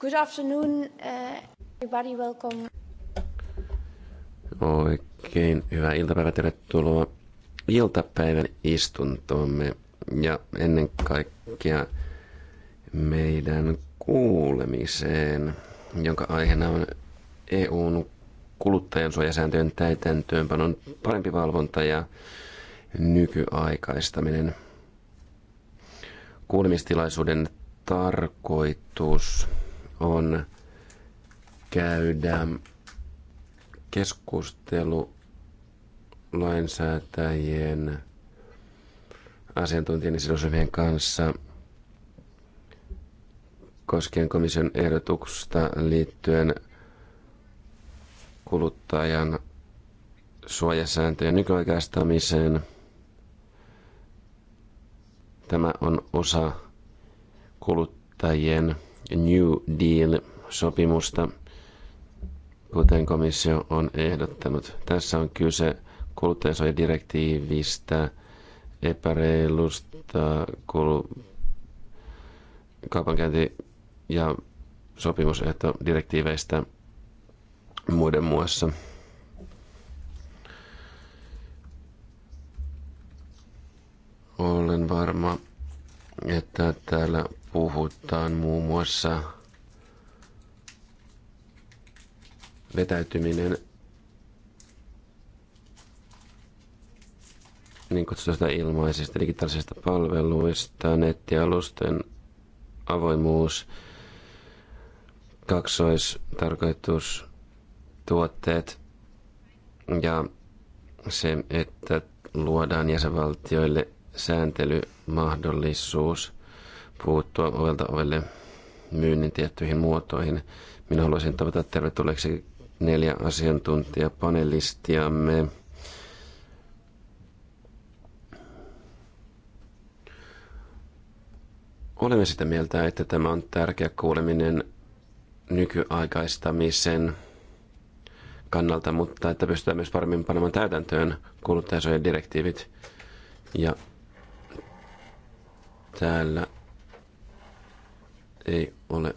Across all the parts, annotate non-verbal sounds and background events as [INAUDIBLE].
Good afternoon, uh, everybody, welcome. Oikein hyvää iltapäivää, tervetuloa iltapäivän istuntoomme ja ennen kaikkea meidän kuulemiseen, jonka aiheena on EUn kuluttajansuojasääntöjen täytäntöönpanon parempi valvonta ja nykyaikaistaminen. Kuulemistilaisuuden tarkoitus on käydä keskustelu lainsäätäjien asiantuntijan ja sidosryhmien kanssa koskien komission ehdotuksesta liittyen kuluttajan suojasääntöjen nykyaikaistamiseen. Tämä on osa kuluttajien New Deal-sopimusta, kuten komissio on ehdottanut. Tässä on kyse kuluttajasuojadirektiivistä, epäreilusta kul- kaupankäynti- ja sopimusehtodirektiiveistä muiden muassa. Olen varma, että täällä puhutaan muun muassa vetäytyminen niin kutsutusta ilmaisista digitaalisista palveluista, nettialusten avoimuus, kaksoistarkoitus, tuotteet ja se, että luodaan jäsenvaltioille sääntelymahdollisuus – puuttua ovelta ovelle myynnin tiettyihin muotoihin. Minä haluaisin tavata tervetulleeksi neljä asiantuntijapanelistiamme. Olemme sitä mieltä, että tämä on tärkeä kuuleminen nykyaikaistamisen kannalta, mutta että pystytään myös paremmin panemaan täytäntöön kuluttajasuojan direktiivit. Ja täällä ei ole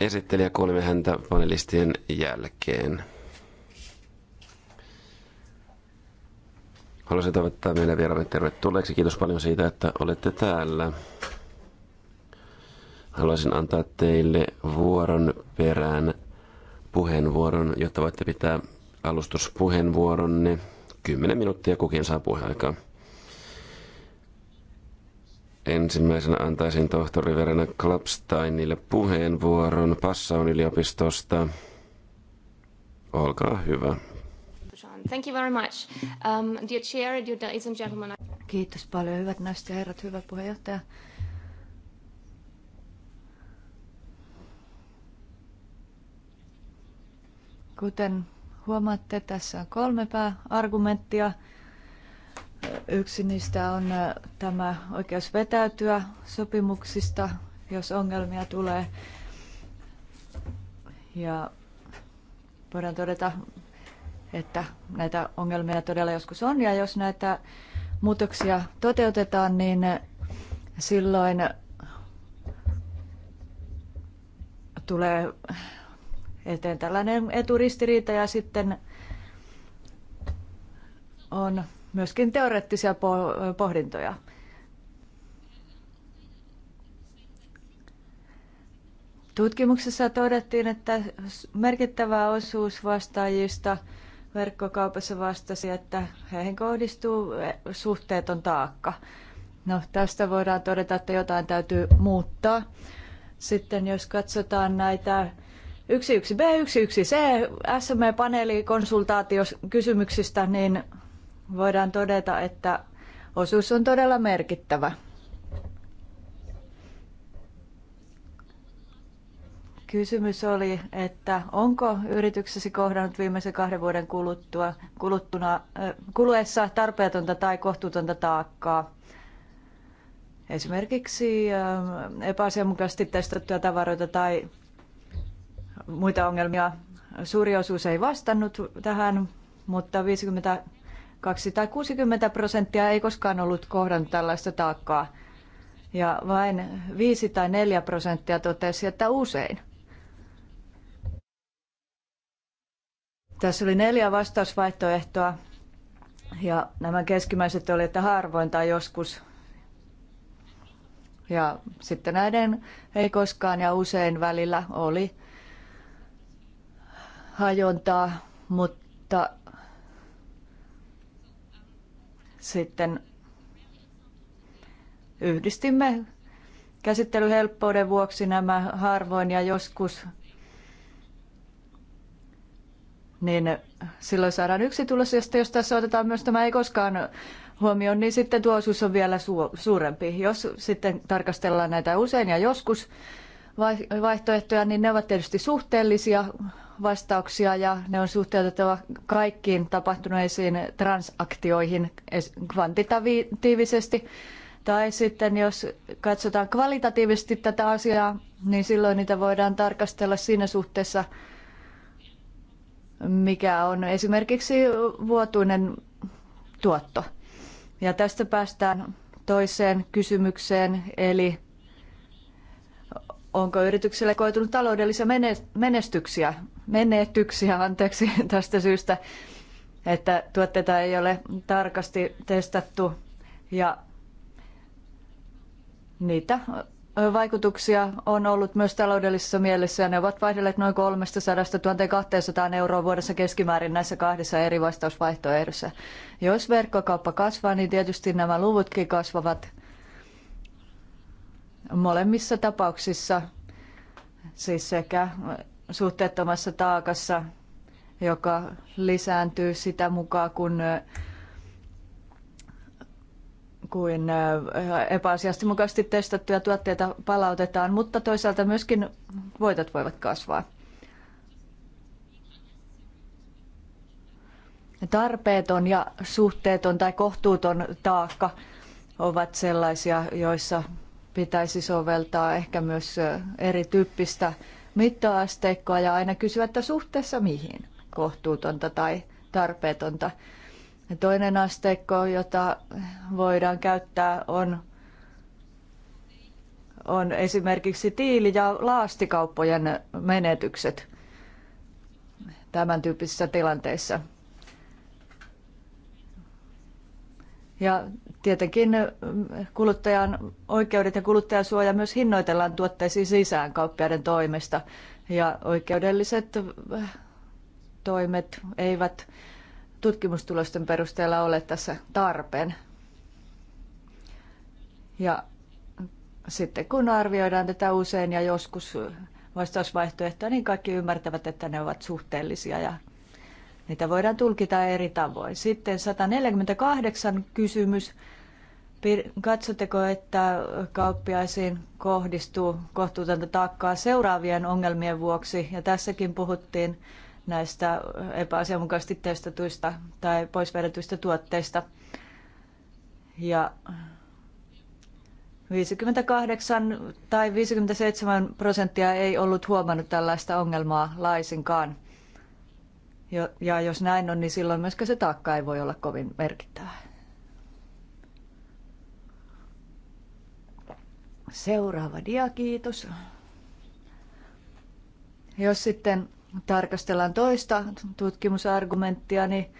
esittelijä. Kuulemme häntä panelistien jälkeen. Haluaisin toivottaa meidän vieraamme tervetulleeksi. Kiitos paljon siitä, että olette täällä. Haluaisin antaa teille vuoron perään puheenvuoron, jotta voitte pitää alustuspuheenvuoronne. 10 minuuttia kukin saa puheaikaa. Ensimmäisenä antaisin tohtori Verena Klapsteinille puheenvuoron Passaun yliopistosta. Olkaa hyvä. Thank you very much. Um, dear chair, dear ladies and gentlemen. Kiitos paljon, hyvät naiset ja herrat, hyvä puheenjohtaja. Kuten huomaatte, tässä on kolme pääargumenttia. Yksi niistä on äh, tämä oikeus vetäytyä sopimuksista, jos ongelmia tulee. Ja voidaan todeta, että näitä ongelmia todella joskus on, ja jos näitä muutoksia toteutetaan, niin silloin tulee eteen tällainen eturistiriita ja sitten on myöskin teoreettisia pohdintoja. Tutkimuksessa todettiin, että merkittävä osuus vastaajista verkkokaupassa vastasi, että heihin kohdistuu suhteeton taakka. No, tästä voidaan todeta, että jotain täytyy muuttaa. Sitten jos katsotaan näitä 11B, 11C, SME-paneelikonsultaatiokysymyksistä, niin voidaan todeta, että osuus on todella merkittävä. Kysymys oli, että onko yrityksesi kohdannut viimeisen kahden vuoden kuluttua, kuluttuna, kuluessa tarpeetonta tai kohtuutonta taakkaa? Esimerkiksi epäasianmukaisesti testattuja tavaroita tai muita ongelmia. Suuri osuus ei vastannut tähän, mutta 50 260 tai prosenttia ei koskaan ollut kohdannut tällaista taakkaa. Ja vain 5 tai 4 prosenttia totesi, että usein. Tässä oli neljä vastausvaihtoehtoa ja nämä keskimmäiset oli, että harvoin tai joskus. Ja sitten näiden ei koskaan ja usein välillä oli hajontaa, mutta sitten yhdistimme käsittelyhelppouden vuoksi nämä harvoin ja joskus, niin silloin saadaan yksi tulos, ja jos tässä otetaan myös tämä ei koskaan huomioon, niin sitten tuo osuus on vielä suurempi. Jos sitten tarkastellaan näitä usein ja joskus vaihtoehtoja, niin ne ovat tietysti suhteellisia, vastauksia ja ne on suhteutettava kaikkiin tapahtuneisiin transaktioihin kvantitatiivisesti. Tai sitten jos katsotaan kvalitatiivisesti tätä asiaa, niin silloin niitä voidaan tarkastella siinä suhteessa, mikä on esimerkiksi vuotuinen tuotto. Ja tästä päästään toiseen kysymykseen, eli Onko yrityksille koitunut taloudellisia menestyksiä, menetyksiä anteeksi, [LAUGHS] tästä syystä, että tuotteita ei ole tarkasti testattu ja niitä vaikutuksia on ollut myös taloudellisessa mielessä ja ne ovat vaihdelleet noin 300 1200 euroa vuodessa keskimäärin näissä kahdessa eri vastausvaihtoehdossa. Jos verkkokauppa kasvaa, niin tietysti nämä luvutkin kasvavat Molemmissa tapauksissa, siis sekä suhteettomassa taakassa, joka lisääntyy sitä mukaan, kun kuin äh, epäasiastimukasti testattuja tuotteita palautetaan, mutta toisaalta myöskin voitot voivat kasvaa. Tarpeeton ja suhteeton tai kohtuuton taakka ovat sellaisia, joissa pitäisi soveltaa ehkä myös erityyppistä mittaasteikkoa ja aina kysyä, että suhteessa mihin kohtuutonta tai tarpeetonta. Ja toinen asteikko, jota voidaan käyttää, on, on esimerkiksi tiili- ja laastikauppojen menetykset tämän tyyppisissä tilanteissa. Ja tietenkin kuluttajan oikeudet ja kuluttajasuoja myös hinnoitellaan tuotteisiin sisään kauppiaiden toimesta. Ja oikeudelliset toimet eivät tutkimustulosten perusteella ole tässä tarpeen. Ja sitten kun arvioidaan tätä usein ja joskus vastausvaihtoehtoja, niin kaikki ymmärtävät, että ne ovat suhteellisia ja Niitä voidaan tulkita eri tavoin. Sitten 148 kysymys. Katsotteko, että kauppiaisiin kohdistuu kohtuutonta taakkaa seuraavien ongelmien vuoksi? Ja tässäkin puhuttiin näistä epäasianmukaisesti testatuista tai poisvedetyistä tuotteista. Ja 58 tai 57 prosenttia ei ollut huomannut tällaista ongelmaa laisinkaan. Ja jos näin on, niin silloin myöskään se taakka ei voi olla kovin merkittävä. Seuraava dia, kiitos. Jos sitten tarkastellaan toista tutkimusargumenttia, niin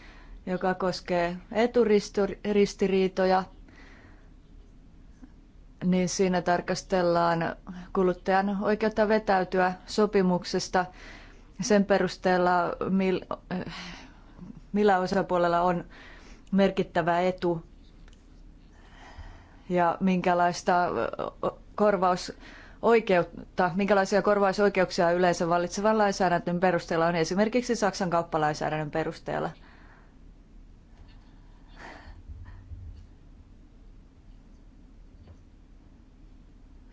joka koskee eturistiriitoja, niin siinä tarkastellaan kuluttajan oikeutta vetäytyä sopimuksesta – sen perusteella, millä osapuolella on merkittävä etu ja minkälaista korvaus oikeutta, minkälaisia korvausoikeuksia yleensä vallitsevan lainsäädännön perusteella on esimerkiksi Saksan kauppalainsäädännön perusteella.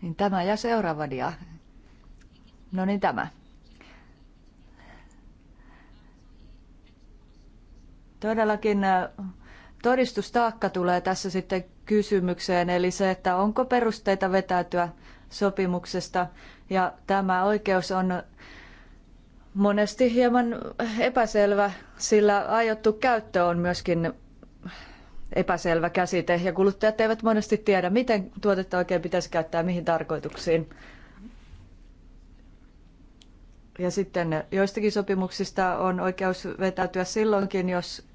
Niin tämä ja seuraava dia. No niin tämä. Todellakin äh, todistustaakka tulee tässä sitten kysymykseen, eli se, että onko perusteita vetäytyä sopimuksesta. Ja tämä oikeus on monesti hieman epäselvä, sillä aiottu käyttö on myöskin epäselvä käsite ja kuluttajat eivät monesti tiedä, miten tuotetta oikein pitäisi käyttää mihin tarkoituksiin. Ja sitten joistakin sopimuksista on oikeus vetäytyä silloinkin, jos,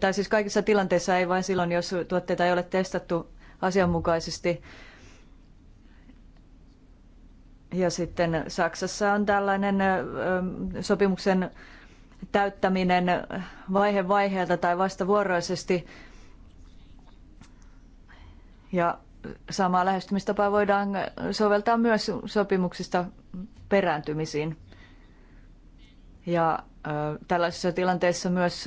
tai siis kaikissa tilanteissa ei vain silloin, jos tuotteita ei ole testattu asianmukaisesti. Ja sitten Saksassa on tällainen sopimuksen täyttäminen vaihe vaiheelta tai vastavuoroisesti. Ja samaa lähestymistapaa voidaan soveltaa myös sopimuksista perääntymisiin. Ja tällaisessa tilanteessa myös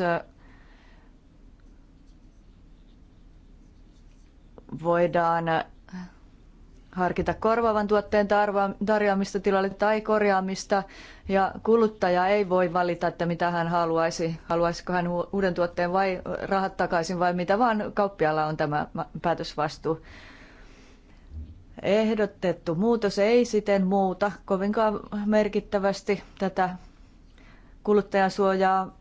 voidaan harkita korvaavan tuotteen tarjoamista tilalle tai korjaamista. Ja kuluttaja ei voi valita, että mitä hän haluaisi, haluaisiko hän uuden tuotteen vai rahat takaisin vai mitä, vaan kauppialla on tämä päätösvastuu. Ehdotettu muutos ei siten muuta kovinkaan merkittävästi tätä kuluttajansuojaa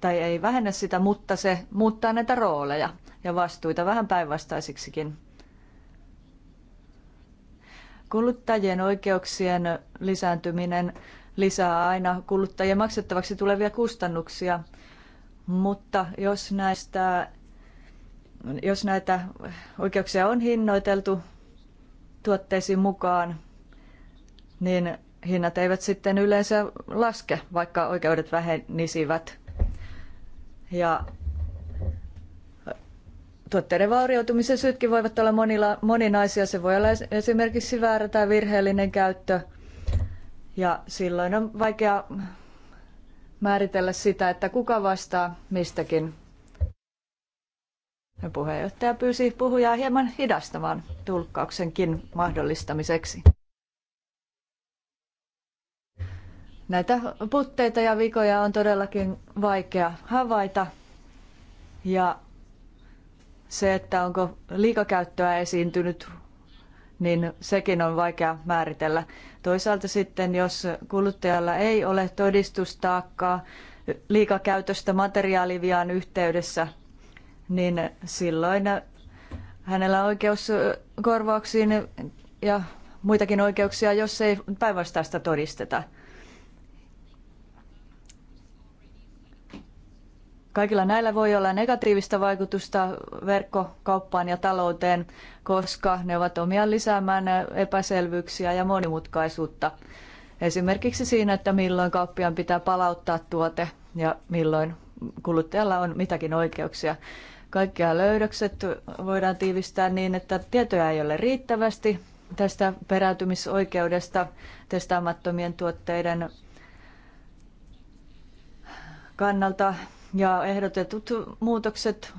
tai ei vähennä sitä, mutta se muuttaa näitä rooleja ja vastuita vähän päinvastaisiksikin. Kuluttajien oikeuksien lisääntyminen lisää aina kuluttajien maksettavaksi tulevia kustannuksia, mutta jos, näistä, jos näitä oikeuksia on hinnoiteltu tuotteisiin mukaan, niin hinnat eivät sitten yleensä laske, vaikka oikeudet vähenisivät. Ja tuotteiden vaurioitumisen syytkin voivat olla monila, moninaisia. Se voi olla esimerkiksi väärä tai virheellinen käyttö. Ja silloin on vaikea määritellä sitä, että kuka vastaa mistäkin Puheenjohtaja pyysi puhujaa hieman hidastamaan tulkkauksenkin mahdollistamiseksi. Näitä putteita ja vikoja on todellakin vaikea havaita. Ja se, että onko liikakäyttöä esiintynyt, niin sekin on vaikea määritellä. Toisaalta sitten, jos kuluttajalla ei ole todistustaakkaa liikakäytöstä materiaalivian yhteydessä, niin silloin hänellä on oikeus korvauksiin ja muitakin oikeuksia, jos ei päinvastaista todisteta. Kaikilla näillä voi olla negatiivista vaikutusta verkkokauppaan ja talouteen, koska ne ovat omia lisäämään epäselvyyksiä ja monimutkaisuutta. Esimerkiksi siinä, että milloin kauppiaan pitää palauttaa tuote ja milloin kuluttajalla on mitäkin oikeuksia. Kaikkia löydökset voidaan tiivistää niin, että tietoja ei ole riittävästi tästä peräytymisoikeudesta testaamattomien tuotteiden kannalta ja ehdotetut muutokset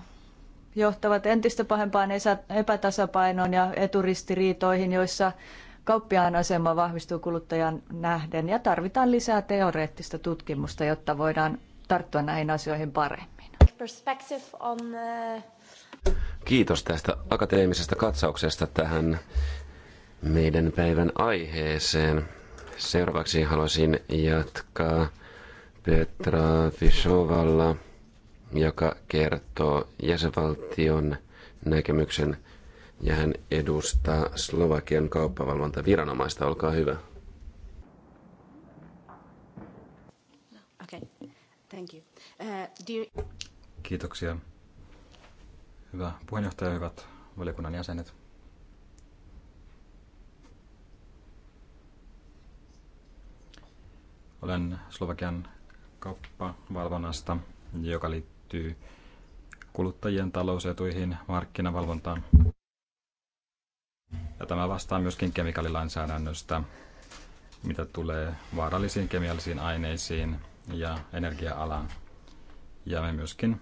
johtavat entistä pahempaan epätasapainoon ja eturistiriitoihin, joissa kauppiaan asema vahvistuu kuluttajan nähden ja tarvitaan lisää teoreettista tutkimusta, jotta voidaan tarttua näihin asioihin paremmin perspective on... Uh, Kiitos tästä akateemisesta katsauksesta tähän meidän päivän aiheeseen. Seuraavaksi haluaisin jatkaa Petra Fischovalla, joka kertoo jäsenvaltion näkemyksen ja hän edustaa Slovakian kauppavalvontaviranomaista. Olkaa hyvä. Okay. Thank you. Uh, dear... Kiitoksia. Hyvä puheenjohtaja, hyvät valiokunnan jäsenet. Olen Slovakian kauppavalvonnasta, joka liittyy kuluttajien talousetuihin markkinavalvontaan. Ja tämä vastaa myöskin kemikaalilainsäädännöstä, mitä tulee vaarallisiin kemiallisiin aineisiin ja energia-alaan. Ja me myöskin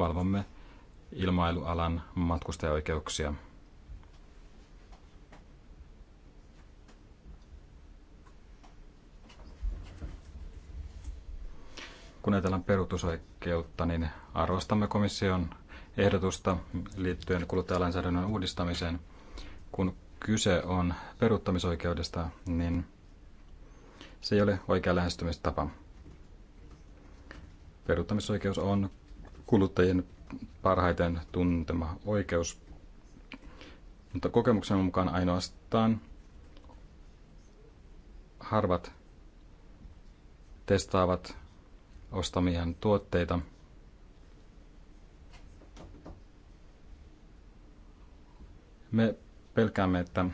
valvomme ilmailualan matkustajaoikeuksia. Kun ajatellaan peruutusoikeutta, niin arvostamme komission ehdotusta liittyen kuluttajalainsäädännön uudistamiseen. Kun kyse on peruuttamisoikeudesta, niin se ei ole oikea lähestymistapa. Peruuttamisoikeus on kuluttajien parhaiten tuntema oikeus. Mutta kokemuksen mukaan ainoastaan harvat testaavat ostamiaan tuotteita. Me pelkäämme, että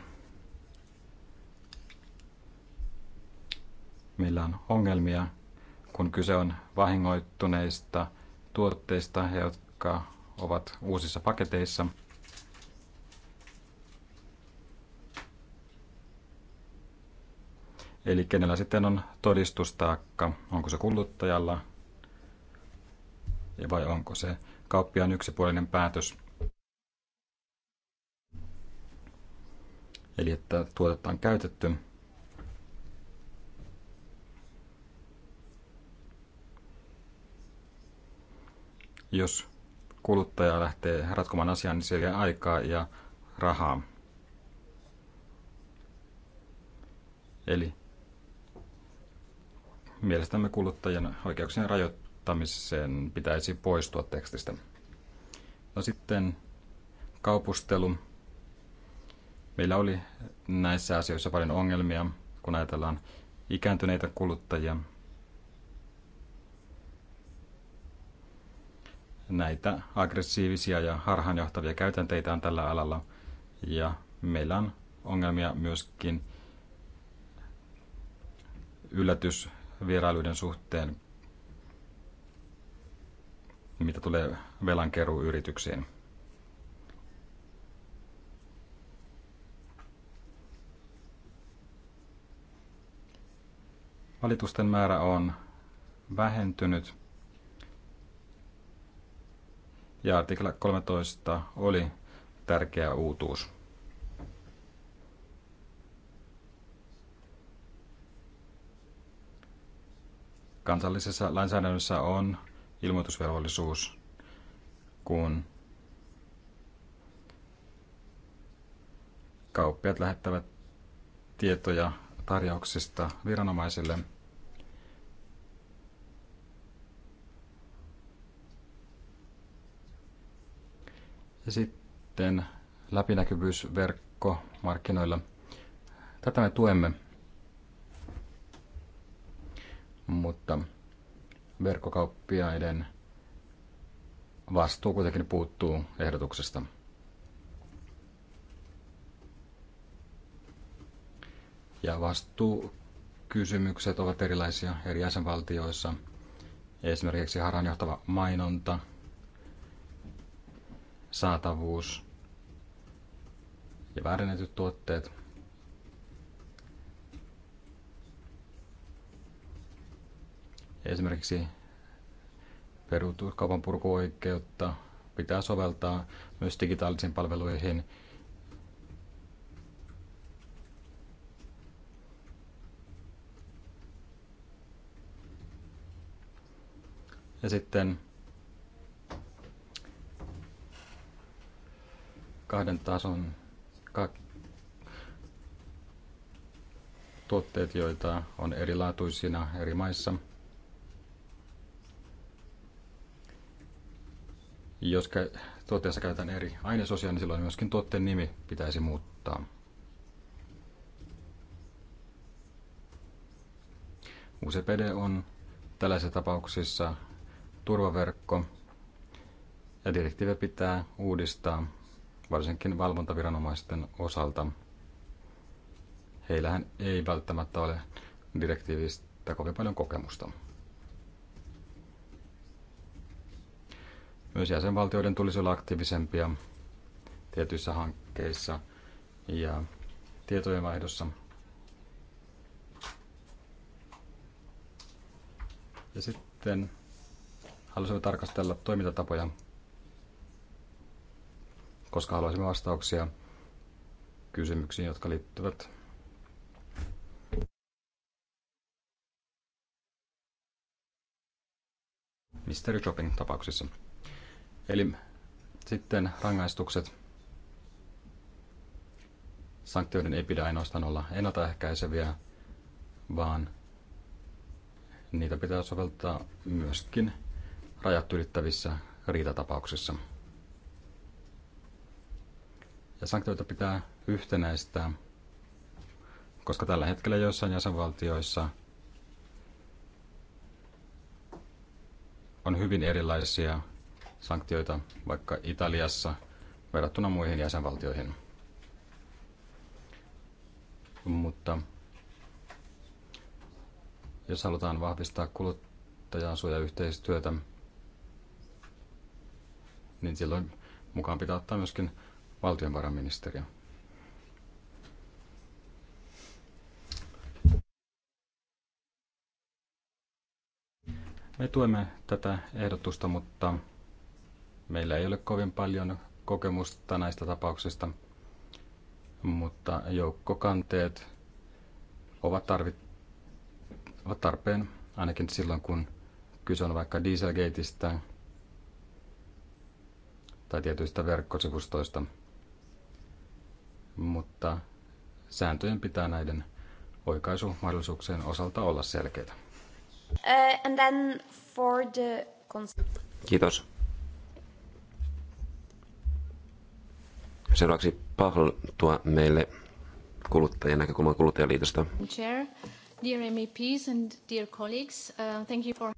meillä on ongelmia, kun kyse on vahingoittuneista tuotteista, jotka ovat uusissa paketeissa. Eli kenellä sitten on todistustaakka, onko se kuluttajalla vai onko se kauppiaan yksipuolinen päätös. Eli että tuotetta on käytetty Jos kuluttaja lähtee ratkomaan asiaa, niin se vie aikaa ja rahaa. Eli mielestämme kuluttajien oikeuksien rajoittamiseen pitäisi poistua tekstistä. No sitten kaupustelu. Meillä oli näissä asioissa paljon ongelmia, kun ajatellaan ikääntyneitä kuluttajia – näitä aggressiivisia ja harhaanjohtavia käytänteitä on tällä alalla ja meillä on ongelmia myöskin yllätysvierailuiden suhteen, mitä tulee velankeruuyrityksiin. Valitusten määrä on vähentynyt ja artikla 13 oli tärkeä uutuus. Kansallisessa lainsäädännössä on ilmoitusvelvollisuus, kun kauppiat lähettävät tietoja tarjouksista viranomaisille – Ja sitten läpinäkyvyysverkko markkinoilla. Tätä me tuemme, mutta verkkokauppiaiden vastuu kuitenkin puuttuu ehdotuksesta. Ja vastuukysymykset ovat erilaisia eri jäsenvaltioissa. Esimerkiksi harhaanjohtava mainonta saatavuus ja väärennetyt tuotteet. Esimerkiksi perutuskaupan purkuoikeutta pitää soveltaa myös digitaalisiin palveluihin. Ja sitten kahden tason ka- tuotteet, joita on erilaatuisina eri maissa. Jos tuotteessa käytetään eri ainesosia, niin silloin myöskin tuotteen nimi pitäisi muuttaa. UCPD on tällaisissa tapauksissa turvaverkko ja direktiivi pitää uudistaa varsinkin valvontaviranomaisten osalta. Heillähän ei välttämättä ole direktiivistä kovin paljon kokemusta. Myös jäsenvaltioiden tulisi olla aktiivisempia tietyissä hankkeissa ja tietojenvaihdossa. Ja sitten halusimme tarkastella toimintatapoja koska haluaisimme vastauksia kysymyksiin, jotka liittyvät Mystery Shopping tapauksissa. Eli sitten rangaistukset. Sanktioiden ei pidä ainoastaan olla ennaltaehkäiseviä, vaan niitä pitää soveltaa myöskin rajat ylittävissä riitatapauksissa. Ja sanktioita pitää yhtenäistää, koska tällä hetkellä joissain jäsenvaltioissa on hyvin erilaisia sanktioita vaikka Italiassa verrattuna muihin jäsenvaltioihin. Mutta jos halutaan vahvistaa kuluttajansuojayhteistyötä, niin silloin mukaan pitää ottaa myöskin valtionvarainministeriö. Me tuemme tätä ehdotusta, mutta meillä ei ole kovin paljon kokemusta näistä tapauksista, mutta joukkokanteet ovat, tarvit, ovat tarpeen ainakin silloin, kun kyse on vaikka Dieselgateista tai tietyistä verkkosivustoista – mutta sääntöjen pitää näiden oikaisumahdollisuuksien osalta olla selkeitä. Uh, and then for the... Kiitos. Seuraavaksi Pahl tuo meille kuluttajien näkökulman kuluttajaliitosta. Chair, dear MEPs and dear colleagues, uh, thank you for...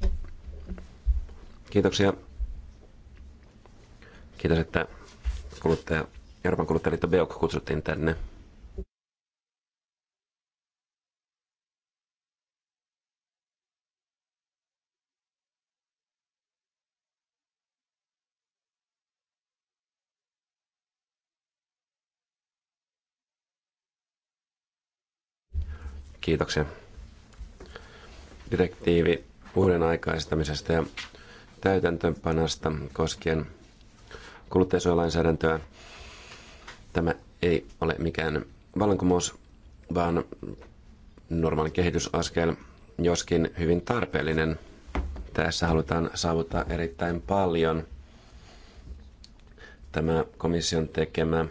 Kiitoksia. Kiitos, että kuluttaja Euroopan kuluttajaliitto BEOK kutsuttiin tänne. Kiitoksia. Direktiivi uuden aikaistamisesta ja täytäntöönpanosta koskien kuluttajasuojalainsäädäntöä Tämä ei ole mikään vallankumous, vaan normaali kehitysaskel, joskin hyvin tarpeellinen. Tässä halutaan saavuttaa erittäin paljon. Tämä komission tekemä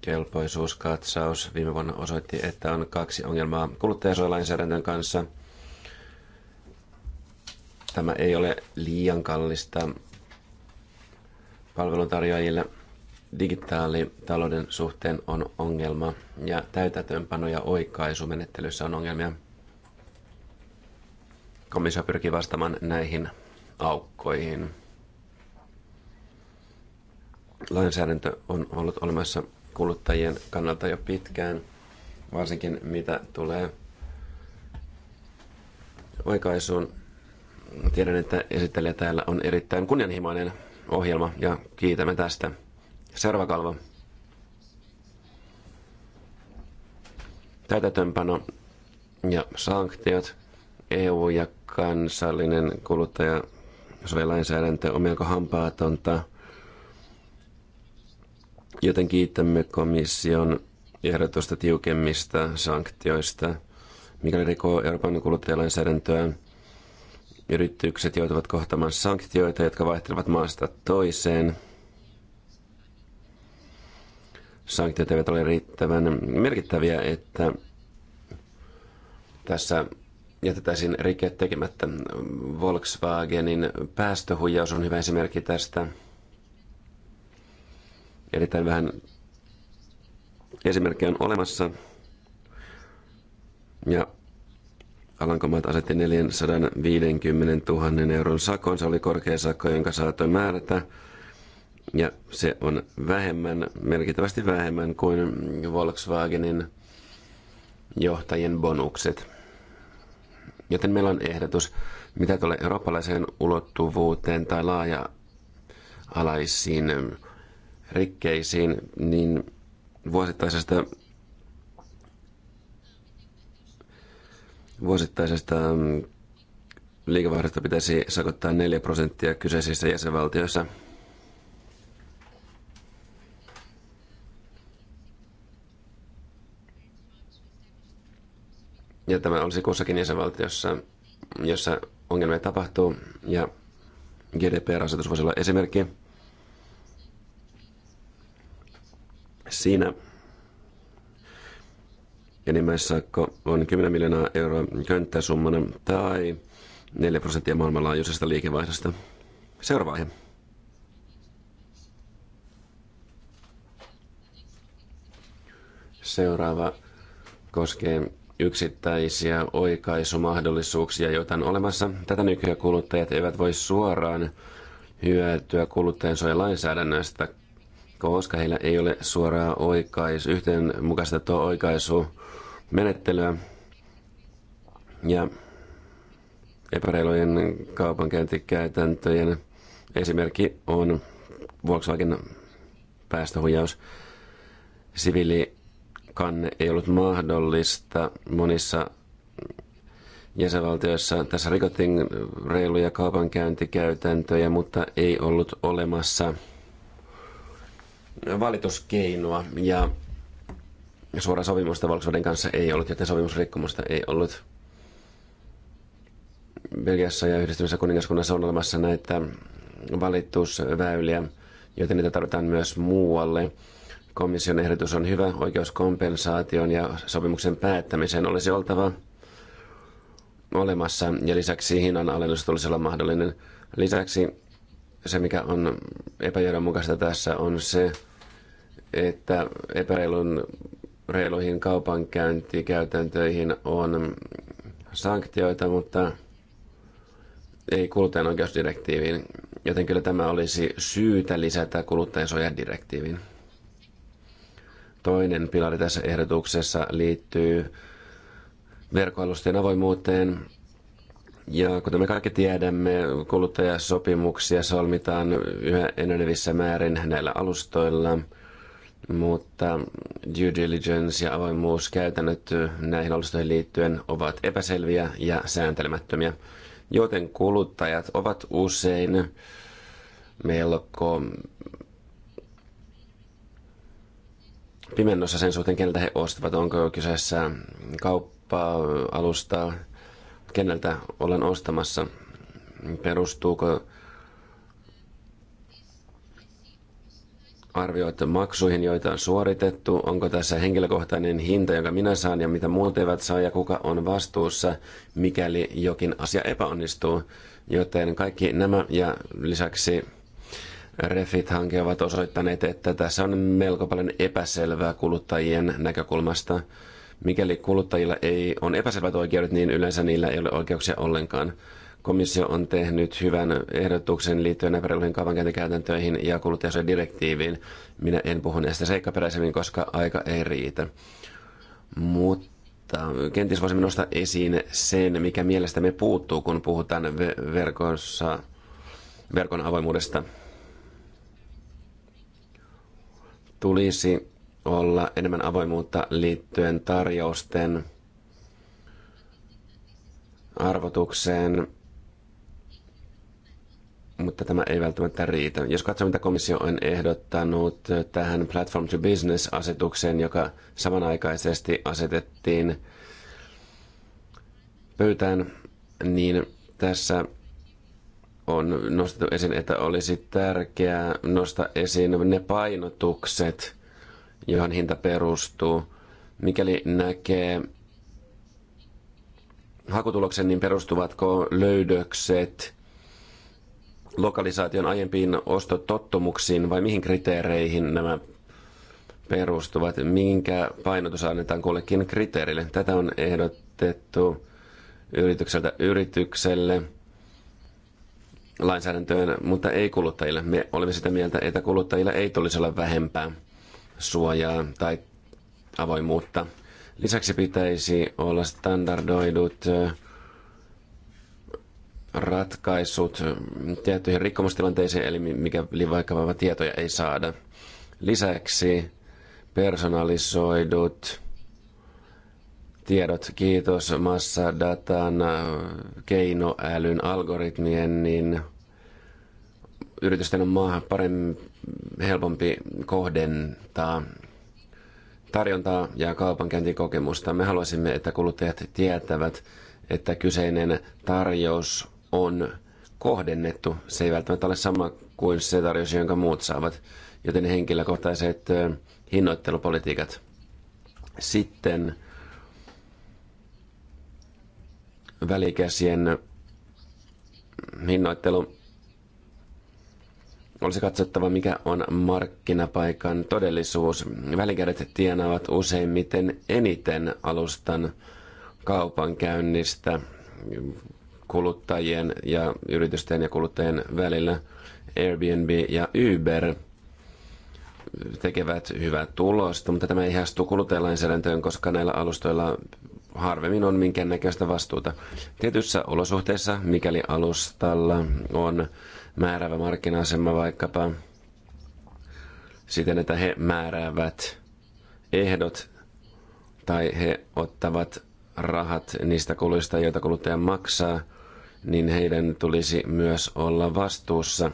kelpoisuuskatsaus viime vuonna osoitti, että on kaksi ongelmaa kuluttajasuojalainsäädännön kanssa. Tämä ei ole liian kallista palveluntarjoajille – digitaalitalouden suhteen on ongelma ja täytäntöönpano- ja oikaisumenettelyssä on ongelmia. Komissio pyrkii vastaamaan näihin aukkoihin. Lainsäädäntö on ollut olemassa kuluttajien kannalta jo pitkään, varsinkin mitä tulee oikaisuun. Tiedän, että esittelijä täällä on erittäin kunnianhimoinen ohjelma ja kiitämme tästä. Serva kalvo. Täytäntöönpano ja sanktiot. EU ja kansallinen kuluttaja lainsäädäntö on melko hampaatonta, joten kiitämme komission ehdotusta tiukemmista sanktioista. Mikäli rikoo Euroopan kuluttajalainsäädäntöä, yritykset joutuvat kohtamaan sanktioita, jotka vaihtelevat maasta toiseen – sanktiot eivät ole riittävän merkittäviä, että tässä jätetäisiin rikkeet tekemättä. Volkswagenin päästöhuijaus on hyvä esimerkki tästä. eli tämän vähän esimerkki on olemassa. Ja Alankomaat asetti 450 000 euron sakon. Se oli korkea sakko, jonka saattoi määrätä. Ja se on vähemmän, merkittävästi vähemmän kuin Volkswagenin johtajien bonukset. Joten meillä on ehdotus, mitä tulee eurooppalaiseen ulottuvuuteen tai laaja-alaisiin rikkeisiin, niin vuosittaisesta vuosittaisesta liikevaihdosta pitäisi sakottaa 4 prosenttia kyseisissä jäsenvaltioissa – ja tämä olisi kussakin jäsenvaltiossa, jossa ongelmia tapahtuu, ja GDPR-asetus voisi olla esimerkki. Siinä enimmäissaakko on 10 miljoonaa euroa könttäsummana tai 4 prosenttia maailmanlaajuisesta liikevaihdosta. Seuraava aihe. Seuraava koskee yksittäisiä oikaisumahdollisuuksia, joita on olemassa. Tätä nykyään kuluttajat eivät voi suoraan hyötyä lainsäädännöstä, koska heillä ei ole suoraa oikaisu, yhteenmukaistettua oikaisumenettelyä. Ja epäreilujen kaupankäyntikäytäntöjen esimerkki on Volkswagen päästöhuijaus. Siviili kanne ei ollut mahdollista monissa jäsenvaltioissa. Tässä rikottiin reiluja kaupankäyntikäytäntöjä, mutta ei ollut olemassa valituskeinoa ja suora sopimusta Volkswagen kanssa ei ollut, joten sopimusrikkomusta ei ollut. Belgiassa ja yhdistyneessä kuningaskunnassa on olemassa näitä valitusväyliä, joten niitä tarvitaan myös muualle. Komission ehdotus on hyvä. Oikeus kompensaatioon ja sopimuksen päättämiseen olisi oltava olemassa ja lisäksi hinnan alennus tulisi olla mahdollinen. Lisäksi se, mikä on epäjohdonmukaista tässä, on se, että epäreilun reiluihin kaupankäyntikäytäntöihin on sanktioita, mutta ei kuluttajan oikeusdirektiiviin, joten kyllä tämä olisi syytä lisätä kuluttajansuojadirektiiviin. Toinen pilari tässä ehdotuksessa liittyy verkkoalusten avoimuuteen. Ja kuten me kaikki tiedämme, kuluttajasopimuksia solmitaan yhä enenevissä määrin näillä alustoilla, mutta due diligence ja avoimuuskäytännöt näihin alustoihin liittyen ovat epäselviä ja sääntelemättömiä, joten kuluttajat ovat usein melko pimennossa sen suhteen, keneltä he ostavat. Onko kyseessä kauppa-alusta, keneltä olen ostamassa? Perustuuko arvioitte maksuihin, joita on suoritettu? Onko tässä henkilökohtainen hinta, jonka minä saan ja mitä muut eivät saa ja kuka on vastuussa, mikäli jokin asia epäonnistuu? Joten kaikki nämä ja lisäksi Refit-hanke ovat osoittaneet, että tässä on melko paljon epäselvää kuluttajien näkökulmasta. Mikäli kuluttajilla ei on epäselvät oikeudet, niin yleensä niillä ei ole oikeuksia ollenkaan. Komissio on tehnyt hyvän ehdotuksen liittyen epäreiluihin kaupankäyntikäytäntöihin ja direktiiviin. Minä en puhu näistä seikkaperäisemmin, koska aika ei riitä. Mutta mutta kenties voisimme nostaa esiin sen, mikä mielestämme puuttuu, kun puhutaan verkossa, verkon avoimuudesta. tulisi olla enemmän avoimuutta liittyen tarjousten arvotukseen, mutta tämä ei välttämättä riitä. Jos katsoo, mitä komissio on ehdottanut tähän Platform to Business-asetukseen, joka samanaikaisesti asetettiin pöytään, niin tässä on nostettu esiin, että olisi tärkeää nostaa esiin ne painotukset, johon hinta perustuu. Mikäli näkee hakutuloksen, niin perustuvatko löydökset lokalisaation aiempiin ostotottumuksiin vai mihin kriteereihin nämä perustuvat, minkä painotus annetaan kullekin kriteerille. Tätä on ehdotettu yritykseltä yritykselle – lainsäädäntöön, mutta ei kuluttajille. Me olemme sitä mieltä, että kuluttajilla ei tulisi olla vähempää suojaa tai avoimuutta. Lisäksi pitäisi olla standardoidut ratkaisut tiettyihin rikkomustilanteisiin, eli mikä vaikka tietoja ei saada. Lisäksi personalisoidut tiedot. Kiitos massadatan, äh, keinoälyn, algoritmien, niin yritysten on maahan parempi, helpompi kohdentaa tarjontaa ja kaupankäyntikokemusta. Me haluaisimme, että kuluttajat tietävät, että kyseinen tarjous on kohdennettu. Se ei välttämättä ole sama kuin se tarjous, jonka muut saavat, joten henkilökohtaiset äh, hinnoittelupolitiikat. Sitten välikäsien hinnoittelu. Olisi katsottava, mikä on markkinapaikan todellisuus. Välikädet tienaavat useimmiten eniten alustan kaupankäynnistä kuluttajien ja yritysten ja kuluttajien välillä. Airbnb ja Uber tekevät hyvää tulosta, mutta tämä ei ihastuu kuluttajalainsäädäntöön, koska näillä alustoilla harvemmin on minkäännäköistä vastuuta. Tietyissä olosuhteissa, mikäli alustalla on määrävä markkina-asema vaikkapa siten, että he määräävät ehdot tai he ottavat rahat niistä kuluista, joita kuluttaja maksaa, niin heidän tulisi myös olla vastuussa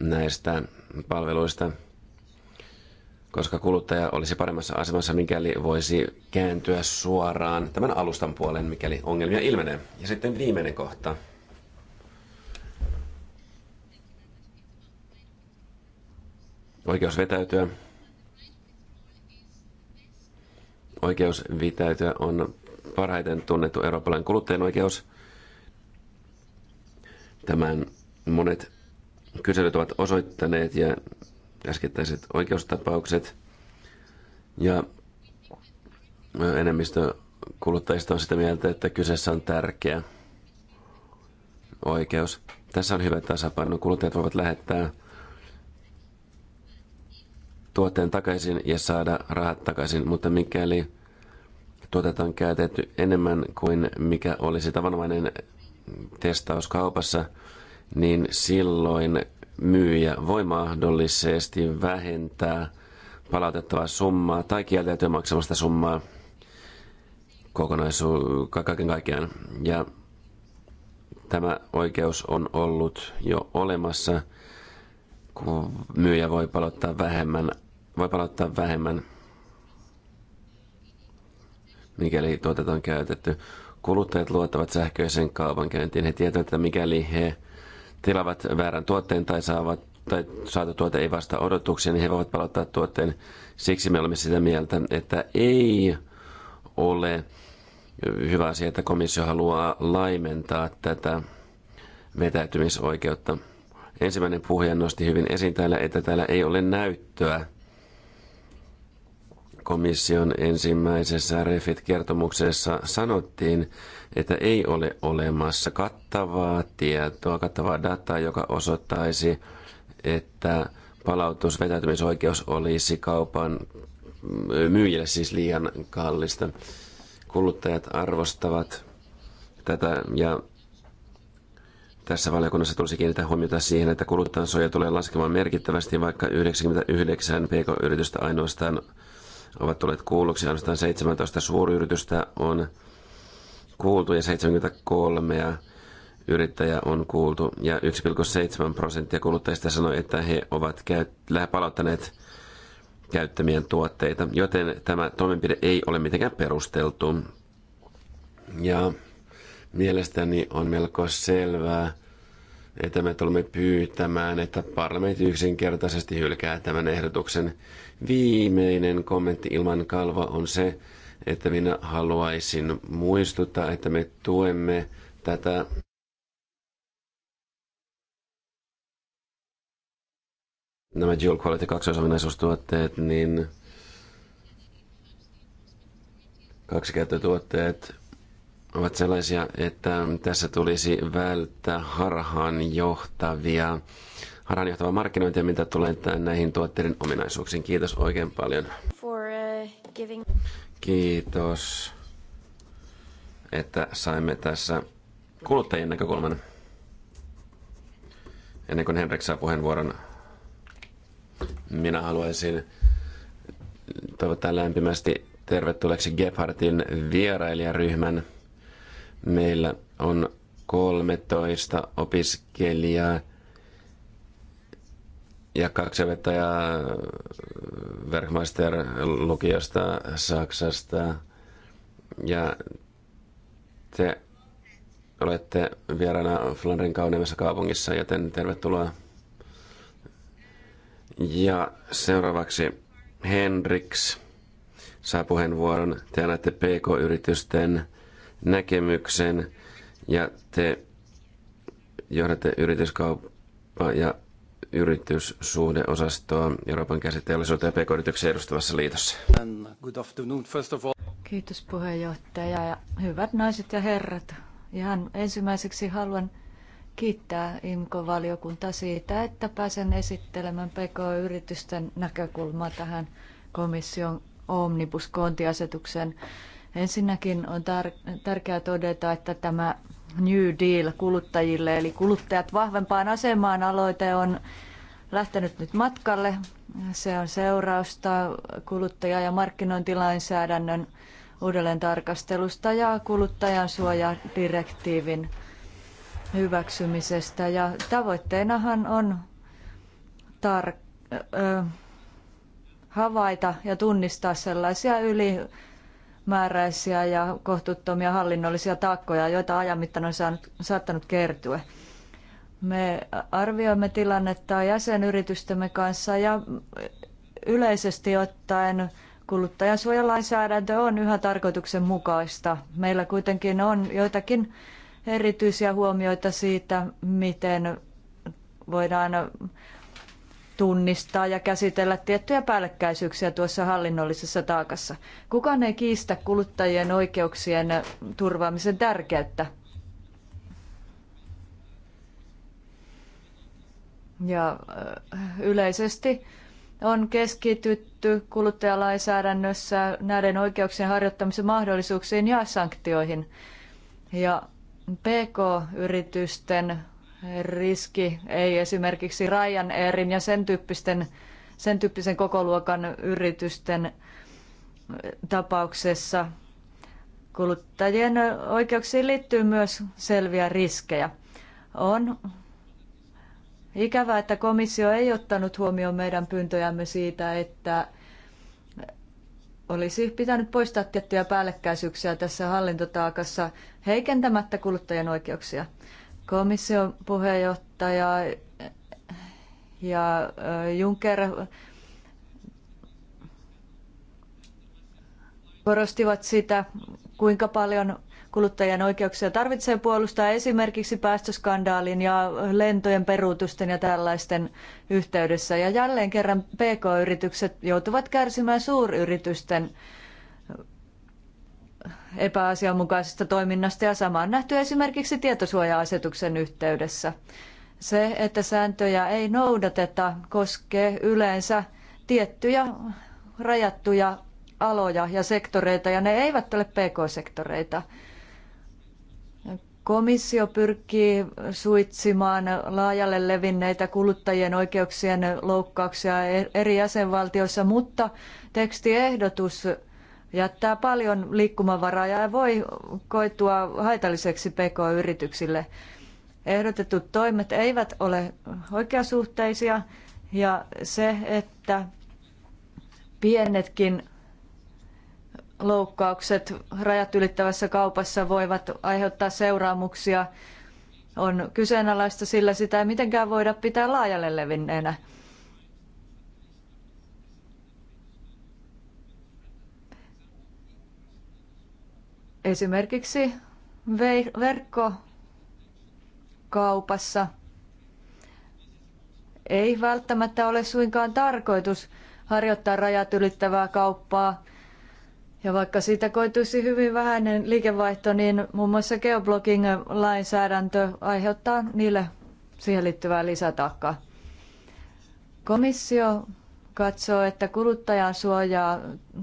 näistä palveluista – koska kuluttaja olisi paremmassa asemassa, mikäli voisi kääntyä suoraan tämän alustan puoleen, mikäli ongelmia ilmenee. Ja sitten viimeinen kohta. Oikeus vetäytyä. Oikeus vetäytyä on parhaiten tunnettu eurooppalainen kuluttajan oikeus. Tämän monet kyselyt ovat osoittaneet ja äskettäiset oikeustapaukset. Ja enemmistö kuluttajista on sitä mieltä, että kyseessä on tärkeä oikeus. Tässä on hyvä tasapaino. Kuluttajat voivat lähettää tuotteen takaisin ja saada rahat takaisin, mutta mikäli tuotetta on käytetty enemmän kuin mikä olisi tavanomainen testaus kaupassa, niin silloin myyjä voi mahdollisesti vähentää palautettavaa summaa tai kieltäytyä maksamasta summaa kokonaisu- kaiken kaikkiaan. Ja tämä oikeus on ollut jo olemassa, kun myyjä voi palauttaa vähemmän, voi palauttaa vähemmän mikäli tuotetta on käytetty. Kuluttajat luottavat sähköisen kaupankäyntiin. He tietävät, että mikäli he tilavat väärän tuotteen tai saavat tai saatu tuote ei vasta odotuksia, niin he voivat palauttaa tuotteen. Siksi me olemme sitä mieltä, että ei ole hyvä asia, että komissio haluaa laimentaa tätä vetäytymisoikeutta. Ensimmäinen puhuja nosti hyvin esiin täällä, että täällä ei ole näyttöä komission ensimmäisessä Refit-kertomuksessa sanottiin, että ei ole olemassa kattavaa tietoa, kattavaa dataa, joka osoittaisi, että palautusvetäytymisoikeus olisi kaupan myyjille siis liian kallista. Kuluttajat arvostavat tätä ja tässä valiokunnassa tulisi kiinnittää huomiota siihen, että kuluttajansuoja tulee laskemaan merkittävästi, vaikka 99 pk-yritystä ainoastaan ovat tulleet kuulluksi. Ainoastaan 17 suuryritystä on kuultu ja 73 yrittäjä on kuultu. Ja 1,7 prosenttia kuluttajista sanoi, että he ovat käy palauttaneet käyttämien tuotteita, joten tämä toimenpide ei ole mitenkään perusteltu. Ja mielestäni on melko selvää, että me tulemme pyytämään, että parlamentti yksinkertaisesti hylkää tämän ehdotuksen. Viimeinen kommentti ilman kalva on se, että minä haluaisin muistuttaa, että me tuemme tätä nämä dual quality kaksoisominaisuustuotteet, niin kaksikäyttötuotteet ovat sellaisia, että tässä tulisi välttää harhaan johtavia johtavaa markkinointia, mitä tulee näihin tuotteiden ominaisuuksiin. Kiitos oikein paljon. For, uh, giving... Kiitos, että saimme tässä kuluttajien näkökulman. Ennen kuin Henrik saa puheenvuoron, minä haluaisin toivottaa lämpimästi tervetulleeksi Gebhardin vierailijaryhmän. Meillä on 13 opiskelijaa ja kaksi opettajaa äh, Werkmeister lukiosta Saksasta. Ja te olette vieraana Flandrin kauneimmassa kaupungissa, joten tervetuloa. Ja seuraavaksi Henriks saa puheenvuoron. Te annatte PK-yritysten näkemyksen ja te johdatte yrityskauppaa ja yrityssuhdeosastoon Euroopan käsiteollisuuteen ja pk yrityksen edustavassa liitossa. Kiitos puheenjohtaja ja hyvät naiset ja herrat. Ihan ensimmäiseksi haluan kiittää IMKO-valiokuntaa siitä, että pääsen esittelemään PK-yritysten näkökulmaa tähän komission omnibus-kontiasetukseen. Ensinnäkin on tärkeää todeta, että tämä New Deal kuluttajille, eli kuluttajat vahvempaan asemaan aloite on lähtenyt nyt matkalle. Se on seurausta kuluttaja- ja markkinointilainsäädännön uudelleen tarkastelusta ja kuluttajan suojadirektiivin hyväksymisestä. Ja tavoitteenahan on tar- havaita ja tunnistaa sellaisia yli määräisiä ja kohtuuttomia hallinnollisia taakkoja, joita ajan mittaan on saattanut kertyä. Me arvioimme tilannetta jäsenyritystemme kanssa ja yleisesti ottaen kuluttajansuojalainsäädäntö on yhä tarkoituksenmukaista. Meillä kuitenkin on joitakin erityisiä huomioita siitä, miten voidaan tunnistaa ja käsitellä tiettyjä päällekkäisyyksiä tuossa hallinnollisessa taakassa. Kukaan ei kiistä kuluttajien oikeuksien turvaamisen tärkeyttä. Ja yleisesti on keskitytty kuluttajalainsäädännössä näiden oikeuksien harjoittamisen mahdollisuuksiin ja sanktioihin. Ja PK-yritysten riski ei esimerkiksi Ryanairin ja sen, tyyppisten, sen tyyppisen kokoluokan yritysten tapauksessa. Kuluttajien oikeuksiin liittyy myös selviä riskejä. On ikävää, että komissio ei ottanut huomioon meidän pyyntöjämme siitä, että olisi pitänyt poistaa tiettyjä päällekkäisyyksiä tässä hallintotaakassa heikentämättä kuluttajien oikeuksia komission puheenjohtaja ja Juncker korostivat sitä, kuinka paljon kuluttajien oikeuksia tarvitsee puolustaa esimerkiksi päästöskandaalin ja lentojen peruutusten ja tällaisten yhteydessä. Ja jälleen kerran PK-yritykset joutuvat kärsimään suuryritysten epäasianmukaisesta toiminnasta ja sama on nähty esimerkiksi tietosuoja-asetuksen yhteydessä. Se, että sääntöjä ei noudateta, koskee yleensä tiettyjä rajattuja aloja ja sektoreita, ja ne eivät ole pk-sektoreita. Komissio pyrkii suitsimaan laajalle levinneitä kuluttajien oikeuksien loukkauksia e- eri jäsenvaltioissa, mutta tekstiehdotus jättää paljon liikkumavaraa ja voi koitua haitalliseksi pk-yrityksille. Ehdotetut toimet eivät ole oikeasuhteisia ja se, että pienetkin loukkaukset rajat ylittävässä kaupassa voivat aiheuttaa seuraamuksia, on kyseenalaista, sillä sitä ei mitenkään voida pitää laajalle levinneenä. Esimerkiksi verkkokaupassa ei välttämättä ole suinkaan tarkoitus harjoittaa rajat ylittävää kauppaa. Ja vaikka siitä koituisi hyvin vähäinen liikevaihto, niin muun muassa geoblocking-lainsäädäntö aiheuttaa niille siihen liittyvää lisätaakkaa. Komissio katsoo, että kuluttajan suojaa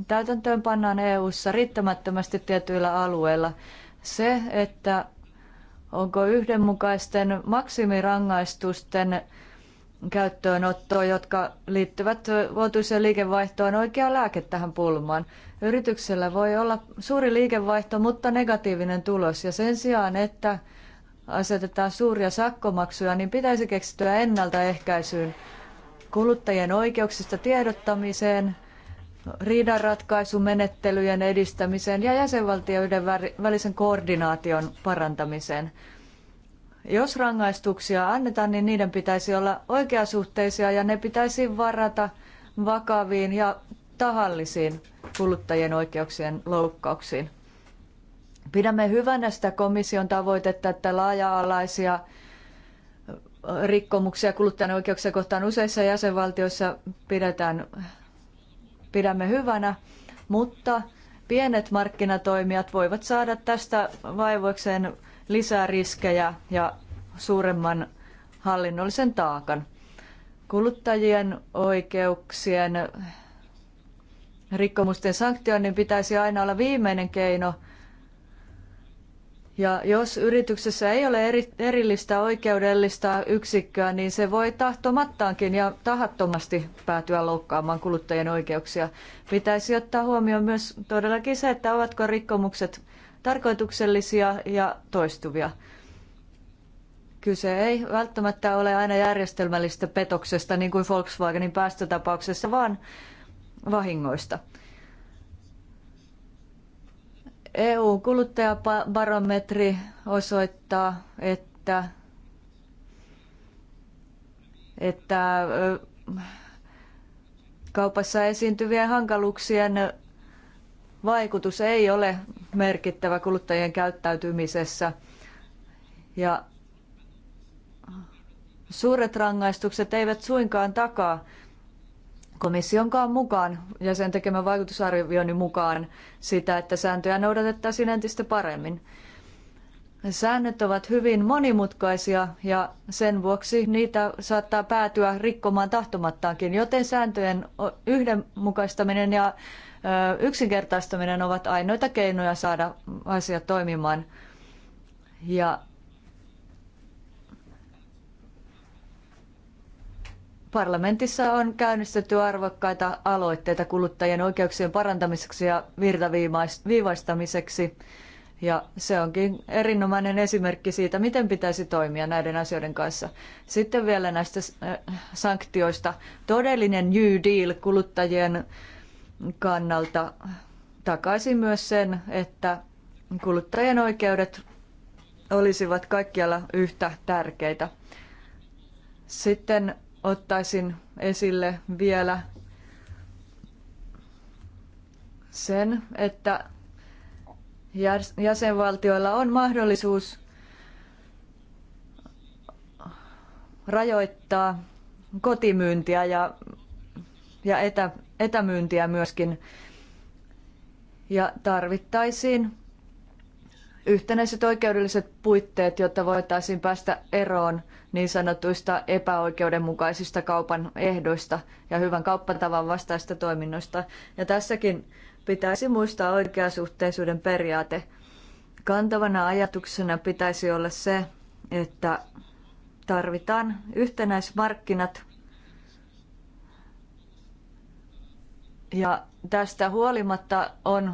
täytäntöön pannaan EU-ssa riittämättömästi tietyillä alueilla. Se, että onko yhdenmukaisten maksimirangaistusten käyttöönottoa, jotka liittyvät vuotuiseen liikevaihtoon oikea lääke tähän pulmaan. Yrityksellä voi olla suuri liikevaihto, mutta negatiivinen tulos. Ja sen sijaan, että asetetaan suuria sakkomaksuja, niin pitäisi keksityä ennaltaehkäisyyn kuluttajien oikeuksista tiedottamiseen, riidanratkaisumenettelyjen edistämiseen ja jäsenvaltioiden välisen koordinaation parantamiseen. Jos rangaistuksia annetaan, niin niiden pitäisi olla oikeasuhteisia ja ne pitäisi varata vakaviin ja tahallisiin kuluttajien oikeuksien loukkauksiin. Pidämme hyvänä sitä komission tavoitetta, että laaja-alaisia rikkomuksia kuluttajan oikeuksia kohtaan useissa jäsenvaltioissa pidetään, pidämme hyvänä, mutta pienet markkinatoimijat voivat saada tästä vaivoikseen lisää riskejä ja suuremman hallinnollisen taakan. Kuluttajien oikeuksien rikkomusten sanktioinnin pitäisi aina olla viimeinen keino – ja jos yrityksessä ei ole eri, erillistä oikeudellista yksikköä, niin se voi tahtomattaankin ja tahattomasti päätyä loukkaamaan kuluttajien oikeuksia. Pitäisi ottaa huomioon myös todellakin se, että ovatko rikkomukset tarkoituksellisia ja toistuvia. Kyse ei välttämättä ole aina järjestelmällistä petoksesta, niin kuin Volkswagenin päästötapauksessa, vaan vahingoista. EU-kuluttajabarometri osoittaa, että, että kaupassa esiintyvien hankaluuksien vaikutus ei ole merkittävä kuluttajien käyttäytymisessä. Ja suuret rangaistukset eivät suinkaan takaa komissionkaan mukaan ja sen tekemän vaikutusarvioinnin mukaan sitä, että sääntöjä noudatettaisiin entistä paremmin. Säännöt ovat hyvin monimutkaisia ja sen vuoksi niitä saattaa päätyä rikkomaan tahtomattaankin, joten sääntöjen yhdenmukaistaminen ja yksinkertaistaminen ovat ainoita keinoja saada asiat toimimaan. Ja Parlamentissa on käynnistetty arvokkaita aloitteita kuluttajien oikeuksien parantamiseksi ja virtaviivaistamiseksi. Ja se onkin erinomainen esimerkki siitä, miten pitäisi toimia näiden asioiden kanssa. Sitten vielä näistä äh, sanktioista. Todellinen New Deal kuluttajien kannalta takaisi myös sen, että kuluttajien oikeudet olisivat kaikkialla yhtä tärkeitä. Sitten ottaisin esille vielä sen, että jäsenvaltioilla on mahdollisuus rajoittaa kotimyyntiä ja, ja etä, etämyyntiä myöskin. Ja tarvittaisiin yhtenäiset oikeudelliset puitteet, jotta voitaisiin päästä eroon niin sanotuista epäoikeudenmukaisista kaupan ehdoista ja hyvän kauppatavan vastaista toiminnoista. Ja tässäkin pitäisi muistaa oikeasuhteisuuden periaate. Kantavana ajatuksena pitäisi olla se, että tarvitaan yhtenäismarkkinat ja tästä huolimatta on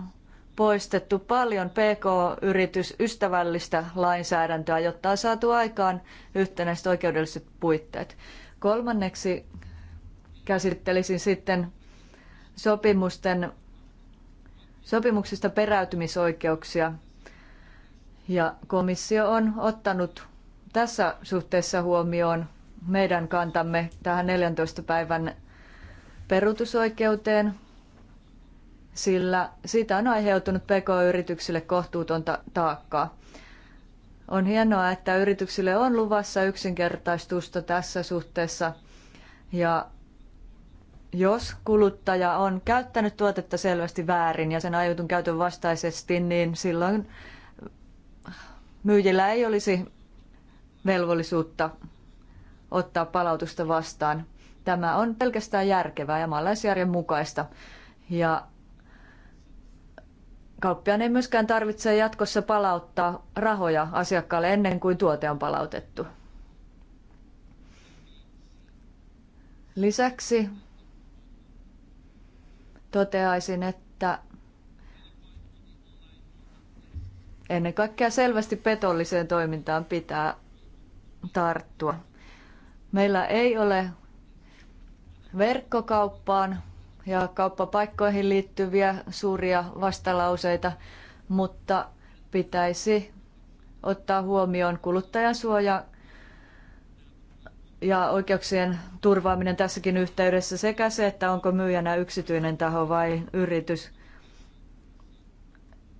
poistettu paljon PK-yritysystävällistä lainsäädäntöä, jotta on saatu aikaan yhtenäiset oikeudelliset puitteet. Kolmanneksi käsittelisin sitten sopimusten, sopimuksista peräytymisoikeuksia. Ja komissio on ottanut tässä suhteessa huomioon meidän kantamme tähän 14 päivän peruutusoikeuteen sillä siitä on aiheutunut PK-yrityksille kohtuutonta taakkaa. On hienoa, että yrityksille on luvassa yksinkertaistusta tässä suhteessa ja jos kuluttaja on käyttänyt tuotetta selvästi väärin ja sen aiotun käytön vastaisesti, niin silloin myyjillä ei olisi velvollisuutta ottaa palautusta vastaan. Tämä on pelkästään järkevää ja maalaisjärjen mukaista. Ja Kauppiaan ei myöskään tarvitse jatkossa palauttaa rahoja asiakkaalle ennen kuin tuote on palautettu. Lisäksi toteaisin, että ennen kaikkea selvästi petolliseen toimintaan pitää tarttua. Meillä ei ole verkkokauppaan ja kauppapaikkoihin liittyviä suuria vastalauseita, mutta pitäisi ottaa huomioon kuluttajansuoja ja oikeuksien turvaaminen tässäkin yhteydessä sekä se, että onko myyjänä yksityinen taho vai yritys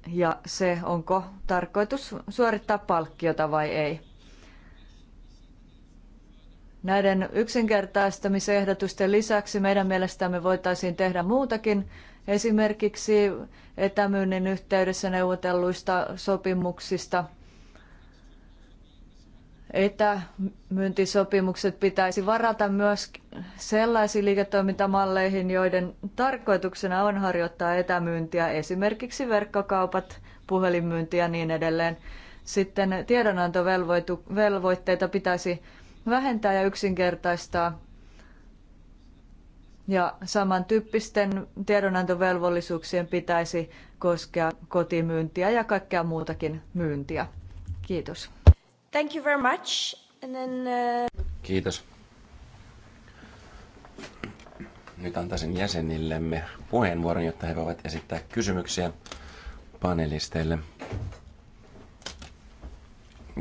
ja se, onko tarkoitus suorittaa palkkiota vai ei. Näiden yksinkertaistamisehdotusten lisäksi meidän mielestämme voitaisiin tehdä muutakin, esimerkiksi etämyynnin yhteydessä neuvotelluista sopimuksista. Etämyyntisopimukset pitäisi varata myös sellaisiin liiketoimintamalleihin, joiden tarkoituksena on harjoittaa etämyyntiä, esimerkiksi verkkokaupat, puhelinmyynti ja niin edelleen. Sitten tiedonantovelvoitteita pitäisi vähentää ja yksinkertaistaa. Ja samantyyppisten tiedonantovelvollisuuksien pitäisi koskea kotimyyntiä ja kaikkea muutakin myyntiä. Kiitos. Thank you very much. And then, uh... Kiitos. Nyt antaisin jäsenillemme puheenvuoron, jotta he voivat esittää kysymyksiä panelisteille.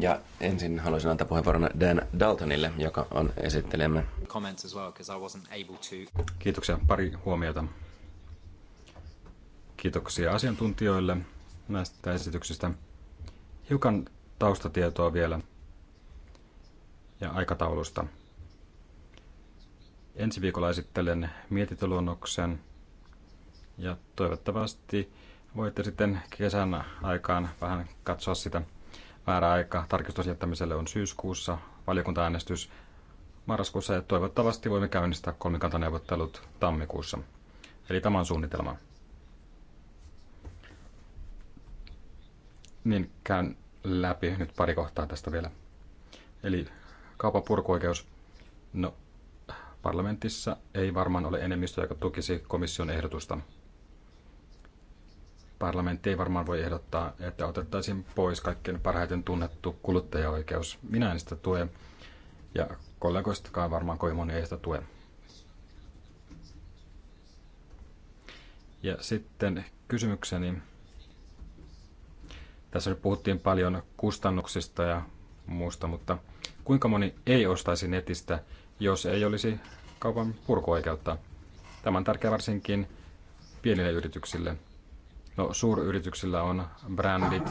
Ja ensin haluaisin antaa puheenvuoron Dan Daltonille, joka on esittelemme. Kiitoksia. Pari huomiota. Kiitoksia asiantuntijoille näistä esityksistä. Hiukan taustatietoa vielä ja aikataulusta. Ensi viikolla esittelen mietintöluonnoksen ja toivottavasti voitte sitten kesän aikaan vähän katsoa sitä määräaika tarkistusjättämiselle on syyskuussa, valiokuntaäänestys marraskuussa ja toivottavasti voimme käynnistää kolmikantaneuvottelut tammikuussa. Eli tämä on suunnitelma. Niin käyn läpi nyt pari kohtaa tästä vielä. Eli kaupan purkuoikeus. No, parlamentissa ei varmaan ole enemmistö, joka tukisi komission ehdotusta parlamentti ei varmaan voi ehdottaa, että otettaisiin pois kaikkein parhaiten tunnettu kuluttajaoikeus. Minä en sitä tue, ja kollegoistakaan varmaan kovin moni ei sitä tue. Ja sitten kysymykseni. Tässä nyt puhuttiin paljon kustannuksista ja muusta, mutta kuinka moni ei ostaisi netistä, jos ei olisi kaupan purkuoikeutta? Tämä on tärkeää varsinkin pienille yrityksille – No, suuryrityksillä on brändit,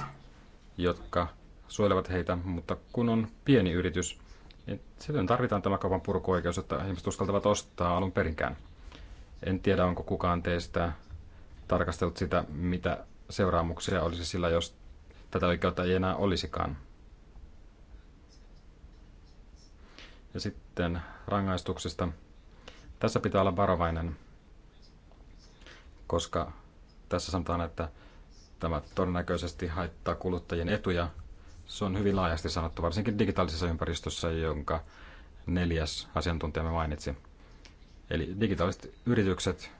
jotka suojelevat heitä, mutta kun on pieni yritys, niin silloin tarvitaan tämä kaupan purkuoikeus, että ihmiset uskaltavat ostaa alun perinkään. En tiedä, onko kukaan teistä tarkastellut sitä, mitä seuraamuksia olisi sillä, jos tätä oikeutta ei enää olisikaan. Ja sitten rangaistuksista Tässä pitää olla varovainen, koska tässä sanotaan, että tämä todennäköisesti haittaa kuluttajien etuja. Se on hyvin laajasti sanottu, varsinkin digitaalisessa ympäristössä, jonka neljäs asiantuntijamme mainitsi. Eli digitaaliset yritykset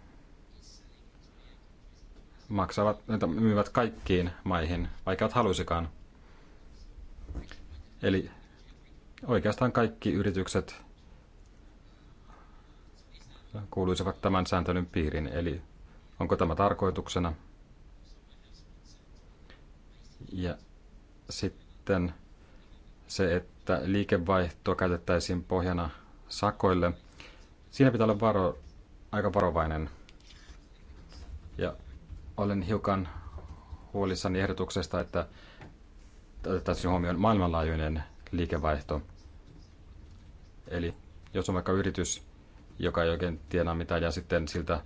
maksavat, että myyvät kaikkiin maihin, vaikka et halusikaan. Eli oikeastaan kaikki yritykset kuuluisivat tämän sääntelyn piiriin, eli Onko tämä tarkoituksena? Ja sitten se, että liikevaihto käytettäisiin pohjana sakoille. Siinä pitää olla varo, aika varovainen. Ja olen hiukan huolissani ehdotuksesta, että otettaisiin huomioon maailmanlaajuinen liikevaihto. Eli jos on vaikka yritys, joka ei oikein tienaa mitään ja sitten siltä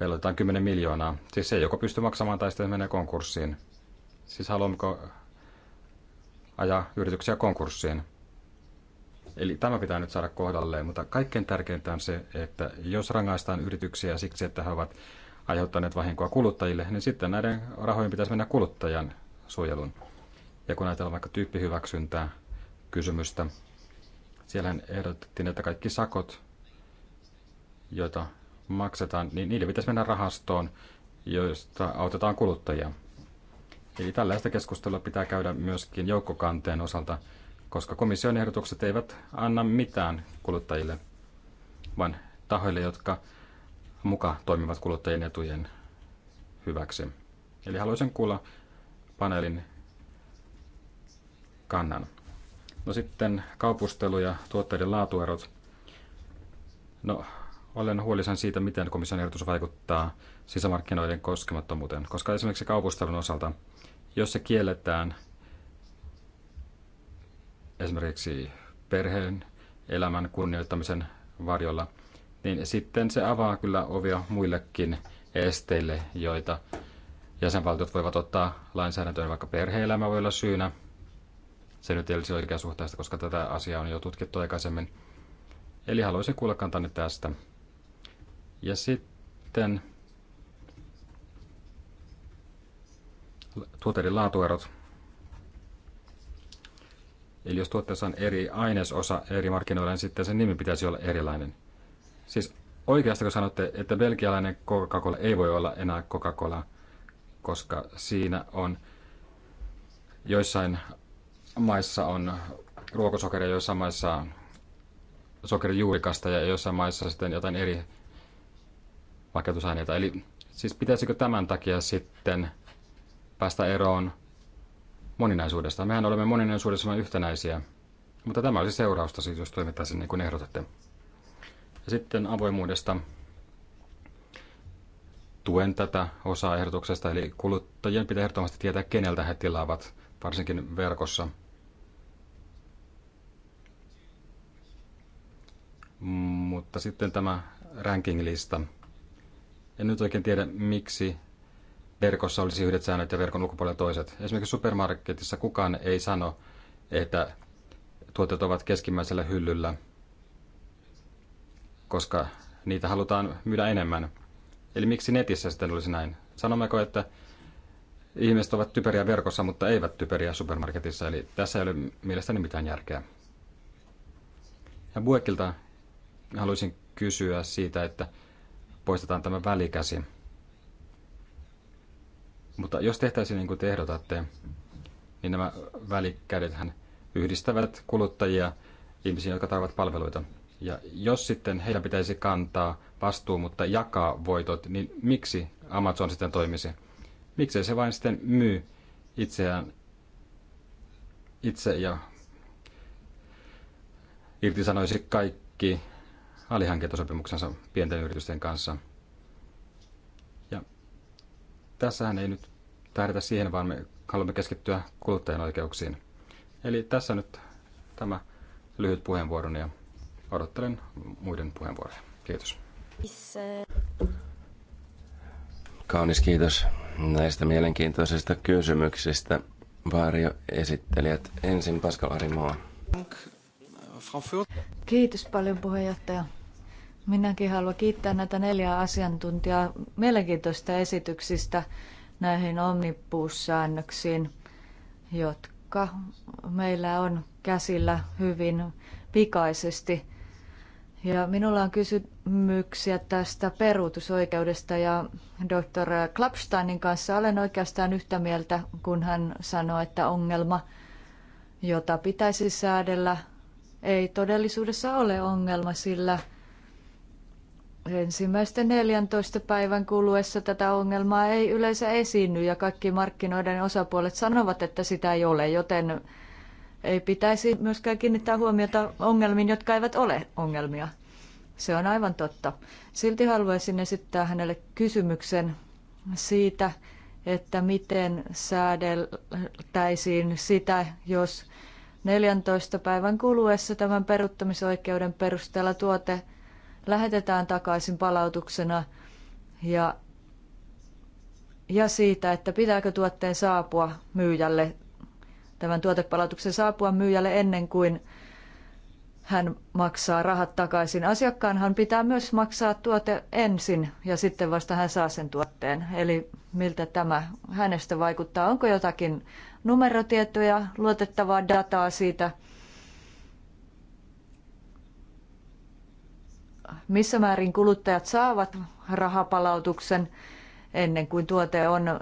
velotetaan 10 miljoonaa. Siis se ei joko pysty maksamaan tai sitten menee konkurssiin. Siis haluamko ajaa yrityksiä konkurssiin? Eli tämä pitää nyt saada kohdalleen, mutta kaikkein tärkeintä on se, että jos rangaistaan yrityksiä siksi, että he ovat aiheuttaneet vahinkoa kuluttajille, niin sitten näiden rahojen pitäisi mennä kuluttajan suojeluun. Ja kun ajatellaan vaikka tyyppihyväksyntää kysymystä, siellä ehdotettiin, että kaikki sakot, joita maksetaan, niin niiden pitäisi mennä rahastoon, joista autetaan kuluttajia. Eli tällaista keskustelua pitää käydä myöskin joukkokanteen osalta, koska komission ehdotukset eivät anna mitään kuluttajille, vaan tahoille, jotka muka toimivat kuluttajien etujen hyväksi. Eli haluaisin kuulla paneelin kannan. No sitten kaupustelu ja tuotteiden laatuerot. No olen huolissani siitä, miten komission ehdotus vaikuttaa sisämarkkinoiden koskemattomuuteen, koska esimerkiksi kaupustelun osalta, jos se kielletään esimerkiksi perheen elämän kunnioittamisen varjolla, niin sitten se avaa kyllä ovia muillekin esteille, joita jäsenvaltiot voivat ottaa lainsäädäntöön, vaikka perhe-elämä voi olla syynä. Se nyt ei olisi oikeasuhtaista, koska tätä asiaa on jo tutkittu aikaisemmin. Eli haluaisin kuulla kantanne tästä. Ja sitten tuotteiden laatuerot. Eli jos tuotteessa on eri ainesosa eri markkinoilla, niin sitten sen nimi pitäisi olla erilainen. Siis oikeastaan kun sanotte, että belgialainen Coca-Cola ei voi olla enää Coca-Cola, koska siinä on joissain maissa on ruokosokeria, joissain maissa on sokerijuurikasta ja joissain maissa sitten jotain eri vaikeutusaineita. Eli siis pitäisikö tämän takia sitten päästä eroon moninaisuudesta? Mehän olemme moninaisuudessa yhtenäisiä, mutta tämä olisi seurausta siis, jos toimittaisiin niin kuin ehdotatte. Ja sitten avoimuudesta tuen tätä osaa ehdotuksesta, eli kuluttajien pitää ehdottomasti tietää, keneltä he tilaavat, varsinkin verkossa. Mutta sitten tämä ranking-lista, en nyt oikein tiedä, miksi verkossa olisi yhdet säännöt ja verkon ulkopuolella toiset. Esimerkiksi supermarketissa kukaan ei sano, että tuotteet ovat keskimmäisellä hyllyllä, koska niitä halutaan myydä enemmän. Eli miksi netissä sitten olisi näin? Sanommeko, että ihmiset ovat typeriä verkossa, mutta eivät typeriä supermarketissa, eli tässä ei ole mielestäni mitään järkeä. Ja Buekilta haluaisin kysyä siitä, että poistetaan tämä välikäsi. Mutta jos tehtäisiin niin kuin te ehdotatte, niin nämä välikädethän yhdistävät kuluttajia ihmisiä, jotka tarvitsevat palveluita. Ja jos sitten heidän pitäisi kantaa vastuu, mutta jakaa voitot, niin miksi Amazon sitten toimisi? Miksei se vain sitten myy itseään itse ja irtisanoisi kaikki alihankintasopimuksensa pienten yritysten kanssa. Ja tässähän ei nyt tähdätä siihen, vaan me haluamme keskittyä kuluttajan oikeuksiin. Eli tässä nyt tämä lyhyt puheenvuoroni ja odottelen muiden puheenvuoroja. Kiitos. Kaunis kiitos näistä mielenkiintoisista kysymyksistä. Vaario esittelijät ensin Pascal Arimoa. Kiitos paljon puheenjohtaja. Minäkin haluan kiittää näitä neljää asiantuntijaa mielenkiintoista esityksistä näihin omnipuussäännöksiin, jotka meillä on käsillä hyvin pikaisesti. Ja minulla on kysymyksiä tästä peruutusoikeudesta ja dr. Klapsteinin kanssa olen oikeastaan yhtä mieltä, kun hän sanoi, että ongelma, jota pitäisi säädellä, ei todellisuudessa ole ongelma, sillä ensimmäisten 14 päivän kuluessa tätä ongelmaa ei yleensä esiinny ja kaikki markkinoiden osapuolet sanovat, että sitä ei ole, joten ei pitäisi myöskään kiinnittää huomiota ongelmiin, jotka eivät ole ongelmia. Se on aivan totta. Silti haluaisin esittää hänelle kysymyksen siitä, että miten säädeltäisiin sitä, jos 14 päivän kuluessa tämän peruuttamisoikeuden perusteella tuote lähetetään takaisin palautuksena ja, ja siitä, että pitääkö tuotteen saapua myyjälle, tämän tuotepalautuksen saapua myyjälle ennen kuin hän maksaa rahat takaisin. Asiakkaanhan pitää myös maksaa tuote ensin ja sitten vasta hän saa sen tuotteen. Eli miltä tämä hänestä vaikuttaa? Onko jotakin numerotietoja, luotettavaa dataa siitä, missä määrin kuluttajat saavat rahapalautuksen ennen kuin tuote on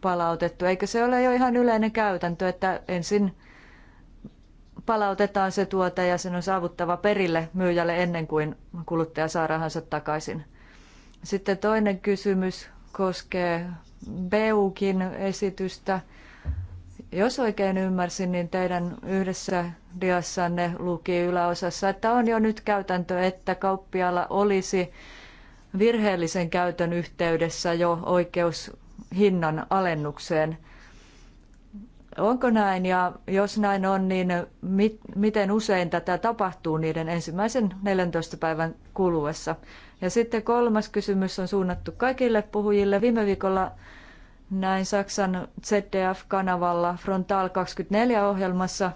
palautettu. Eikö se ole jo ihan yleinen käytäntö, että ensin palautetaan se tuote ja sen on saavuttava perille myyjälle ennen kuin kuluttaja saa rahansa takaisin. Sitten toinen kysymys koskee Beukin esitystä. Jos oikein ymmärsin, niin teidän yhdessä diassanne luki yläosassa, että on jo nyt käytäntö, että kauppialla olisi virheellisen käytön yhteydessä jo oikeus hinnan alennukseen. Onko näin ja jos näin on, niin mit, miten usein tätä tapahtuu niiden ensimmäisen 14 päivän kuluessa? Ja sitten kolmas kysymys on suunnattu kaikille puhujille. Viime viikolla näin Saksan ZDF-kanavalla Frontal 24-ohjelmassa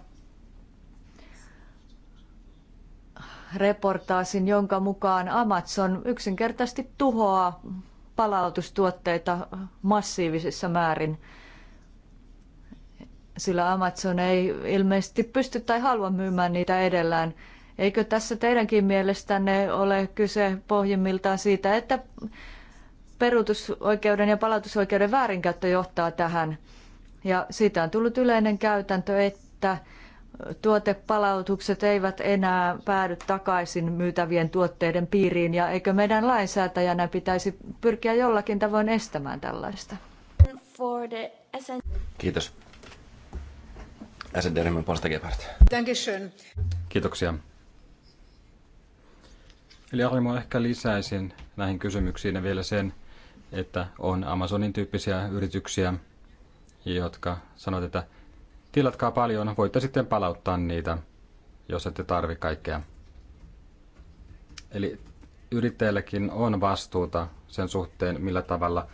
reportaasin, jonka mukaan Amazon yksinkertaisesti tuhoaa palautustuotteita massiivisissa määrin, sillä Amazon ei ilmeisesti pysty tai halua myymään niitä edellään. Eikö tässä teidänkin mielestänne ole kyse pohjimmiltaan siitä, että peruutusoikeuden ja palautusoikeuden väärinkäyttö johtaa tähän. Ja siitä on tullut yleinen käytäntö, että tuotepalautukset eivät enää päädy takaisin myytävien tuotteiden piiriin ja eikö meidän lainsäätäjänä pitäisi pyrkiä jollakin tavoin estämään tällaista? Kiitos. SND-ryhmän puolesta Gebhardt. Kiitoksia. Eli Arimo, ehkä lisäisin näihin kysymyksiin vielä sen, että on Amazonin tyyppisiä yrityksiä, jotka sanovat, että tilatkaa paljon, voitte sitten palauttaa niitä, jos ette tarvi kaikkea. Eli yrittäjällekin on vastuuta sen suhteen, millä tavalla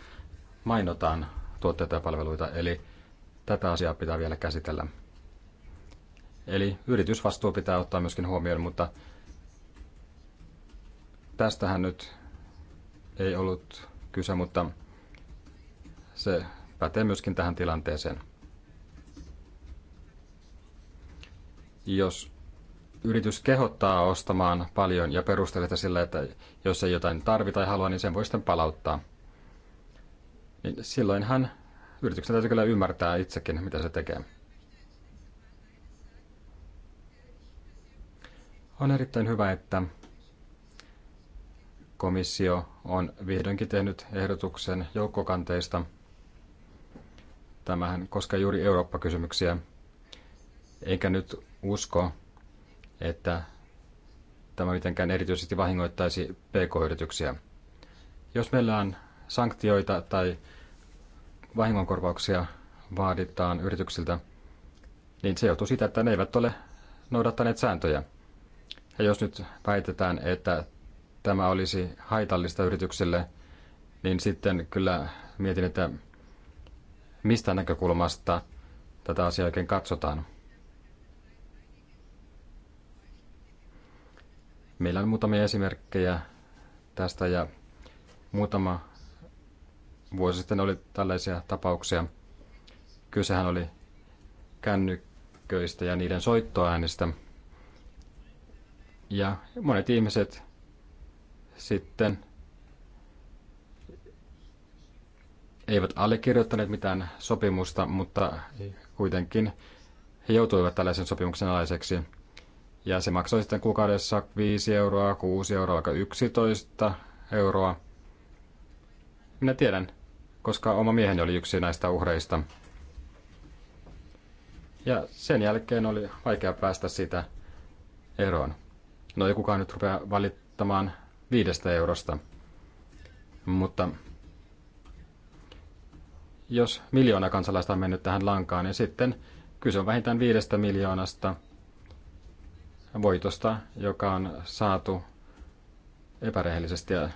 mainotaan tuotteita ja palveluita, eli tätä asiaa pitää vielä käsitellä. Eli yritysvastuu pitää ottaa myöskin huomioon, mutta tästähän nyt ei ollut kyse, mutta se pätee myöskin tähän tilanteeseen. Jos yritys kehottaa ostamaan paljon ja perustelee sillä, että jos ei jotain tarvita tai halua, niin sen voi sitten palauttaa. Niin silloinhan yrityksen täytyy kyllä ymmärtää itsekin, mitä se tekee. On erittäin hyvä, että komissio on vihdoinkin tehnyt ehdotuksen joukkokanteista. Tämähän koskee juuri Eurooppa-kysymyksiä. enkä nyt usko, että tämä mitenkään erityisesti vahingoittaisi pk-yrityksiä. Jos meillä on sanktioita tai vahingonkorvauksia vaaditaan yrityksiltä, niin se johtuu siitä, että ne eivät ole noudattaneet sääntöjä. Ja jos nyt väitetään, että tämä olisi haitallista yritykselle, niin sitten kyllä mietin, että mistä näkökulmasta tätä asiaa oikein katsotaan. Meillä on muutamia esimerkkejä tästä ja muutama vuosi sitten oli tällaisia tapauksia. Kysehän oli kännyköistä ja niiden soittoäänistä. Ja monet ihmiset sitten eivät allekirjoittaneet mitään sopimusta, mutta kuitenkin he joutuivat tällaisen sopimuksen alaiseksi. Ja se maksoi sitten kuukaudessa 5 euroa, 6 euroa, vaikka 11 euroa. Minä tiedän, koska oma mieheni oli yksi näistä uhreista. Ja sen jälkeen oli vaikea päästä siitä eroon. No ei kukaan nyt rupea valittamaan viidestä eurosta. Mutta jos miljoona kansalaista on mennyt tähän lankaan, niin sitten kyse on vähintään viidestä miljoonasta voitosta, joka on saatu epärehellisesti ja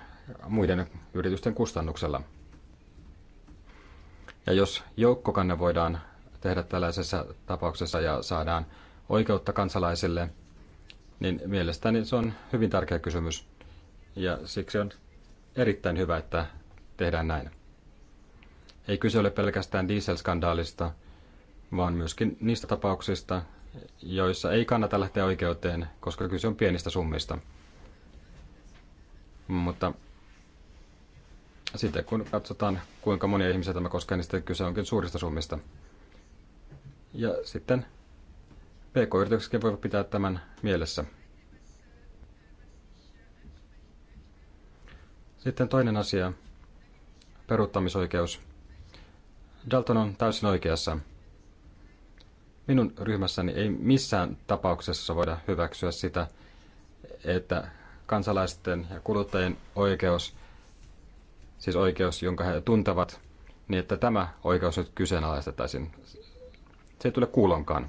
muiden yritysten kustannuksella. Ja jos joukkokanne voidaan tehdä tällaisessa tapauksessa ja saadaan oikeutta kansalaisille, niin mielestäni se on hyvin tärkeä kysymys. Ja siksi on erittäin hyvä, että tehdään näin. Ei kyse ole pelkästään dieselskandaalista, vaan myöskin niistä tapauksista, joissa ei kannata lähteä oikeuteen, koska kyse on pienistä summista. Mutta sitten kun katsotaan, kuinka monia ihmisiä tämä koskee, niin sitten kyse onkin suurista summista. Ja sitten PK-yrityksetkin voivat pitää tämän mielessä. Sitten toinen asia, peruuttamisoikeus. Dalton on täysin oikeassa. Minun ryhmässäni ei missään tapauksessa voida hyväksyä sitä, että kansalaisten ja kuluttajien oikeus, siis oikeus, jonka he tuntevat, niin että tämä oikeus nyt kyseenalaistettaisiin. Se ei tule kuulonkaan.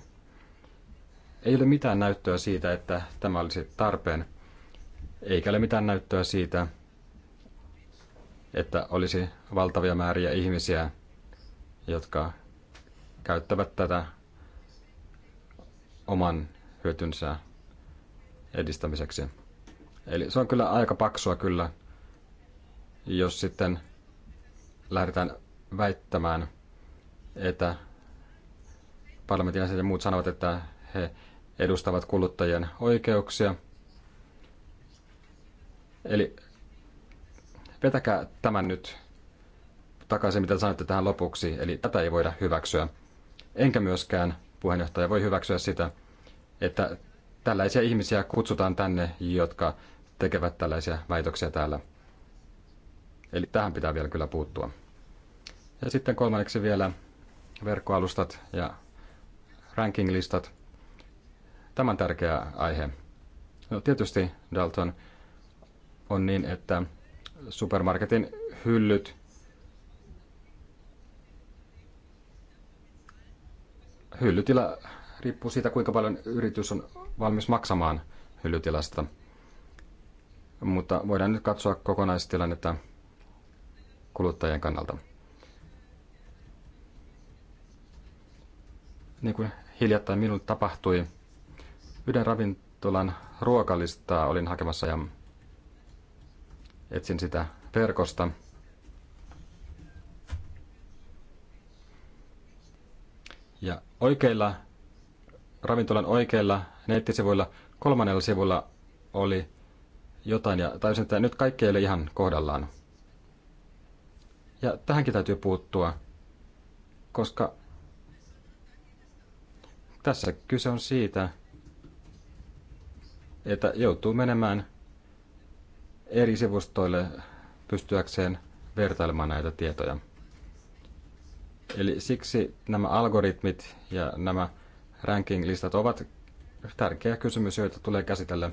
Ei ole mitään näyttöä siitä, että tämä olisi tarpeen, eikä ole mitään näyttöä siitä, että olisi valtavia määriä ihmisiä, jotka käyttävät tätä oman hyötynsä edistämiseksi. Eli se on kyllä aika paksua kyllä, jos sitten lähdetään väittämään, että parlamentin jäsenet ja muut sanovat, että he edustavat kuluttajien oikeuksia. Eli Vetäkää tämän nyt takaisin, mitä sanoitte tähän lopuksi, eli tätä ei voida hyväksyä. Enkä myöskään puheenjohtaja voi hyväksyä sitä, että tällaisia ihmisiä kutsutaan tänne, jotka tekevät tällaisia väitöksiä täällä. Eli tähän pitää vielä kyllä puuttua. Ja sitten kolmanneksi vielä verkkoalustat ja rankinglistat. Tämän tärkeä aihe. No, tietysti Dalton on niin, että supermarketin hyllyt hyllytila riippuu siitä, kuinka paljon yritys on valmis maksamaan hyllytilasta. Mutta voidaan nyt katsoa kokonaistilannetta kuluttajien kannalta. Niin kuin hiljattain minulle tapahtui, yhden ravintolan ruokalistaa olin hakemassa ja Etsin sitä verkosta. Ja oikeilla, ravintolan oikeilla nettisivuilla, kolmannella sivulla oli jotain, ja taisin että nyt kaikki ei ole ihan kohdallaan. Ja tähänkin täytyy puuttua, koska tässä kyse on siitä, että joutuu menemään eri sivustoille pystyäkseen vertailemaan näitä tietoja. Eli siksi nämä algoritmit ja nämä ranking-listat ovat tärkeä kysymys, joita tulee käsitellä.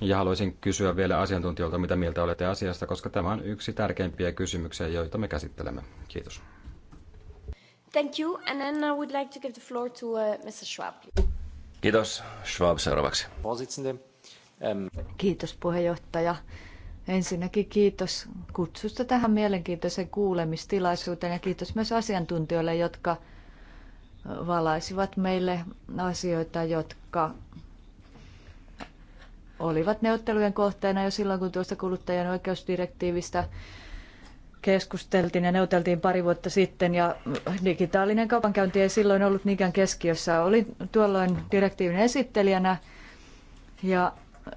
Ja haluaisin kysyä vielä asiantuntijoilta, mitä mieltä olette asiasta, koska tämä on yksi tärkeimpiä kysymyksiä, joita me käsittelemme. Kiitos. Thank you, and then I uh, would like to give the floor to uh, Mr. Schwab. Kiitos. Schwab seuraavaksi. Vorsitzende. Kiitos puheenjohtaja. Ensinnäkin kiitos kutsusta tähän mielenkiintoiseen kuulemistilaisuuteen ja kiitos myös asiantuntijoille, jotka valaisivat meille asioita, jotka olivat neuvottelujen kohteena jo silloin, kun tuosta kuluttajan oikeusdirektiivistä keskusteltiin ja neuvoteltiin pari vuotta sitten ja digitaalinen kaupankäynti ei silloin ollut niinkään keskiössä. Olin tuolloin direktiivin esittelijänä ja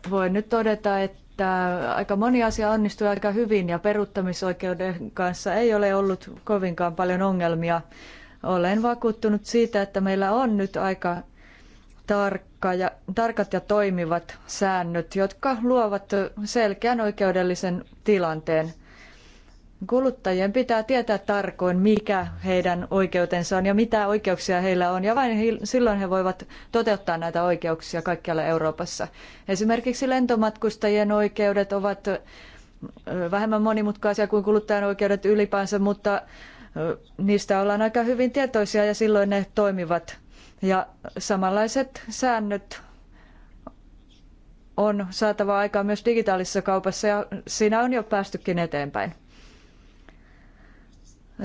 voin nyt todeta, että aika moni asia onnistui aika hyvin ja peruuttamisoikeuden kanssa ei ole ollut kovinkaan paljon ongelmia. Olen vakuuttunut siitä, että meillä on nyt aika tarkka ja, tarkat ja toimivat säännöt, jotka luovat selkeän oikeudellisen tilanteen – Kuluttajien pitää tietää tarkoin, mikä heidän oikeutensa on ja mitä oikeuksia heillä on, ja vain silloin he voivat toteuttaa näitä oikeuksia kaikkialla Euroopassa. Esimerkiksi lentomatkustajien oikeudet ovat vähemmän monimutkaisia kuin kuluttajan oikeudet ylipäänsä, mutta niistä ollaan aika hyvin tietoisia ja silloin ne toimivat. Ja samanlaiset säännöt on saatava aikaan myös digitaalisessa kaupassa ja siinä on jo päästykin eteenpäin.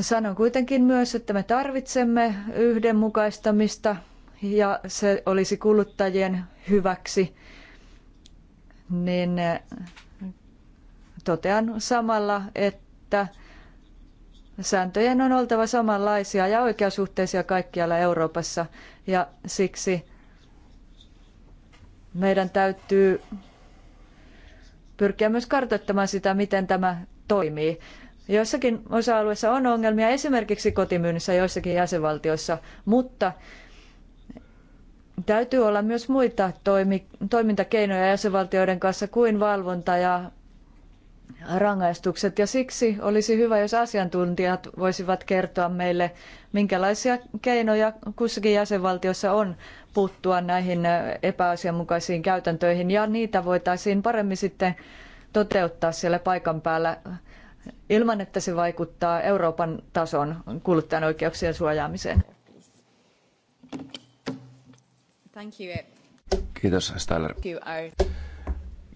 Sanon kuitenkin myös, että me tarvitsemme yhdenmukaistamista ja se olisi kuluttajien hyväksi. Niin eh, totean samalla, että sääntöjen on oltava samanlaisia ja oikeasuhteisia kaikkialla Euroopassa ja siksi meidän täytyy pyrkiä myös kartoittamaan sitä, miten tämä toimii. Joissakin osa-alueissa on ongelmia, esimerkiksi kotimyynnissä joissakin jäsenvaltioissa, mutta täytyy olla myös muita toimi, toimintakeinoja jäsenvaltioiden kanssa kuin valvonta ja rangaistukset. Ja siksi olisi hyvä, jos asiantuntijat voisivat kertoa meille, minkälaisia keinoja kussakin jäsenvaltiossa on puuttua näihin epäasianmukaisiin käytäntöihin, ja niitä voitaisiin paremmin sitten toteuttaa siellä paikan päällä ilman, että se vaikuttaa Euroopan tason kuluttajan oikeuksien suojaamiseen. Kiitos, Styler.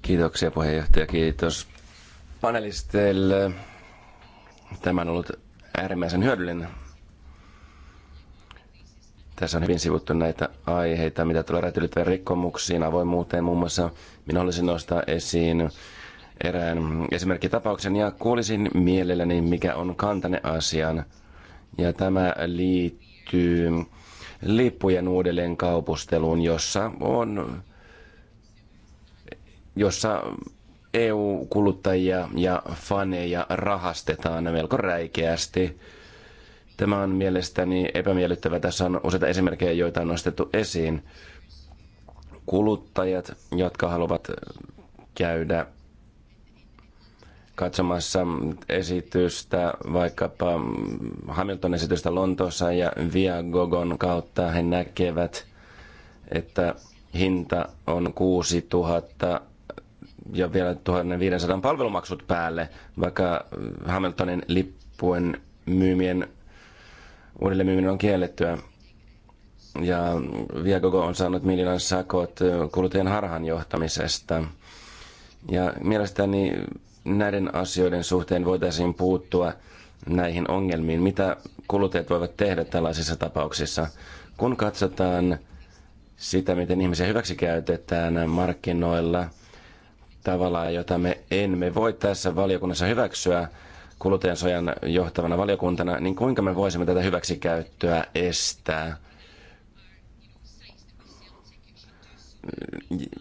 Kiitoksia puheenjohtaja, kiitos panelisteille. Tämä on ollut äärimmäisen hyödyllinen. Tässä on hyvin sivuttu näitä aiheita, mitä tulee räätälöityviin rikkomuksiin, avoimuuteen muun muassa. Minä haluaisin nostaa esiin erään esimerkkitapauksen ja kuulisin mielelläni, mikä on kantane asian. Ja tämä liittyy lippujen uudelleen kaupusteluun, jossa on jossa EU-kuluttajia ja faneja rahastetaan melko räikeästi. Tämä on mielestäni epämiellyttävä. Tässä on useita esimerkkejä, joita on nostettu esiin. Kuluttajat, jotka haluavat käydä katsomassa esitystä, vaikkapa Hamilton-esitystä Lontoossa ja Gogon kautta he näkevät, että hinta on 6000 ja vielä 1500 palvelumaksut päälle, vaikka Hamiltonin lippuen myymien uudelleen myyminen on kiellettyä. Ja Viagogo on saanut miljoonan sakot kuluttajien harhaanjohtamisesta. Ja mielestäni näiden asioiden suhteen voitaisiin puuttua näihin ongelmiin? Mitä kuluttajat voivat tehdä tällaisissa tapauksissa? Kun katsotaan sitä, miten ihmisiä käytetään markkinoilla tavalla, jota me emme voi tässä valiokunnassa hyväksyä kuluttajansojan johtavana valiokuntana, niin kuinka me voisimme tätä hyväksikäyttöä estää?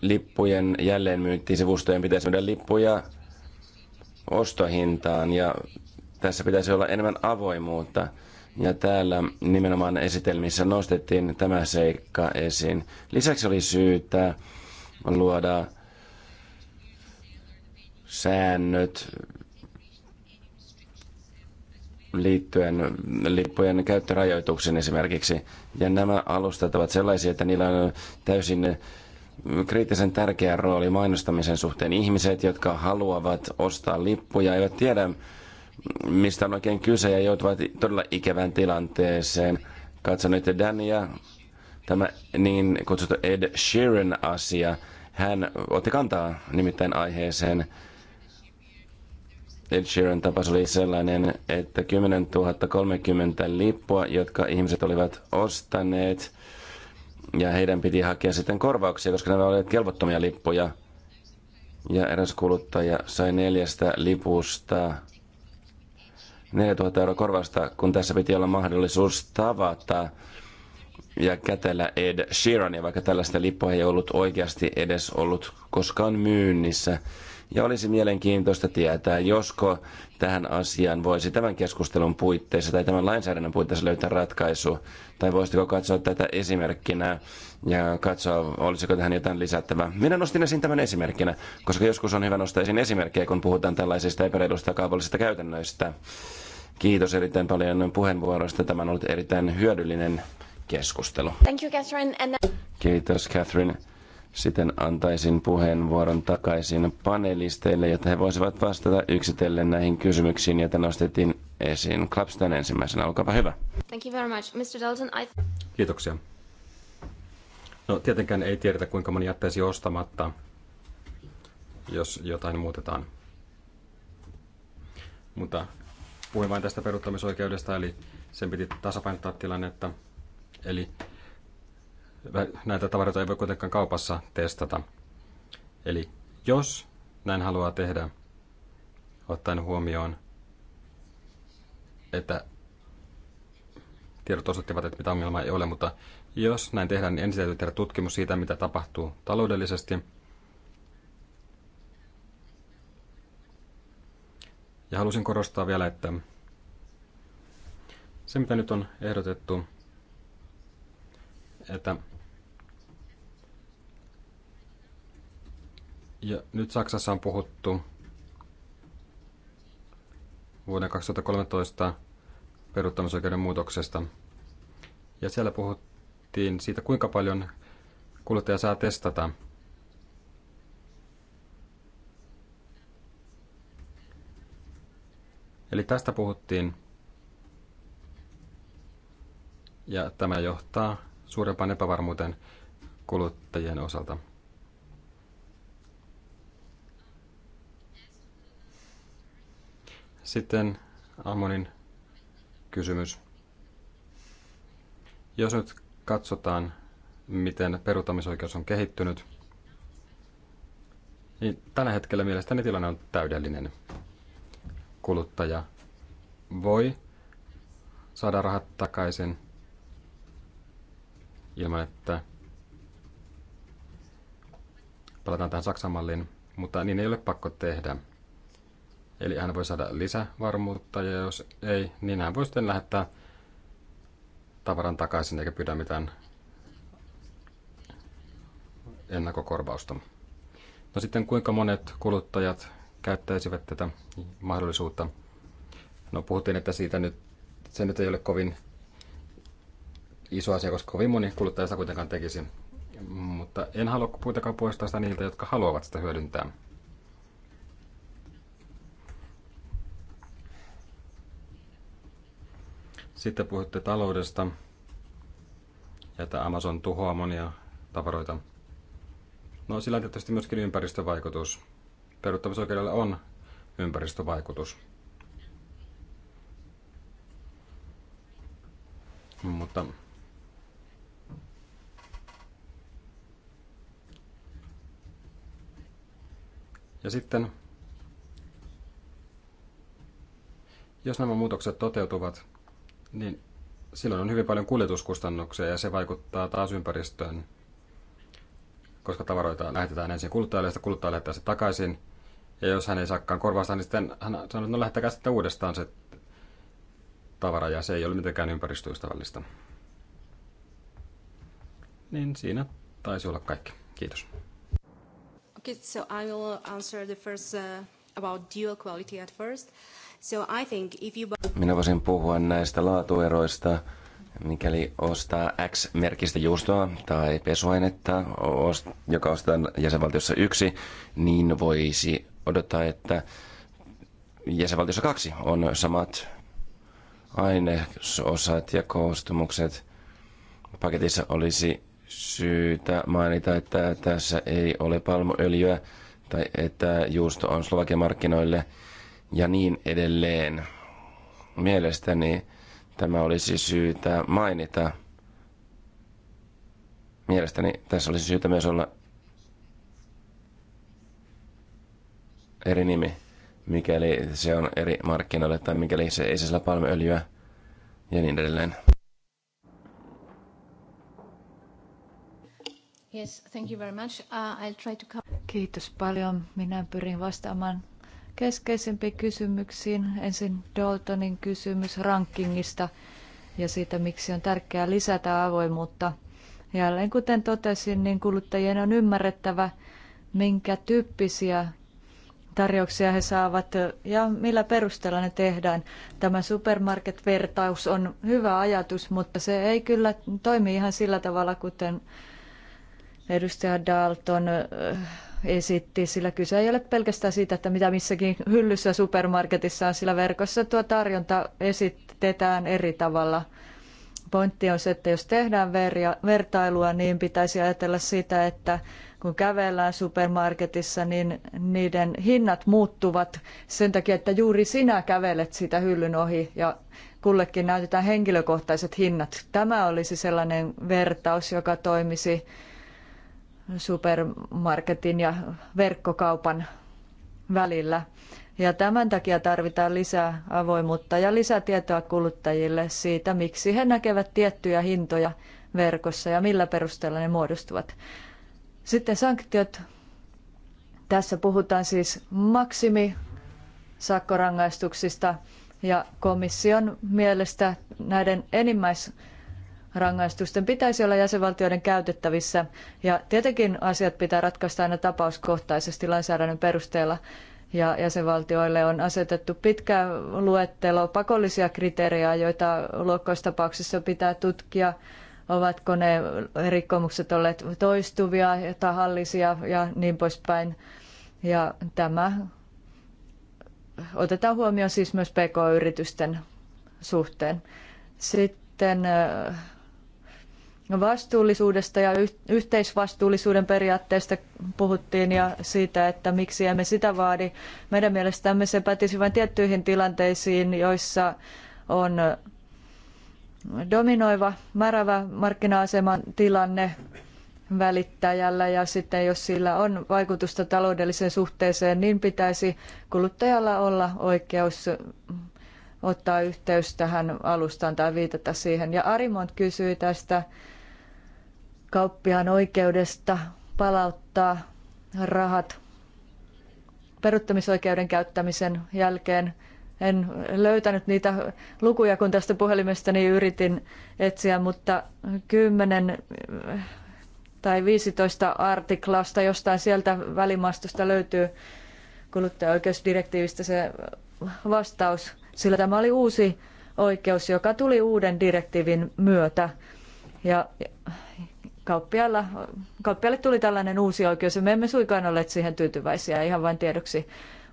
Lippujen jälleenmyyntiin sivustojen pitäisi myydä lippuja ostohintaan ja tässä pitäisi olla enemmän avoimuutta. Ja täällä nimenomaan esitelmissä nostettiin tämä seikka esiin. Lisäksi oli syytä luoda säännöt liittyen lippujen käyttörajoituksiin esimerkiksi. Ja nämä alustat ovat sellaisia, että niillä on täysin kriittisen tärkeä rooli mainostamisen suhteen. Ihmiset, jotka haluavat ostaa lippuja, eivät tiedä, mistä on oikein kyse ja joutuvat todella ikävään tilanteeseen. Katson nyt Dania, tämä niin kutsuttu Ed Sheeran-asia. Hän otti kantaa nimittäin aiheeseen. Ed Sheeran tapas oli sellainen, että 10 030 lippua, jotka ihmiset olivat ostaneet – ja heidän piti hakea sitten korvauksia, koska nämä olivat kelvottomia lippuja. Ja eräs kuluttaja sai neljästä lipusta 4000 euroa korvasta, kun tässä piti olla mahdollisuus tavata ja kätellä Ed Sheerania, vaikka tällaista lippua ei ollut oikeasti edes ollut koskaan myynnissä. Ja olisi mielenkiintoista tietää, josko tähän asiaan voisi tämän keskustelun puitteissa tai tämän lainsäädännön puitteissa löytää ratkaisu. Tai voisitko katsoa tätä esimerkkinä ja katsoa, olisiko tähän jotain lisättävää. Minä nostin esiin tämän esimerkkinä, koska joskus on hyvä nostaa esiin esimerkkejä, kun puhutaan tällaisista epäreilusta kaupallisista käytännöistä. Kiitos erittäin paljon puheenvuoroista. Tämä on ollut erittäin hyödyllinen keskustelu. Thank you, Catherine. And... Kiitos, Catherine. Siten antaisin puheenvuoron takaisin panelisteille, jotta he voisivat vastata yksitellen näihin kysymyksiin, joita nostettiin esiin. Klapstan ensimmäisenä, olkaapa hyvä. Thank you very much. Mr. Dalton, I... Kiitoksia. No tietenkään ei tiedetä, kuinka moni jättäisi ostamatta, jos jotain muutetaan. Mutta puhuin vain tästä peruuttamisoikeudesta, eli sen piti tasapainottaa tilannetta. Eli näitä tavaroita ei voi kuitenkaan kaupassa testata. Eli jos näin haluaa tehdä, ottaen huomioon, että tiedot osoittivat, että mitä ongelmaa ei ole, mutta jos näin tehdään, niin ensin täytyy tehdä tutkimus siitä, mitä tapahtuu taloudellisesti. Ja halusin korostaa vielä, että se mitä nyt on ehdotettu, että Ja nyt Saksassa on puhuttu vuoden 2013 peruuttamisoikeuden muutoksesta. Ja siellä puhuttiin siitä, kuinka paljon kuluttaja saa testata. Eli tästä puhuttiin. Ja tämä johtaa suurempaan epävarmuuteen kuluttajien osalta. Sitten Amonin kysymys. Jos nyt katsotaan, miten peruuttamisoikeus on kehittynyt, niin tällä hetkellä mielestäni tilanne on täydellinen. Kuluttaja voi saada rahat takaisin ilman, että palataan tähän Saksan malliin, mutta niin ei ole pakko tehdä. Eli hän voi saada lisävarmuutta ja jos ei, niin hän voi sitten lähettää tavaran takaisin eikä pyydä mitään ennakkokorvausta. No sitten kuinka monet kuluttajat käyttäisivät tätä mahdollisuutta? No puhuttiin, että siitä nyt, se nyt ei ole kovin iso asia, koska kovin moni kuluttaja sitä kuitenkaan tekisi. Mutta en halua kuitenkaan poistaa sitä niiltä, jotka haluavat sitä hyödyntää. Sitten puhutte taloudesta ja että Amazon tuhoaa monia tavaroita. No sillä on tietysti myöskin ympäristövaikutus. Peruuttamisoikeudella on ympäristövaikutus. Mutta Ja sitten, jos nämä muutokset toteutuvat, niin silloin on hyvin paljon kuljetuskustannuksia ja se vaikuttaa taas ympäristöön, koska tavaroita lähetetään ensin kuluttajalle ja sitten kuluttaja lähettää se takaisin. Ja jos hän ei saakaan korvasta, niin sitten hän sanoo, että no lähettäkää sitten uudestaan se tavara ja se ei ole mitenkään ympäristöystävällistä. Niin siinä taisi olla kaikki. Kiitos. Okay, so I will answer the first uh, about dual quality at first. So I think if you... Minä voisin puhua näistä laatueroista. Mikäli ostaa X-merkistä juustoa tai pesuainetta, joka ostetaan jäsenvaltiossa yksi, niin voisi odottaa, että jäsenvaltiossa kaksi on samat ainesosat ja koostumukset. Paketissa olisi syytä mainita, että tässä ei ole palmuöljyä tai että juusto on Slovakian markkinoille – ja niin edelleen. Mielestäni tämä olisi syytä mainita. Mielestäni tässä olisi syytä myös olla eri nimi, mikäli se on eri markkinoille tai mikäli se ei sisällä palmeöljyä ja niin edelleen. Yes, thank you very much. Uh, I'll try to... Kiitos paljon. Minä pyrin vastaamaan keskeisempiin kysymyksiin. Ensin Daltonin kysymys rankingista ja siitä, miksi on tärkeää lisätä avoimuutta. Jälleen kuten totesin, niin kuluttajien on ymmärrettävä, minkä tyyppisiä tarjouksia he saavat ja millä perusteella ne tehdään. Tämä supermarket-vertaus on hyvä ajatus, mutta se ei kyllä toimi ihan sillä tavalla, kuten edustaja Dalton esitti, sillä kyse ei ole pelkästään siitä, että mitä missäkin hyllyssä supermarketissa on, sillä verkossa tuo tarjonta esitetään eri tavalla. Pointti on se, että jos tehdään vertailua, niin pitäisi ajatella sitä, että kun kävellään supermarketissa, niin niiden hinnat muuttuvat sen takia, että juuri sinä kävelet sitä hyllyn ohi ja kullekin näytetään henkilökohtaiset hinnat. Tämä olisi sellainen vertaus, joka toimisi supermarketin ja verkkokaupan välillä. Ja tämän takia tarvitaan lisää avoimuutta ja lisätietoa kuluttajille siitä, miksi he näkevät tiettyjä hintoja verkossa ja millä perusteella ne muodostuvat. Sitten sanktiot. Tässä puhutaan siis maksimi sakkorangaistuksista ja komission mielestä näiden enimmäis rangaistusten pitäisi olla jäsenvaltioiden käytettävissä ja tietenkin asiat pitää ratkaista aina tapauskohtaisesti lainsäädännön perusteella ja jäsenvaltioille on asetettu pitkä luettelo pakollisia kriteerejä, joita luokkaustapauksissa pitää tutkia. Ovatko ne rikkomukset olleet toistuvia ja tahallisia ja niin poispäin. Ja tämä otetaan huomioon siis myös PK-yritysten suhteen. Sitten sitten äh, vastuullisuudesta ja yhteisvastuullisuuden periaatteesta puhuttiin ja siitä, että miksi emme sitä vaadi. Meidän mielestämme se pätisi vain tiettyihin tilanteisiin, joissa on dominoiva, märävä markkina-aseman tilanne välittäjällä ja sitten jos sillä on vaikutusta taloudelliseen suhteeseen, niin pitäisi kuluttajalla olla oikeus ottaa yhteys tähän alustaan tai viitata siihen. Ja Arimont kysyi tästä kauppiaan oikeudesta palauttaa rahat peruuttamisoikeuden käyttämisen jälkeen. En löytänyt niitä lukuja, kun tästä puhelimestani niin yritin etsiä, mutta 10 eh, tai 15 artiklasta jostain sieltä välimaastosta löytyy kuluttajaoikeusdirektiivistä se vastaus, sillä tämä oli uusi oikeus, joka tuli uuden direktiivin myötä. Ja kauppialla, kauppialle tuli tällainen uusi oikeus ja me emme suinkaan olleet siihen tyytyväisiä ihan vain tiedoksi.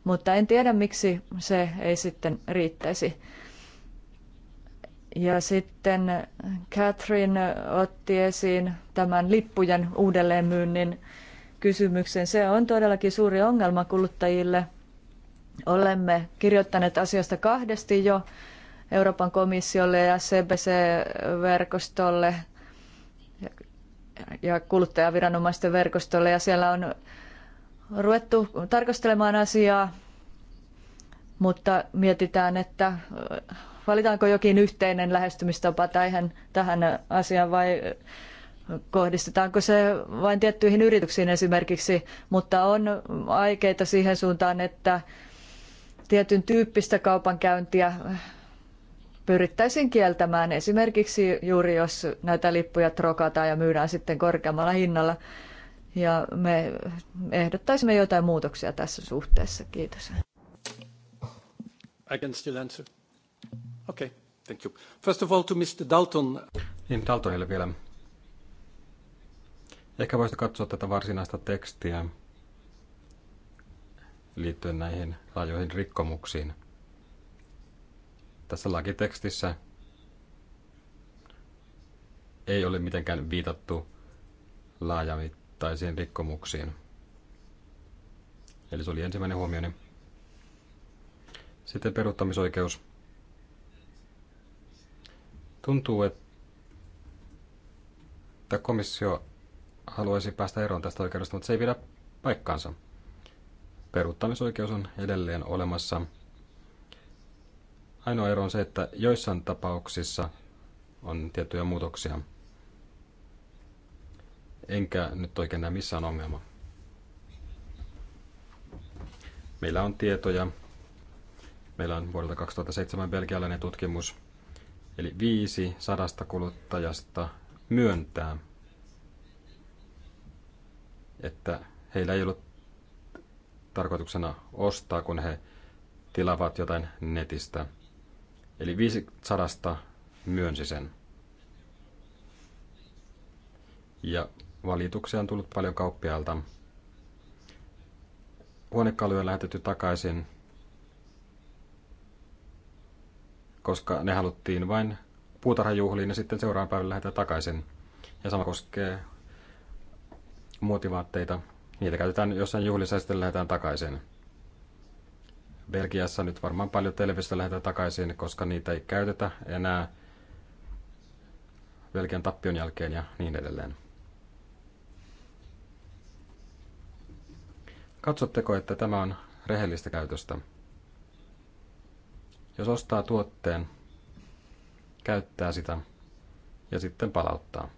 Mutta en tiedä, miksi se ei sitten riittäisi. Ja sitten Catherine otti esiin tämän lippujen uudelleenmyynnin kysymyksen. Se on todellakin suuri ongelma kuluttajille. Olemme kirjoittaneet asiasta kahdesti jo Euroopan komissiolle ja CBC-verkostolle ja kuluttajaviranomaisten verkostolle ja siellä on ruvettu tarkastelemaan asiaa, mutta mietitään, että valitaanko jokin yhteinen lähestymistapa tähän, tähän asiaan vai kohdistetaanko se vain tiettyihin yrityksiin esimerkiksi, mutta on aikeita siihen suuntaan, että tietyn tyyppistä kaupankäyntiä pyrittäisiin kieltämään esimerkiksi juuri jos näitä lippuja trokataan ja myydään sitten korkeammalla hinnalla. Ja me ehdottaisimme jotain muutoksia tässä suhteessa. Kiitos. I can still answer. Okay, thank you. First of all to Mr. Dalton. Niin, Daltonille vielä. Ehkä voisit katsoa tätä varsinaista tekstiä liittyen näihin laajoihin rikkomuksiin tässä lakitekstissä ei ole mitenkään viitattu laajamittaisiin rikkomuksiin. Eli se oli ensimmäinen huomioni. Sitten peruuttamisoikeus. Tuntuu, että komissio haluaisi päästä eroon tästä oikeudesta, mutta se ei pidä paikkaansa. Peruuttamisoikeus on edelleen olemassa Ainoa ero on se, että joissain tapauksissa on tiettyjä muutoksia. Enkä nyt oikein näe missään ongelma. Meillä on tietoja. Meillä on vuodelta 2007 belgialainen tutkimus. Eli viisi sadasta kuluttajasta myöntää, että heillä ei ollut tarkoituksena ostaa, kun he tilavat jotain netistä – Eli 500 myönsi sen. Ja valituksia on tullut paljon kauppialta. Huonekaluja on lähetetty takaisin, koska ne haluttiin vain puutarhajuhliin ja sitten seuraavan päivän lähetetään takaisin. Ja sama koskee muotivaatteita. Niitä käytetään jossain juhlissa ja sitten lähetetään takaisin. Belgiassa nyt varmaan paljon televisiosta lähetetään takaisin, koska niitä ei käytetä enää Belgian tappion jälkeen ja niin edelleen. Katsotteko, että tämä on rehellistä käytöstä? Jos ostaa tuotteen, käyttää sitä ja sitten palauttaa.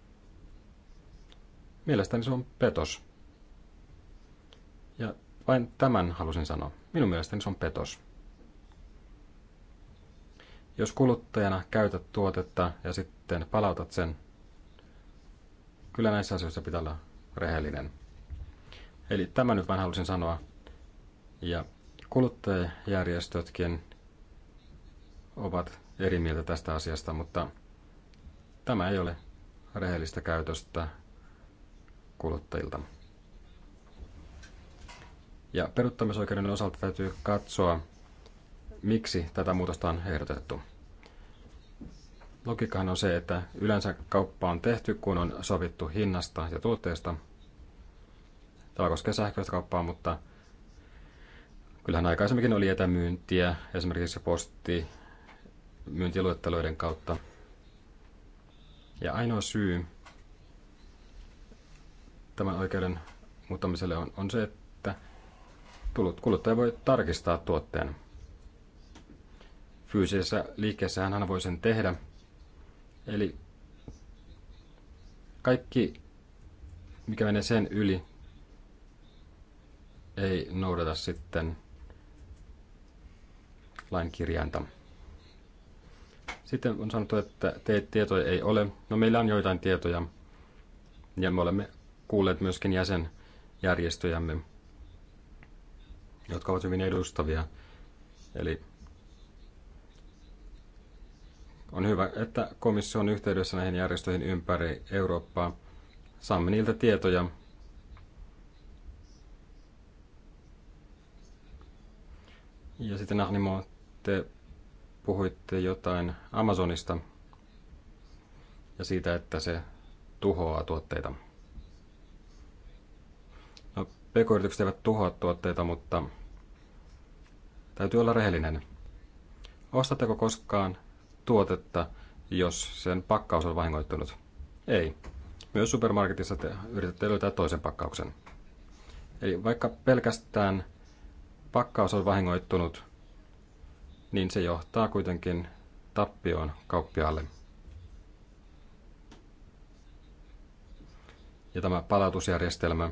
Mielestäni se on petos. Vain tämän halusin sanoa. Minun mielestäni se on petos. Jos kuluttajana käytät tuotetta ja sitten palautat sen, kyllä näissä asioissa pitää olla rehellinen. Eli tämä nyt vain halusin sanoa. Ja kuluttajajärjestötkin ovat eri mieltä tästä asiasta, mutta tämä ei ole rehellistä käytöstä kuluttajilta. Ja peruuttamisoikeuden osalta täytyy katsoa, miksi tätä muutosta on ehdotettu. Logiikkahan on se, että yleensä kauppa on tehty, kun on sovittu hinnasta ja tuotteesta. Tämä koskee sähköistä kauppaa, mutta kyllähän aikaisemminkin oli etämyyntiä, esimerkiksi posti myyntiluetteloiden kautta. Ja ainoa syy tämän oikeuden muuttamiselle on, on se, että kuluttaja voi tarkistaa tuotteen. Fyysisessä liikkeessä hän voi sen tehdä. Eli kaikki, mikä menee sen yli, ei noudata sitten lain kirjainta. Sitten on sanottu, että teet tietoja ei ole. No meillä on joitain tietoja ja me olemme kuulleet myöskin jäsenjärjestöjämme jotka ovat hyvin edustavia. Eli on hyvä, että komissio on yhteydessä näihin järjestöihin ympäri Eurooppaa. Saamme niiltä tietoja. Ja sitten Ahnimo, te puhuitte jotain Amazonista ja siitä, että se tuhoaa tuotteita. PK-yritykset eivät tuhoa tuotteita, mutta täytyy olla rehellinen. Ostatteko koskaan tuotetta, jos sen pakkaus on vahingoittunut? Ei. Myös supermarketissa te yritätte löytää toisen pakkauksen. Eli vaikka pelkästään pakkaus on vahingoittunut, niin se johtaa kuitenkin tappioon kauppiaalle. Ja tämä palautusjärjestelmä,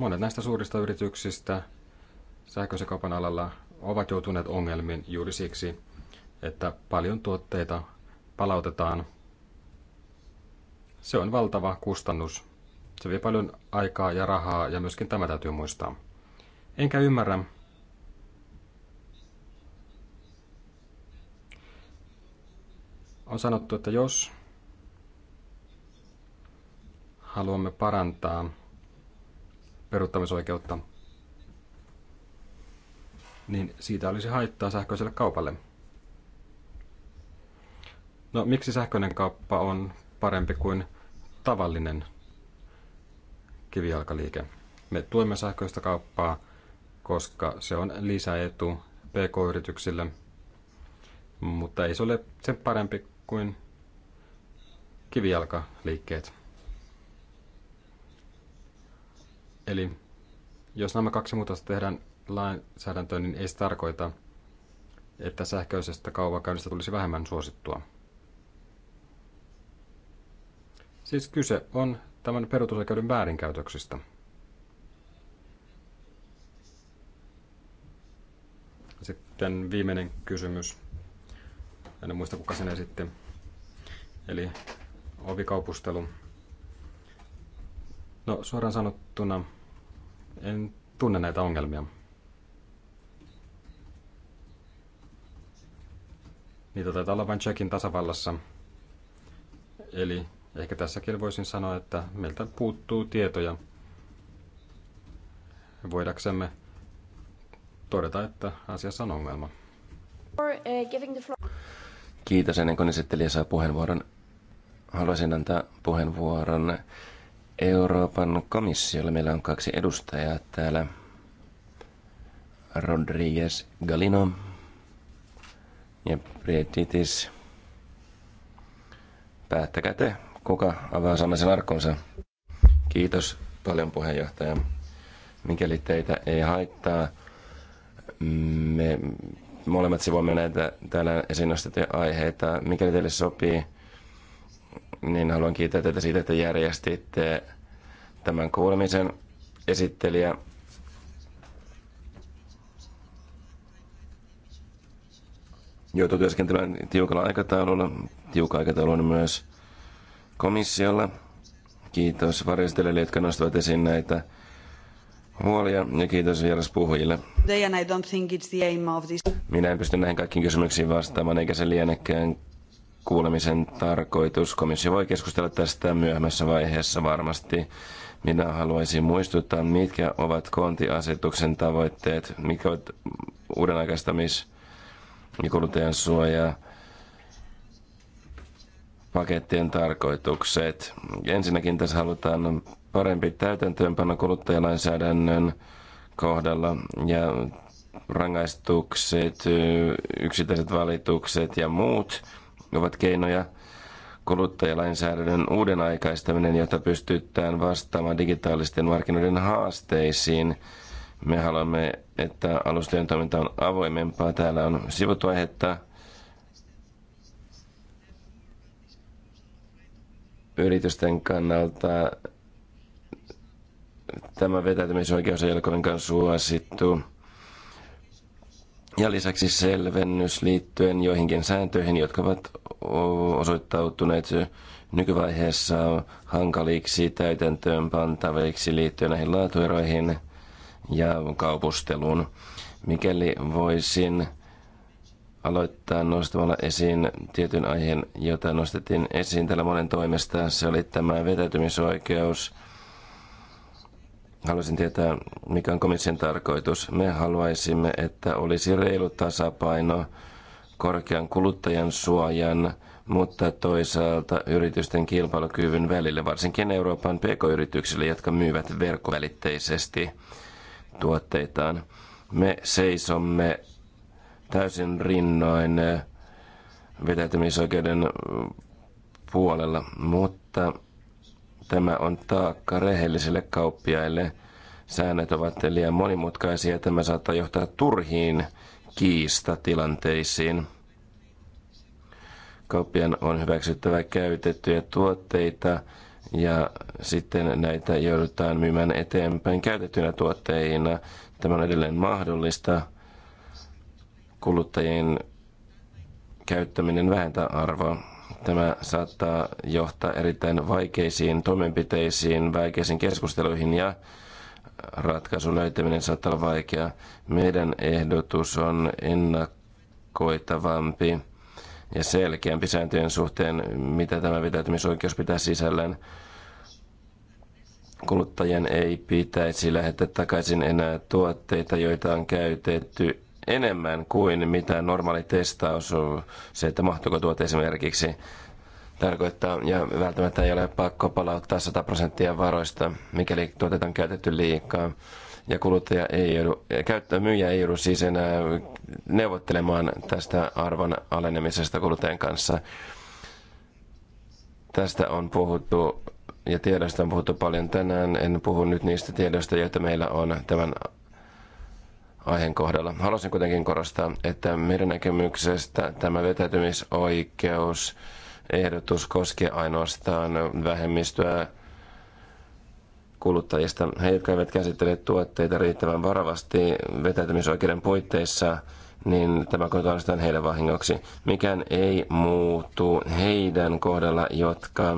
Monet näistä suurista yrityksistä sähköisen kaupan alalla ovat joutuneet ongelmiin juuri siksi, että paljon tuotteita palautetaan. Se on valtava kustannus. Se vie paljon aikaa ja rahaa ja myöskin tämä täytyy muistaa. Enkä ymmärrä, on sanottu, että jos haluamme parantaa peruuttamisoikeutta, niin siitä olisi haittaa sähköiselle kaupalle. No miksi sähköinen kauppa on parempi kuin tavallinen kivijalkaliike? Me tuemme sähköistä kauppaa, koska se on lisäetu pk-yrityksille, mutta ei se ole sen parempi kuin kivijalkaliikkeet. Eli jos nämä kaksi muutosta tehdään lainsäädäntöön, niin ei se tarkoita, että sähköisestä kaupankäynnistä tulisi vähemmän suosittua. Siis kyse on tämän perutusoikeuden väärinkäytöksistä. Sitten viimeinen kysymys. En muista, kuka sen esitti. Eli ovikaupustelu. No suoraan sanottuna en tunne näitä ongelmia. Niitä taitaa olla vain Tsekin tasavallassa. Eli ehkä tässäkin voisin sanoa, että meiltä puuttuu tietoja. Voidaksemme todeta, että asiassa on ongelma. Kiitos ennen kuin esittelijä saa puheenvuoron. Haluaisin antaa puheenvuoron Euroopan komissiolla meillä on kaksi edustajaa täällä. Rodriguez Galino ja Prietitis. Päättäkää te, kuka avaa samaisen arkkonsa. Kiitos paljon puheenjohtaja. Mikäli teitä ei haittaa, me molemmat sivuamme näitä täällä esiin nostettuja aiheita. Mikäli teille sopii, niin haluan kiittää teitä siitä, että järjestitte tämän kuulemisen esittelijä. Joutuu työskentelemään tiukalla aikataululla. Tiukka aikataulu on myös komissiolla. Kiitos varjostelijoille, jotka nostavat esiin näitä huolia ja kiitos puhujille. Minä en pysty näihin kaikkiin kysymyksiin vastaamaan, eikä se lienekään kuulemisen tarkoitus. Komissio voi keskustella tästä myöhemmässä vaiheessa varmasti. Minä haluaisin muistuttaa, mitkä ovat kontiasetuksen tavoitteet, mikä ovat uuden aikaistamis- ja kuluttajan suoja pakettien tarkoitukset. Ensinnäkin tässä halutaan parempi täytäntöönpano kuluttajalainsäädännön kohdalla ja rangaistukset, yksittäiset valitukset ja muut – ovat keinoja kuluttajalainsäädännön uuden aikaistaminen, jotta pystytään vastaamaan digitaalisten markkinoiden haasteisiin. Me haluamme, että alustojen toiminta on avoimempaa. Täällä on sivutuaihetta. Yritysten kannalta tämä vetäytymisoikeus ei ole kovinkaan suosittu ja lisäksi selvennys liittyen joihinkin sääntöihin, jotka ovat osoittautuneet nykyvaiheessa hankaliksi täytäntöön pantaviksi liittyen näihin laatueroihin ja kaupusteluun. Mikäli voisin aloittaa nostamalla esiin tietyn aiheen, jota nostettiin esiin täällä monen toimesta, se oli tämä vetäytymisoikeus Haluaisin tietää, mikä on komission tarkoitus. Me haluaisimme, että olisi reilu tasapaino korkean kuluttajan suojan, mutta toisaalta yritysten kilpailukyvyn välille, varsinkin Euroopan pk-yrityksille, jotka myyvät verkkovälitteisesti tuotteitaan. Me seisomme täysin rinnoin vetäytymisoikeuden puolella, mutta Tämä on taakka rehellisille kauppiaille. Säännöt ovat liian monimutkaisia ja tämä saattaa johtaa turhiin kiistatilanteisiin. Kauppian on hyväksyttävä käytettyjä tuotteita ja sitten näitä joudutaan myymään eteenpäin käytettynä tuotteina. Tämä on edelleen mahdollista. Kuluttajien käyttäminen vähentää arvoa. Tämä saattaa johtaa erittäin vaikeisiin toimenpiteisiin, vaikeisiin keskusteluihin ja ratkaisun löytäminen saattaa olla vaikeaa. Meidän ehdotus on ennakoitavampi ja selkeämpi sääntöjen suhteen, mitä tämä vetäytymisoikeus pitää sisällään. Kuluttajien ei pitäisi lähettää takaisin enää tuotteita, joita on käytetty enemmän kuin mitä normaali testaus, se että mahtuuko tuote esimerkiksi tarkoittaa, ja välttämättä ei ole pakko palauttaa 100 prosenttia varoista, mikäli tuotetta on käytetty liikaa. Ja kuluttaja ei joudu, käyttää myyjä ei joudu siis enää neuvottelemaan tästä arvon alenemisesta kuluttajan kanssa. Tästä on puhuttu ja tiedosta on puhuttu paljon tänään. En puhu nyt niistä tiedoista, joita meillä on tämän aiheen kohdalla. Haluaisin kuitenkin korostaa, että meidän näkemyksestä tämä vetäytymisoikeus ehdotus koskee ainoastaan vähemmistöä kuluttajista. He, jotka eivät käsittele tuotteita riittävän varovasti vetäytymisoikeuden puitteissa, niin tämä koituu heidän vahingoksi. Mikään ei muutu heidän kohdalla, jotka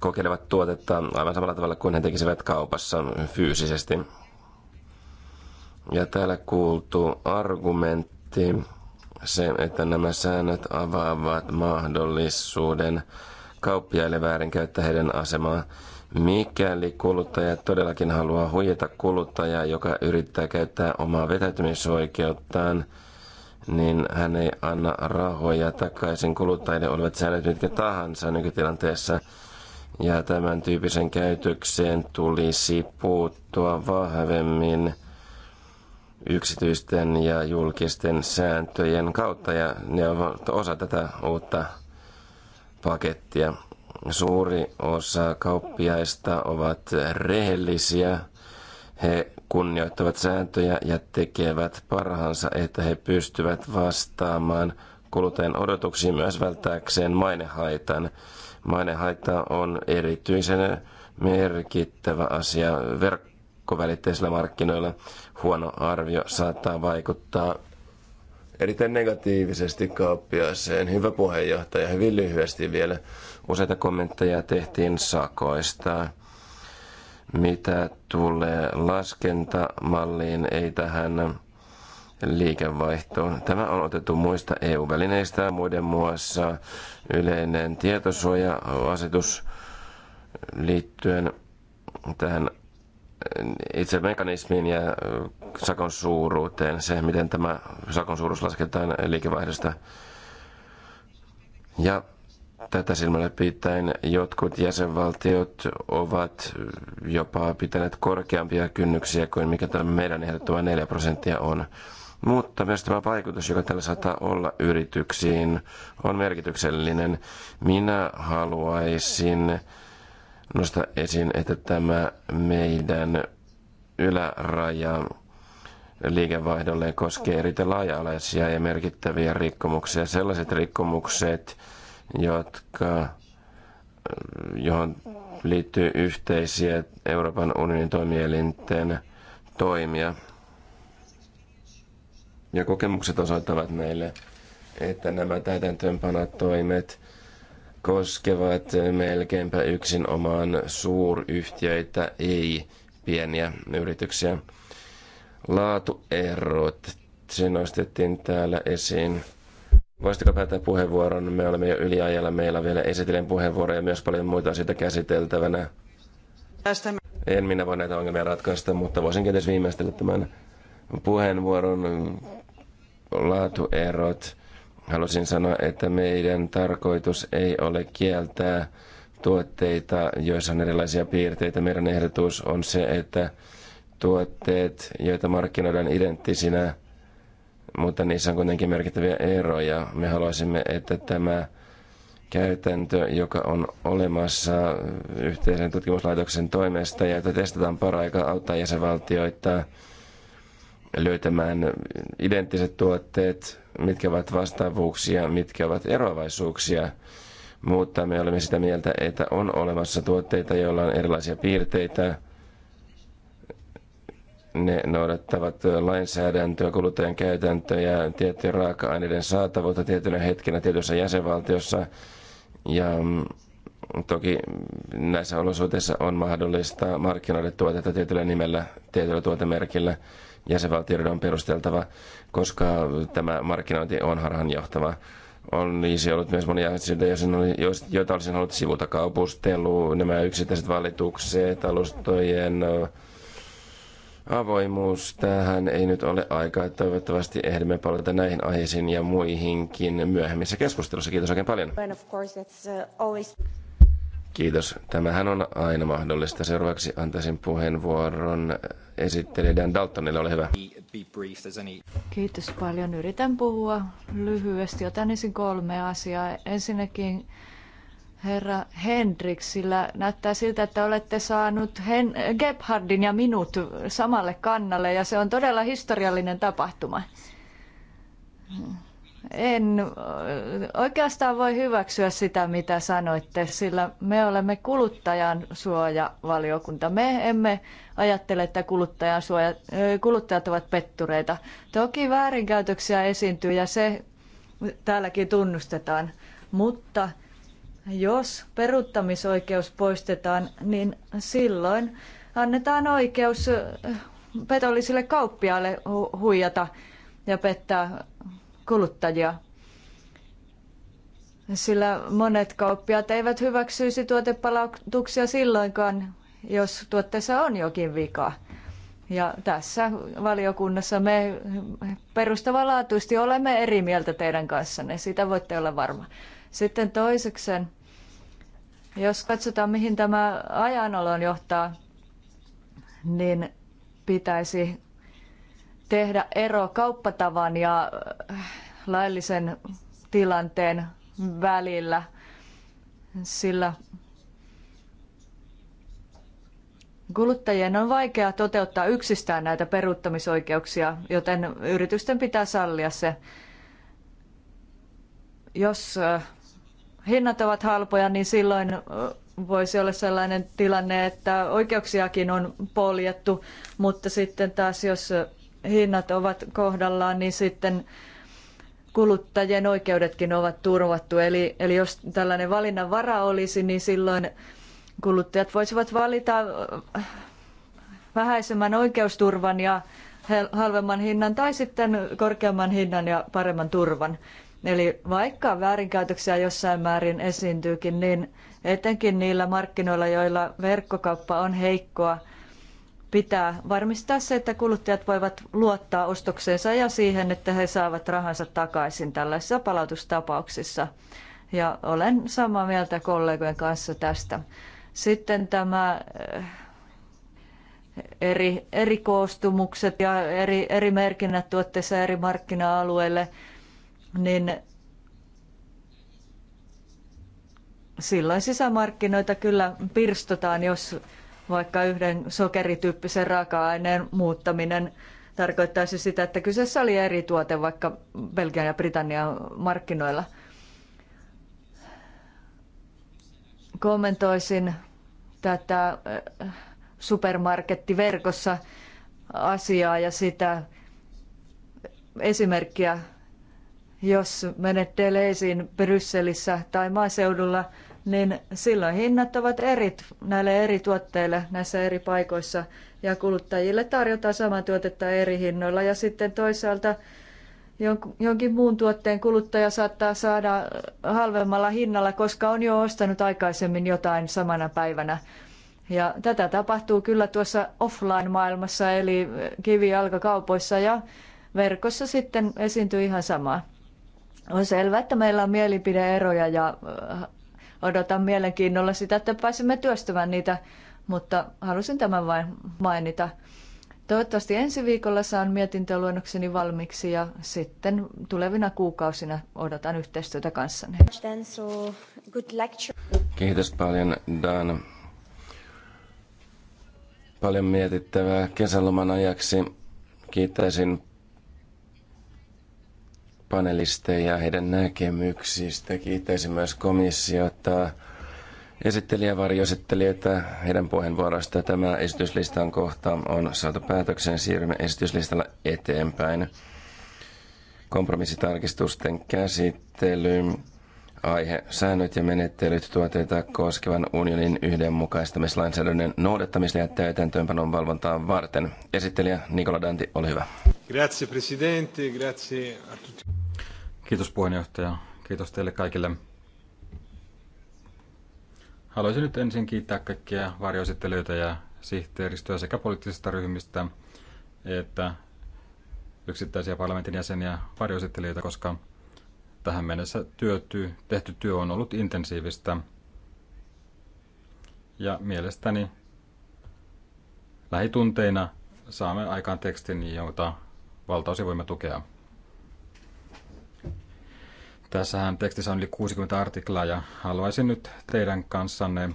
kokeilevat tuotetta aivan samalla tavalla kuin he tekisivät kaupassa fyysisesti. Ja täällä kuultu argumentti, se, että nämä säännöt avaavat mahdollisuuden kauppiaille väärinkäyttää heidän asemaa. Mikäli kuluttaja todellakin haluaa huijata kuluttajaa, joka yrittää käyttää omaa vetäytymisoikeuttaan, niin hän ei anna rahoja takaisin kuluttajille olivat säännöt mitkä tahansa nykytilanteessa – ja tämän tyyppisen käytökseen tulisi puuttua vahvemmin yksityisten ja julkisten sääntöjen kautta ja ne ovat osa tätä uutta pakettia. Suuri osa kauppiaista ovat rehellisiä. He kunnioittavat sääntöjä ja tekevät parhaansa, että he pystyvät vastaamaan kuluttajan odotuksiin myös välttääkseen mainehaitan. Mainehaitta on erityisen merkittävä asia verkkovälitteisillä markkinoilla. Huono arvio saattaa vaikuttaa erittäin negatiivisesti kauppiaaseen. Hyvä puheenjohtaja, hyvin lyhyesti vielä. Useita kommentteja tehtiin sakoista. Mitä tulee laskentamalliin, ei tähän liikevaihtoon. Tämä on otettu muista EU-välineistä, muiden muassa yleinen tietosuoja-asetus liittyen tähän eh, itse mekanismiin ja eh, sakon suuruuteen, se miten tämä sakon suuruus lasketaan liikevaihdosta. Ja tätä silmällä pitäen jotkut jäsenvaltiot ovat jopa pitäneet korkeampia kynnyksiä kuin mikä tämä meidän ehdottoma 4 prosenttia on. Mutta myös tämä vaikutus, joka tällä saattaa olla yrityksiin, on merkityksellinen. Minä haluaisin nostaa esiin, että tämä meidän yläraja liikevaihdolle koskee erittäin laaja-alaisia ja merkittäviä rikkomuksia. Sellaiset rikkomukset, jotka, johon liittyy yhteisiä Euroopan unionin toimielinten toimia. Ja kokemukset osoittavat meille, että nämä toimet koskevat melkeinpä yksin omaan suuryhtiöitä, ei pieniä yrityksiä. Laatuerot, se nostettiin täällä esiin. Voisitko päättää puheenvuoron? Me olemme jo yliajalla. Meillä on vielä esitellen puheenvuoroja ja myös paljon muita asioita käsiteltävänä. En minä voi näitä ongelmia ratkaista, mutta voisin kenties viimeistellä tämän puheenvuoron laatuerot. Halusin sanoa, että meidän tarkoitus ei ole kieltää tuotteita, joissa on erilaisia piirteitä. Meidän ehdotus on se, että tuotteet, joita markkinoidaan identtisinä, mutta niissä on kuitenkin merkittäviä eroja. Me haluaisimme, että tämä käytäntö, joka on olemassa yhteisen tutkimuslaitoksen toimesta ja jota testataan paraikaa auttaa jäsenvaltioita löytämään identtiset tuotteet, mitkä ovat vastaavuuksia, mitkä ovat eroavaisuuksia. Mutta me olemme sitä mieltä, että on olemassa tuotteita, joilla on erilaisia piirteitä. Ne noudattavat lainsäädäntöä, kuluttajan käytäntöjä, tiettyjen raaka-aineiden saatavuutta tietynä hetkenä tietyssä jäsenvaltiossa. Ja mm, toki näissä olosuhteissa on mahdollista markkinoida tuotetta tietyllä nimellä, tietyllä tuotemerkillä – jäsenvaltioiden on perusteltava, koska tämä markkinointi on harhaanjohtava. Olisi niin, ollut myös monia asioita, joita olisin halunnut sivuta. Kaupustelu, nämä yksittäiset valitukset, alustojen avoimuus. Tähän ei nyt ole aikaa. Toivottavasti ehdimme palata näihin aiheisiin ja muihinkin myöhemmissä keskustelussa. Kiitos oikein paljon. Uh, Kiitos. Tämähän on aina mahdollista. Seuraavaksi antaisin puheenvuoron esittelijän Daltonille. Ole hyvä. Kiitos paljon. Yritän puhua lyhyesti. Otan ensin kolme asiaa. Ensinnäkin herra sillä näyttää siltä, että olette saanut Hen- Gebhardin ja minut samalle kannalle ja se on todella historiallinen tapahtuma. En oikeastaan voi hyväksyä sitä, mitä sanoitte, sillä me olemme kuluttajan suojavaliokunta. Me emme ajattele, että kuluttajan suoja, kuluttajat ovat pettureita. Toki väärinkäytöksiä esiintyy ja se täälläkin tunnustetaan, mutta jos peruuttamisoikeus poistetaan, niin silloin annetaan oikeus petollisille kauppiaille huijata ja pettää kuluttajia. Sillä monet kauppiaat eivät hyväksyisi tuotepalautuksia silloinkaan, jos tuotteessa on jokin vika. Ja tässä valiokunnassa me perustavanlaatuisesti olemme eri mieltä teidän kanssanne, siitä voitte olla varma. Sitten toisekseen, jos katsotaan mihin tämä ajanolon johtaa, niin pitäisi tehdä ero kauppatavan ja äh, laillisen tilanteen välillä, sillä Kuluttajien on vaikea toteuttaa yksistään näitä peruuttamisoikeuksia, joten yritysten pitää sallia se. Jos äh, hinnat ovat halpoja, niin silloin äh, voisi olla sellainen tilanne, että oikeuksiakin on poljettu, mutta sitten taas jos hinnat ovat kohdallaan, niin sitten kuluttajien oikeudetkin ovat turvattu. Eli, eli jos tällainen valinnanvara olisi, niin silloin kuluttajat voisivat valita äh, vähäisemmän oikeusturvan ja halvemman hinnan tai sitten korkeamman hinnan ja paremman turvan. Eli vaikka väärinkäytöksiä jossain määrin esiintyykin, niin etenkin niillä markkinoilla, joilla verkkokauppa on heikkoa, pitää varmistaa se, että kuluttajat voivat luottaa ostokseensa ja siihen, että he saavat rahansa takaisin tällaisissa palautustapauksissa. Ja olen samaa mieltä kollegojen kanssa tästä. Sitten tämä eh, eri, eri koostumukset ja eri, eri merkinnät tuotteissa eri markkina-alueille, niin silloin sisämarkkinoita kyllä pirstotaan, jos vaikka yhden sokerityyppisen raaka-aineen muuttaminen tarkoittaisi sitä, että kyseessä oli eri tuote vaikka Belgian ja Britannian markkinoilla. Kommentoisin tätä eh, supermarkettiverkossa asiaa ja sitä esimerkkiä, jos menet Deleisiin Brysselissä tai maaseudulla – niin silloin hinnat ovat eri näille eri tuotteille näissä eri paikoissa ja kuluttajille tarjotaan samaa tuotetta eri hinnoilla ja sitten toisaalta jonkin muun tuotteen kuluttaja saattaa saada halvemmalla hinnalla, koska on jo ostanut aikaisemmin jotain samana päivänä. Ja tätä tapahtuu kyllä tuossa offline-maailmassa eli kivijalkakaupoissa ja verkossa sitten esiintyy ihan samaa. On selvää, että meillä on mielipideeroja ja äh, odotan mielenkiinnolla sitä, että pääsemme työstämään niitä, mutta halusin tämän vain mainita. Toivottavasti ensi viikolla saan mietintöluennokseni valmiiksi ja sitten tulevina kuukausina odotan yhteistyötä kanssanne. Kiitos paljon, Dan. Paljon mietittävää kesäloman ajaksi. Kiittäisin panelisteja heidän näkemyksistä. Kiittäisin myös komissiota, esittelijä, varjoesittelijöitä heidän puheenvuoroista. Tämä esityslistan kohta on saatu päätökseen. Siirrymme esityslistalla eteenpäin. Kompromissitarkistusten käsittely, aihe, säännöt ja menettelyt tuotteita koskevan unionin yhdenmukaistamislainsäädännön noudattamista ja täytäntöönpanon valvontaa varten. Esittelijä Nikola Danti, ole hyvä. Grazie presidente, grazie a tutti. Kiitos puheenjohtaja. Kiitos teille kaikille. Haluaisin nyt ensin kiittää kaikkia varjoesittelijöitä ja sihteeristöä sekä poliittisista ryhmistä että yksittäisiä parlamentin jäseniä varjoesittelijöitä, koska tähän mennessä työty, tehty työ on ollut intensiivistä. Ja mielestäni lähitunteina saamme aikaan tekstin, jota valtaosin voimme tukea. Tässähän tekstissä on yli 60 artiklaa ja haluaisin nyt teidän kanssanne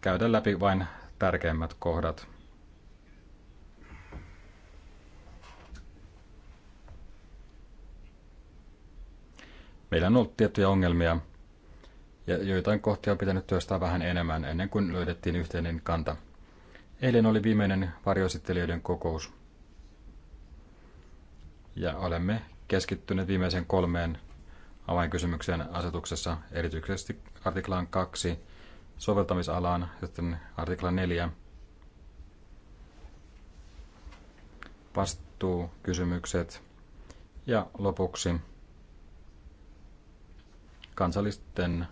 käydä läpi vain tärkeimmät kohdat. Meillä on ollut tiettyjä ongelmia ja joitain kohtia on pitänyt työstää vähän enemmän ennen kuin löydettiin yhteinen kanta. Eilen oli viimeinen varjoesittelijöiden kokous ja olemme keskittyneet viimeisen kolmeen avainkysymykseen asetuksessa, erityisesti artiklan 2 soveltamisalaan, sitten artikla 4 vastuukysymykset ja lopuksi kansallisten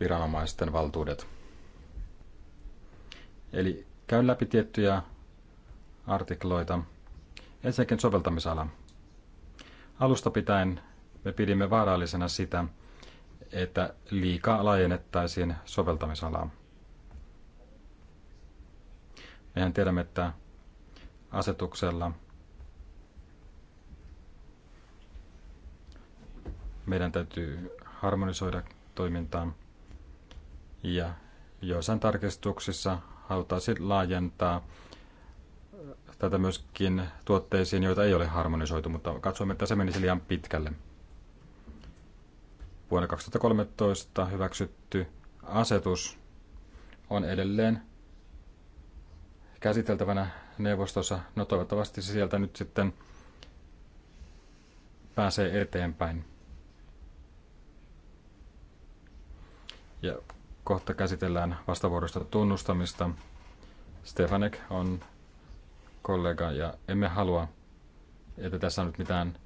viranomaisten valtuudet. Eli käyn läpi tiettyjä artikloita. Ensinnäkin soveltamisala. Alusta pitäen me pidimme vaarallisena sitä, että liikaa laajennettaisiin soveltamisalaa. Mehän tiedämme, että asetuksella meidän täytyy harmonisoida toimintaa ja joissain tarkistuksissa halutaan laajentaa tätä myöskin tuotteisiin, joita ei ole harmonisoitu, mutta katsomme, että se menisi liian pitkälle vuonna 2013 hyväksytty asetus on edelleen käsiteltävänä neuvostossa. No toivottavasti se sieltä nyt sitten pääsee eteenpäin. Ja kohta käsitellään vastavuoroista tunnustamista. Stefanek on kollega ja emme halua, että tässä on nyt mitään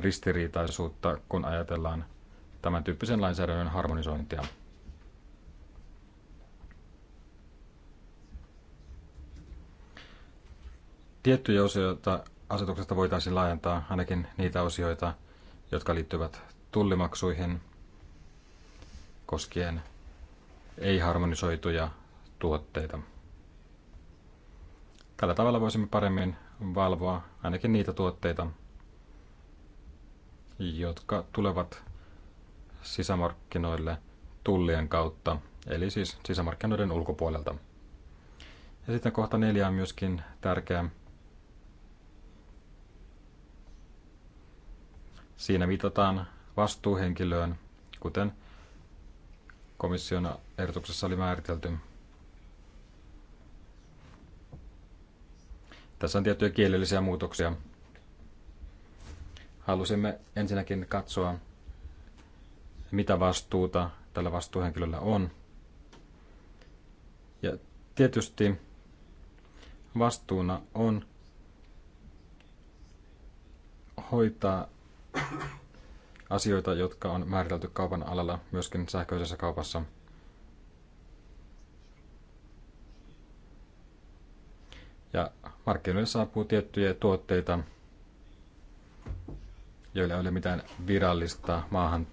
ristiriitaisuutta, kun ajatellaan tämän tyyppisen lainsäädännön harmonisointia. Tiettyjä osioita asetuksesta voitaisiin laajentaa, ainakin niitä osioita, jotka liittyvät tullimaksuihin koskien ei-harmonisoituja tuotteita. Tällä tavalla voisimme paremmin valvoa ainakin niitä tuotteita, jotka tulevat sisämarkkinoille tullien kautta, eli siis sisämarkkinoiden ulkopuolelta. Ja sitten kohta neljä on myöskin tärkeä. Siinä viitataan vastuuhenkilöön, kuten komission ehdotuksessa oli määritelty. Tässä on tiettyjä kielellisiä muutoksia. Halusimme ensinnäkin katsoa, mitä vastuuta tällä vastuuhenkilöllä on. Ja tietysti vastuuna on hoitaa asioita, jotka on määritelty kaupan alalla, myöskin sähköisessä kaupassa. Ja markkinoille saapuu tiettyjä tuotteita, joilla ei ole mitään virallista maahan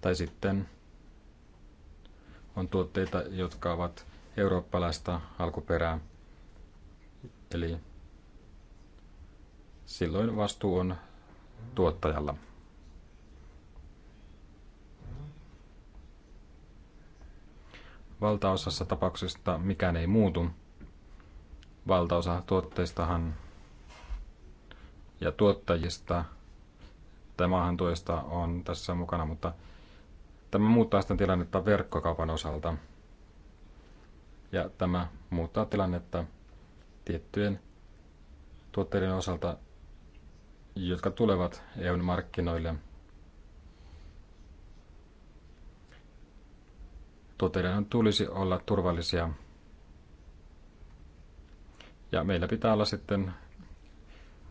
Tai sitten on tuotteita, jotka ovat eurooppalaista alkuperää. Eli silloin vastuu on tuottajalla. Valtaosassa tapauksista mikään ei muutu. Valtaosa tuotteistahan ja tuottajista tai maahantuojista on tässä mukana, mutta Tämä muuttaa sitä tilannetta verkkokaupan osalta. Ja tämä muuttaa tilannetta tiettyjen tuotteiden osalta, jotka tulevat EUn markkinoille. Tuotteiden tulisi olla turvallisia. Ja meillä pitää olla sitten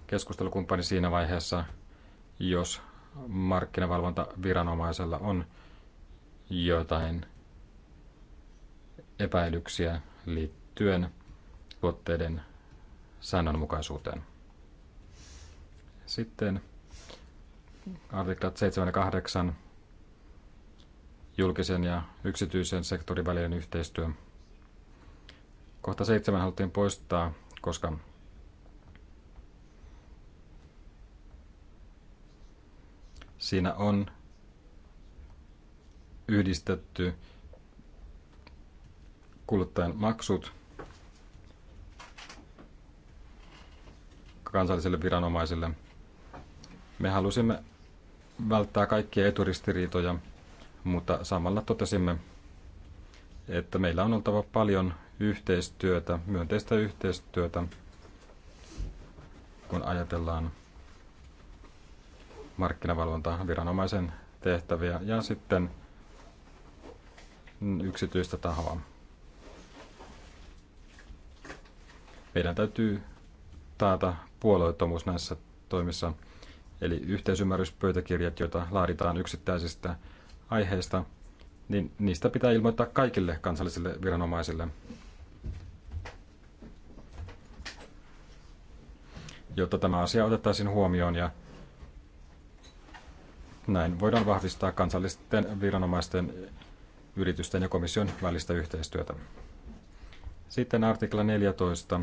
keskustelukumppani siinä vaiheessa, jos markkinavalvontaviranomaisella on jotain epäilyksiä liittyen tuotteiden säännönmukaisuuteen. Sitten artiklat 7 ja 8, julkisen ja yksityisen sektorin välinen yhteistyö. Kohta 7 haluttiin poistaa, koska siinä on yhdistetty kuluttajan maksut kansalliselle viranomaisille. Me halusimme välttää kaikkia eturistiriitoja, mutta samalla totesimme, että meillä on oltava paljon yhteistyötä, myönteistä yhteistyötä, kun ajatellaan markkinavalvontaviranomaisen tehtäviä ja sitten Mm, yksityistä tahoa. Meidän täytyy taata puolueettomuus näissä toimissa, eli yhteisymmärryspöytäkirjat, joita laaditaan yksittäisistä aiheista, niin niistä pitää ilmoittaa kaikille kansallisille viranomaisille, jotta tämä asia otettaisiin huomioon ja näin voidaan vahvistaa kansallisten viranomaisten yritysten ja komission välistä yhteistyötä. Sitten artikla 14,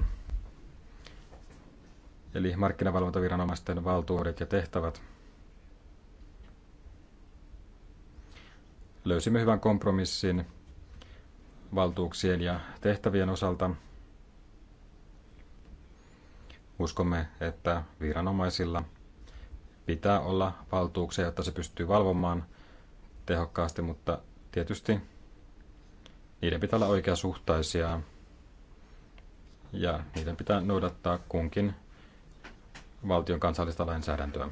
eli markkinavalvontaviranomaisten valtuudet ja tehtävät. Löysimme hyvän kompromissin valtuuksien ja tehtävien osalta. Uskomme, että viranomaisilla pitää olla valtuuksia, jotta se pystyy valvomaan tehokkaasti, mutta Tietysti niiden pitää olla oikeasuhtaisia ja niiden pitää noudattaa kunkin valtion kansallista lainsäädäntöä.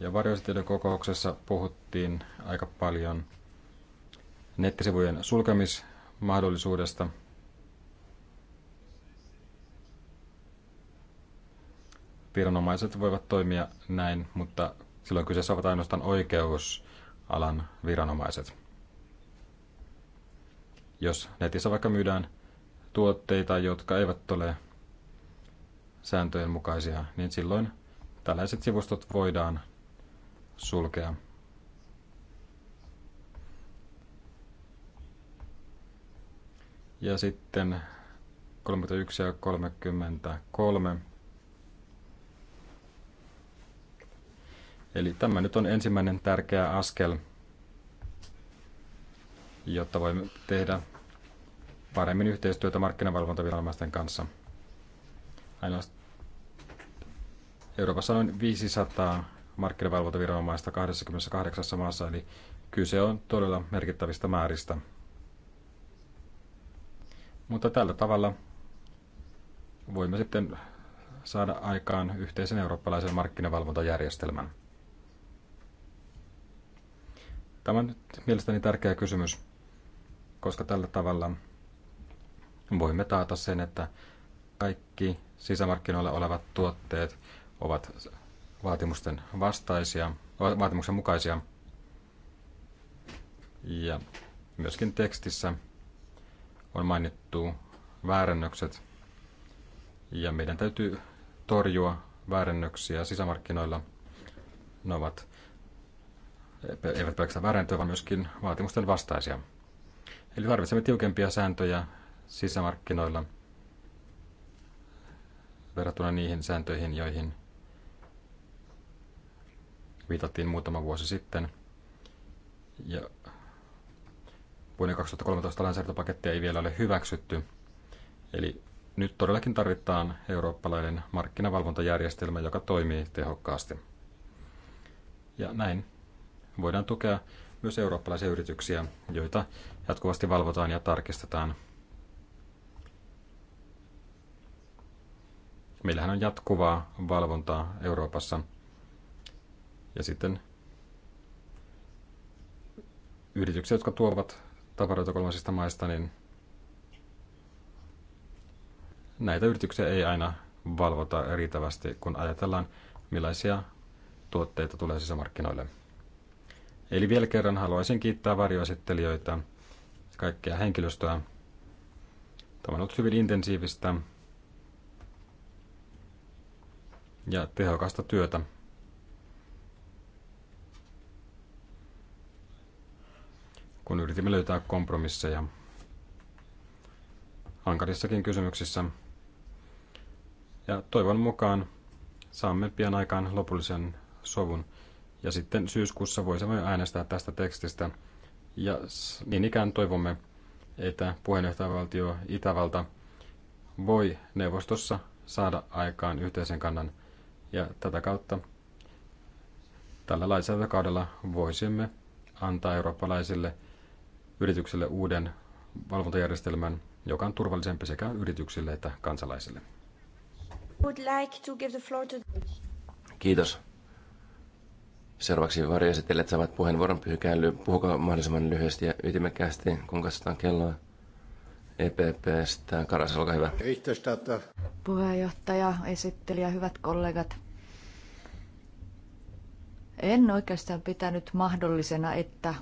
Ja kokouksessa puhuttiin aika paljon nettisivujen sulkemismahdollisuudesta. Viranomaiset voivat toimia näin, mutta Silloin kyseessä ovat ainoastaan oikeusalan viranomaiset. Jos netissä vaikka myydään tuotteita, jotka eivät ole sääntöjen mukaisia, niin silloin tällaiset sivustot voidaan sulkea. Ja sitten 31 ja 33 Eli tämä nyt on ensimmäinen tärkeä askel, jotta voimme tehdä paremmin yhteistyötä markkinavalvontaviranomaisten kanssa. Euroopassa on 500 markkinavalvontaviranomaista 28 maassa, eli kyse on todella merkittävistä määristä. Mutta tällä tavalla voimme sitten saada aikaan yhteisen eurooppalaisen markkinavalvontajärjestelmän. Tämä on nyt mielestäni tärkeä kysymys, koska tällä tavalla voimme taata sen, että kaikki sisämarkkinoilla olevat tuotteet ovat vaatimusten vastaisia, vaatimuksen mukaisia. Ja myöskin tekstissä on mainittu väärännökset, Ja meidän täytyy torjua väärännöksiä sisämarkkinoilla. Ne ovat eivät pelkästään väärentyä, vaan myöskin vaatimusten vastaisia. Eli tarvitsemme tiukempia sääntöjä sisämarkkinoilla verrattuna niihin sääntöihin, joihin viitattiin muutama vuosi sitten. Ja vuoden 2013 lainsäädäntöpakettia ei vielä ole hyväksytty. Eli nyt todellakin tarvitaan eurooppalainen markkinavalvontajärjestelmä, joka toimii tehokkaasti. Ja näin voidaan tukea myös eurooppalaisia yrityksiä, joita jatkuvasti valvotaan ja tarkistetaan. Meillähän on jatkuvaa valvontaa Euroopassa. Ja sitten yrityksiä, jotka tuovat tavaroita kolmansista maista, niin näitä yrityksiä ei aina valvota riittävästi, kun ajatellaan, millaisia tuotteita tulee sisämarkkinoille. Eli vielä kerran haluaisin kiittää varjoesittelijöitä, kaikkea henkilöstöä. Tämä on ollut hyvin intensiivistä ja tehokasta työtä. kun yritimme löytää kompromisseja hankarissakin kysymyksissä. Ja toivon mukaan saamme pian aikaan lopullisen sovun ja sitten syyskuussa voisimme äänestää tästä tekstistä. Ja niin ikään toivomme, että puheenjohtajavaltio Itävalta voi neuvostossa saada aikaan yhteisen kannan. Ja tätä kautta tällä lainsäädäntökaudella voisimme antaa eurooppalaisille yrityksille uuden valvontajärjestelmän, joka on turvallisempi sekä yrityksille että kansalaisille. Kiitos. Seuraavaksi varjoesittelijät saavat puheenvuoron pyhkäily. Puhukaa mahdollisimman lyhyesti ja ytimekkäästi, kun katsotaan kelloa? EPPstä. Karas, olkaa hyvä. Puheenjohtaja, esittelijä, hyvät kollegat. En oikeastaan pitänyt mahdollisena, että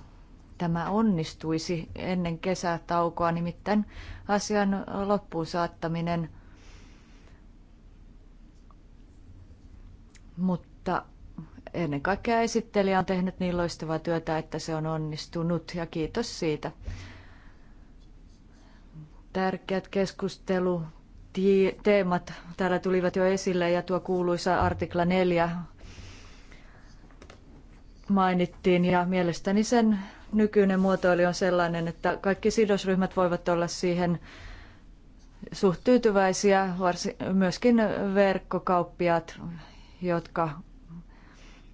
tämä onnistuisi ennen kesätaukoa, nimittäin asian loppuun saattaminen. Mutta ennen kaikkea esittelijä on tehnyt niin loistavaa työtä, että se on onnistunut ja kiitos siitä. Tärkeät keskusteluteemat teemat täällä tulivat jo esille ja tuo kuuluisa artikla 4 mainittiin ja mielestäni sen nykyinen muotoilu on sellainen, että kaikki sidosryhmät voivat olla siihen suht tyytyväisiä, varsin, myöskin verkkokauppiaat, jotka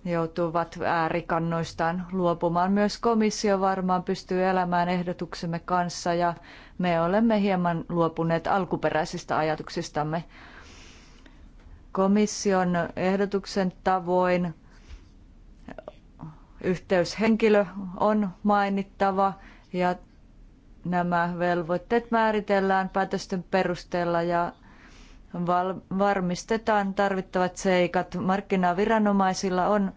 joutuvat äärikannoistaan luopumaan. Myös komissio varmaan pystyy elämään ehdotuksemme kanssa ja me olemme hieman luopuneet alkuperäisistä ajatuksistamme. Komission ehdotuksen tavoin yhteyshenkilö on mainittava ja nämä velvoitteet määritellään päätösten perusteella ja varmistetaan tarvittavat seikat. Markkinaviranomaisilla on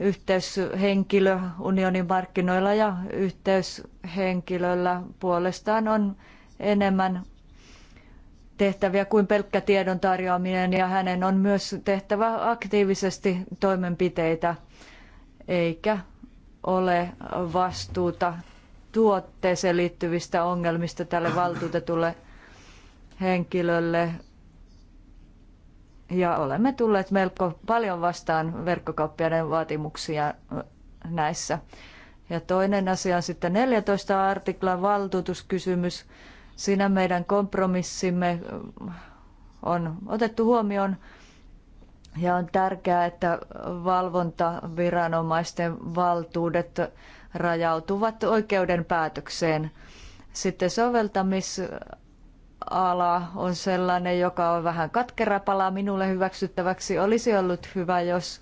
yhteyshenkilö unionin markkinoilla ja yhteyshenkilöllä puolestaan on enemmän tehtäviä kuin pelkkä tiedon tarjoaminen ja hänen on myös tehtävä aktiivisesti toimenpiteitä eikä ole vastuuta tuotteeseen liittyvistä ongelmista tälle valtuutetulle henkilölle. Ja olemme tulleet melko paljon vastaan verkkokauppiaiden vaatimuksia näissä. Ja toinen asia on sitten 14 artiklan valtuutuskysymys. Siinä meidän kompromissimme on otettu huomioon ja on tärkeää, että valvontaviranomaisten valtuudet rajautuvat oikeuden päätökseen. Sitten soveltamis ala on sellainen, joka on vähän katkerapala minulle hyväksyttäväksi. Olisi ollut hyvä, jos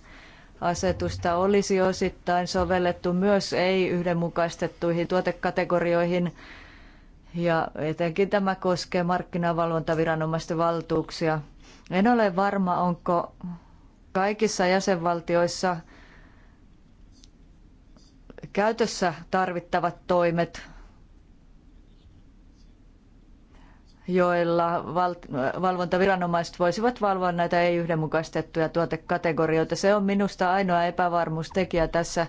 asetusta olisi osittain sovellettu myös ei-yhdenmukaistettuihin tuotekategorioihin. Ja etenkin tämä koskee markkinavalvontaviranomaisten valtuuksia. En ole varma, onko kaikissa jäsenvaltioissa käytössä tarvittavat toimet joilla val- valvontaviranomaiset voisivat valvoa näitä ei-yhdenmukaistettuja tuotekategorioita. Se on minusta ainoa epävarmuustekijä tässä.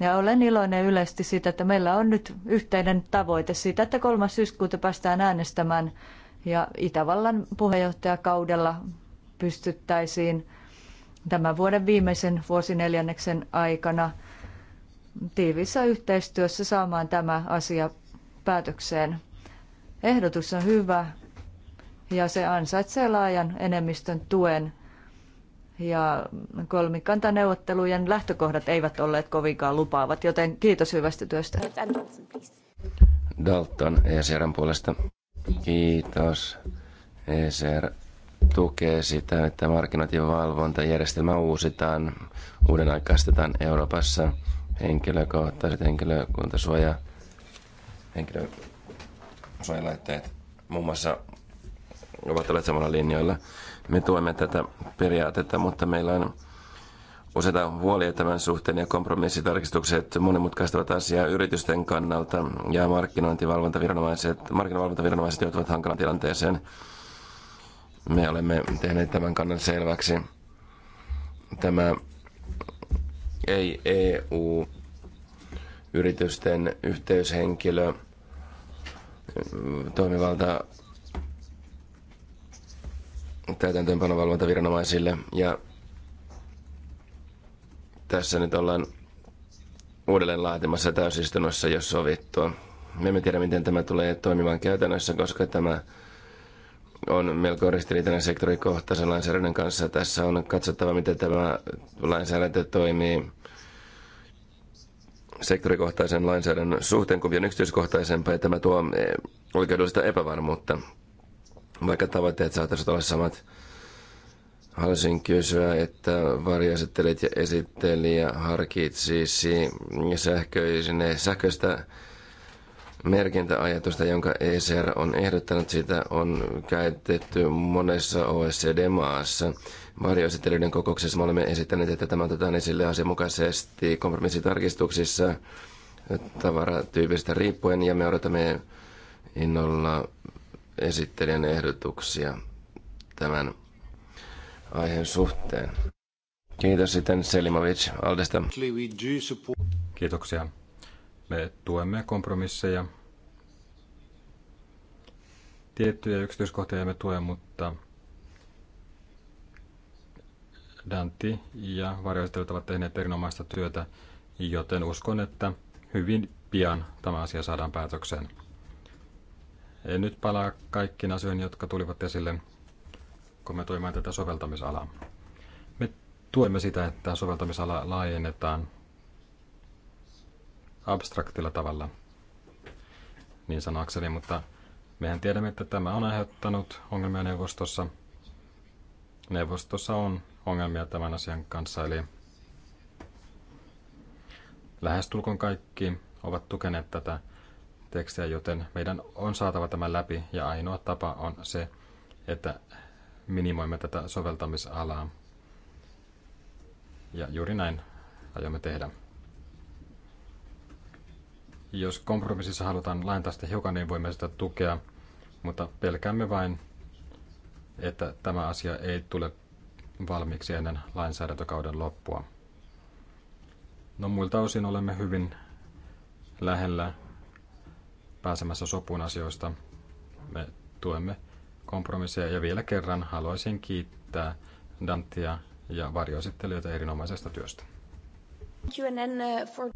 Ja olen iloinen yleisesti siitä, että meillä on nyt yhteinen tavoite siitä, että 3. syyskuuta päästään äänestämään ja Itävallan puheenjohtajakaudella pystyttäisiin tämän vuoden viimeisen vuosineljänneksen aikana tiivissä yhteistyössä saamaan tämä asia päätökseen. Ehdotus on hyvä ja se ansaitsee laajan enemmistön tuen. Ja kolmikantaneuvottelujen lähtökohdat eivät olleet kovinkaan lupaavat, joten kiitos hyvästä työstä. Dalton ECRn puolesta. Kiitos. ECR tukee sitä, että markkinat ja valvontajärjestelmä uusitaan, uuden aikaistetaan Euroopassa henkilökohtaiset henkilökuntasuoja, henkilö, laitteet muun muassa ovat olleet samalla linjoilla. Me tuemme tätä periaatetta, mutta meillä on useita huolia tämän suhteen ja kompromissitarkistukset monimutkaistavat asiaa yritysten kannalta ja markkinointivalvontaviranomaiset, markkinavalvontaviranomaiset joutuvat hankalan tilanteeseen. Me olemme tehneet tämän kannan selväksi. Tämä ei EU yritysten yhteyshenkilö – toimivalta täytäntöönpanovalvontaviranomaisille. Ja tässä nyt ollaan uudelleen laatimassa täysistunnossa jo sovittua. Me emme tiedä, miten tämä tulee toimimaan käytännössä, koska tämä on melko ristiriitainen sektorikohtaisen lainsäädännön kanssa. Tässä on katsottava, miten tämä lainsäädäntö toimii sektorikohtaisen lainsäädännön suhteen kuin yksityiskohtaisempaa, ja tämä tuo eh, oikeudellista epävarmuutta. Vaikka tavoitteet saattaisivat olla samat, haluaisin kysyä, että varjoesittelijät ja ja harkitsisi sähköistä merkintäajatusta, jonka ECR on ehdottanut, sitä on käytetty monessa OECD-maassa varjoesittelyiden kokouksessa me olemme esittäneet, että tämä otetaan esille asianmukaisesti kompromissitarkistuksissa tavaratyypistä riippuen, ja me odotamme innolla esittelijän ehdotuksia tämän aiheen suhteen. Kiitos sitten Selimovic Aldesta. Kiitoksia. Me tuemme kompromisseja. Tiettyjä yksityiskohtia emme tue, mutta Dantti ja varjoistelijat ovat tehneet erinomaista työtä, joten uskon, että hyvin pian tämä asia saadaan päätökseen. En nyt palaa kaikkiin asioihin, jotka tulivat esille kommentoimaan tätä soveltamisalaa. Me tuemme sitä, että soveltamisala laajennetaan abstraktilla tavalla, niin sanakseni, mutta mehän tiedämme, että tämä on aiheuttanut ongelmia neuvostossa. Neuvostossa on ongelmia tämän asian kanssa, eli lähestulkoon kaikki ovat tukeneet tätä tekstiä, joten meidän on saatava tämä läpi ja ainoa tapa on se, että minimoimme tätä soveltamisalaa. Ja juuri näin aiomme tehdä. Jos kompromississa halutaan laajentaa sitä hiukan, niin voimme sitä tukea, mutta pelkäämme vain, että tämä asia ei tule valmiiksi ennen lainsäädäntökauden loppua. No muilta osin olemme hyvin lähellä pääsemässä sopuun asioista. Me tuemme kompromisseja ja vielä kerran haluaisin kiittää Dantia ja varjoesittelijöitä erinomaisesta työstä. Uh,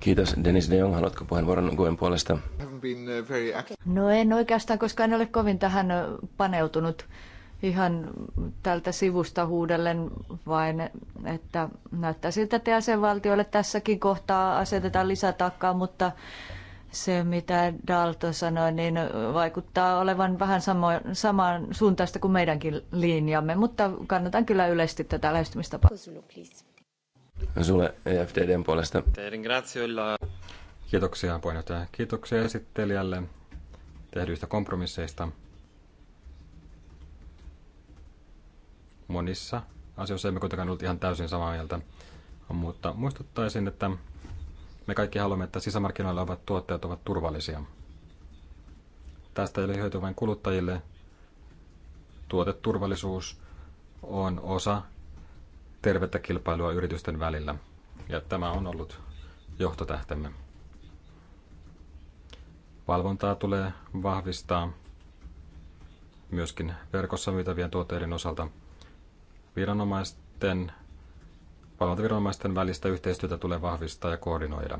Kiitos. Denis de Jong, haluatko puheenvuoron Guen puolesta? Uh, no en oikeastaan, koska en ole kovin tähän uh, paneutunut ihan tältä sivusta huudellen vain, että näyttää siltä, että jäsenvaltioille tässäkin kohtaa asetetaan lisätakkaa, mutta se, mitä dalto sanoi, niin vaikuttaa olevan vähän samo, samaan suuntaista kuin meidänkin linjamme, mutta kannatan kyllä yleisesti tätä lähestymistapaa. Sulle EFDDn e puolesta. Kiitoksia puheenjohtaja. Kiitoksia esittelijälle tehdyistä kompromisseista. monissa asioissa emme kuitenkaan ollut ihan täysin samaa mieltä. Mutta muistuttaisin, että me kaikki haluamme, että sisämarkkinoilla ovat tuotteet ovat turvallisia. Tästä ei ole hyötyä vain kuluttajille. Tuoteturvallisuus on osa tervettä kilpailua yritysten välillä. Ja tämä on ollut johtotähtemme. Valvontaa tulee vahvistaa myöskin verkossa myytävien tuotteiden osalta – viranomaisten, valvontaviranomaisten välistä yhteistyötä tulee vahvistaa ja koordinoida.